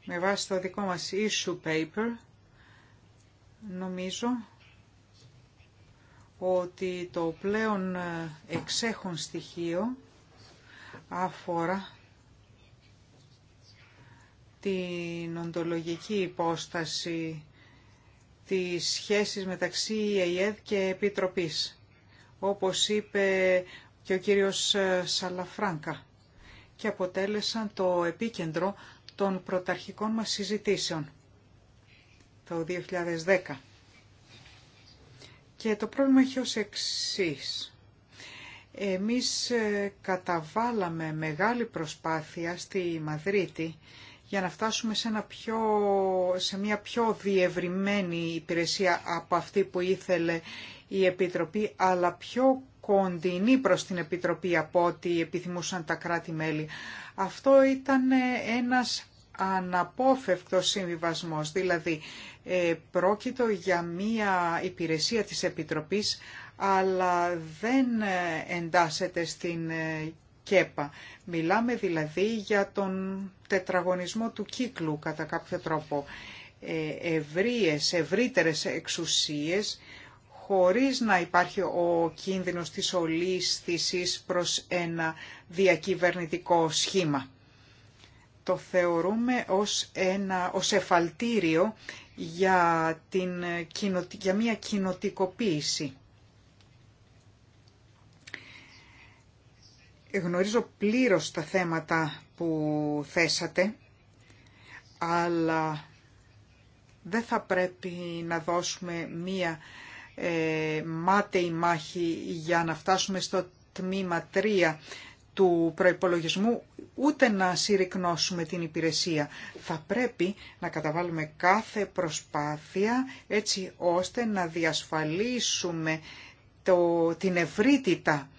με βάση το δικό μας issue paper νομίζω ότι το πλέον εξέχον στοιχείο αφορά την οντολογική υπόσταση της σχέσης μεταξύ ΕΕΔ και Επιτροπής, όπως είπε και ο κύριος Σαλαφράνκα, και αποτέλεσαν το επίκεντρο των πρωταρχικών μας συζητήσεων το 2010. Και το πρόβλημα έχει ως εξής. Εμείς ε, καταβάλαμε μεγάλη προσπάθεια στη Μαδρίτη για να φτάσουμε σε, πιο, σε μια πιο διευρυμένη υπηρεσία από αυτή που ήθελε η Επιτροπή, αλλά πιο κοντινή προς την Επιτροπή από ό,τι επιθυμούσαν τα κράτη-μέλη. Αυτό ήταν ε, ένας αναπόφευκτος συμβιβασμός, δηλαδή ε, πρόκειτο για μια υπηρεσία της Επιτροπής αλλά δεν ε, εντάσσεται στην ε, ΚΕΠΑ. Μιλάμε δηλαδή για τον τετραγωνισμό του κύκλου κατά κάποιο τρόπο. Ε, ευρύες ευρύτερες εξουσίες χωρίς να υπάρχει ο κίνδυνος της ολίσθησης προς ένα διακυβερνητικό σχήμα. Το θεωρούμε ως, ένα, ως εφαλτήριο για, την, για μια κοινοτικοποίηση. γνωρίζω πλήρως τα θέματα που θέσατε, αλλά δεν θα πρέπει να δώσουμε μία ε, μάταιη μάχη για να φτάσουμε στο τμήμα 3 του προϋπολογισμού, ούτε να συρρυκνώσουμε την υπηρεσία. Θα πρέπει να καταβάλουμε κάθε προσπάθεια έτσι ώστε να διασφαλίσουμε το, την ευρύτητα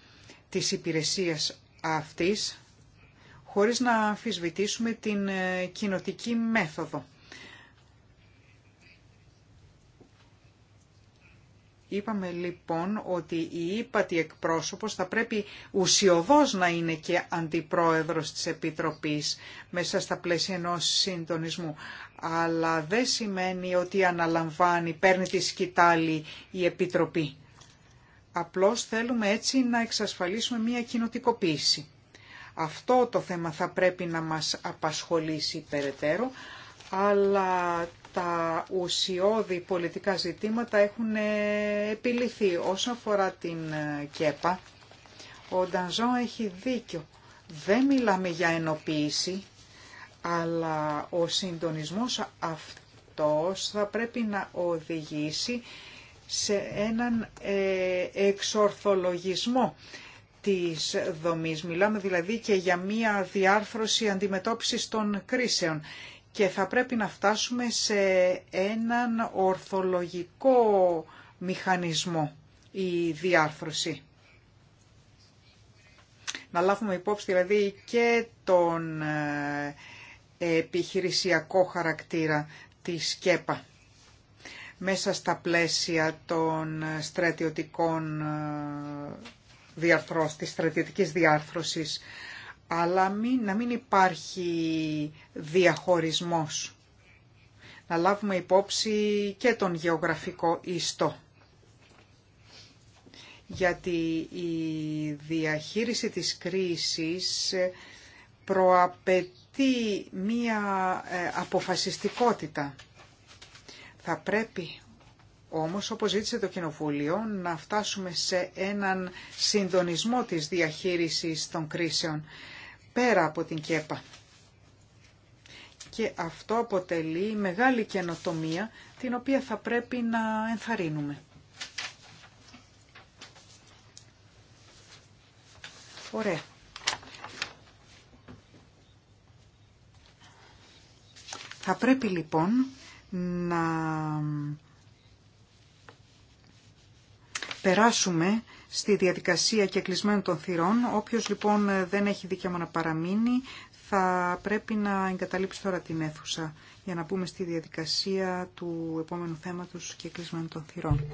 της υπηρεσίας αυτής χωρίς να αμφισβητήσουμε την ε, κοινοτική μέθοδο. Είπαμε λοιπόν ότι η ύπατη εκπρόσωπος θα πρέπει ουσιοδός να είναι και αντιπρόεδρος της Επιτροπής μέσα στα πλαίσια ενός συντονισμού. Αλλά δεν σημαίνει ότι αναλαμβάνει, παίρνει τη σκητάλη η Επιτροπή. Απλώς θέλουμε έτσι να εξασφαλίσουμε μία κοινοτικοποίηση. Αυτό το θέμα θα πρέπει να μας απασχολήσει περαιτέρω, αλλά τα ουσιώδη πολιτικά ζητήματα έχουν ε, επιληθεί. Όσον αφορά την ε, ΚΕΠΑ, ο Ντανζόν έχει δίκιο. Δεν μιλάμε για ενοποίηση, αλλά ο συντονισμός αυτός θα πρέπει να οδηγήσει σε έναν ε, εξορθολογισμό της δομής. Μιλάμε δηλαδή και για μία διάρθρωση αντιμετώπισης των κρίσεων και θα πρέπει να φτάσουμε σε έναν ορθολογικό μηχανισμό η διάρθρωση. Να λάβουμε υπόψη δηλαδή και τον ε, επιχειρησιακό χαρακτήρα της ΚΕΠΑ μέσα στα πλαίσια των στρατιωτικών ε, διαρθρώσεων, της στρατιωτικής διάρθρωσης, αλλά μην, να μην υπάρχει διαχωρισμός. Να λάβουμε υπόψη και τον γεωγραφικό ιστό. Γιατί η διαχείριση της κρίσης ε, προαπαιτεί μία ε, αποφασιστικότητα θα πρέπει όμως, όπως ζήτησε το Κοινοβούλιο, να φτάσουμε σε έναν συντονισμό της διαχείρισης των κρίσεων πέρα από την ΚΕΠΑ. Και αυτό αποτελεί μεγάλη καινοτομία την οποία θα πρέπει να ενθαρρύνουμε. Ωραία. Θα πρέπει λοιπόν να περάσουμε στη διαδικασία και κλεισμένων των θυρών. Όποιος λοιπόν δεν έχει δικαίωμα να παραμείνει θα πρέπει να εγκαταλείψει τώρα την αίθουσα για να πούμε στη διαδικασία του επόμενου θέματος και κλεισμένων των θυρών.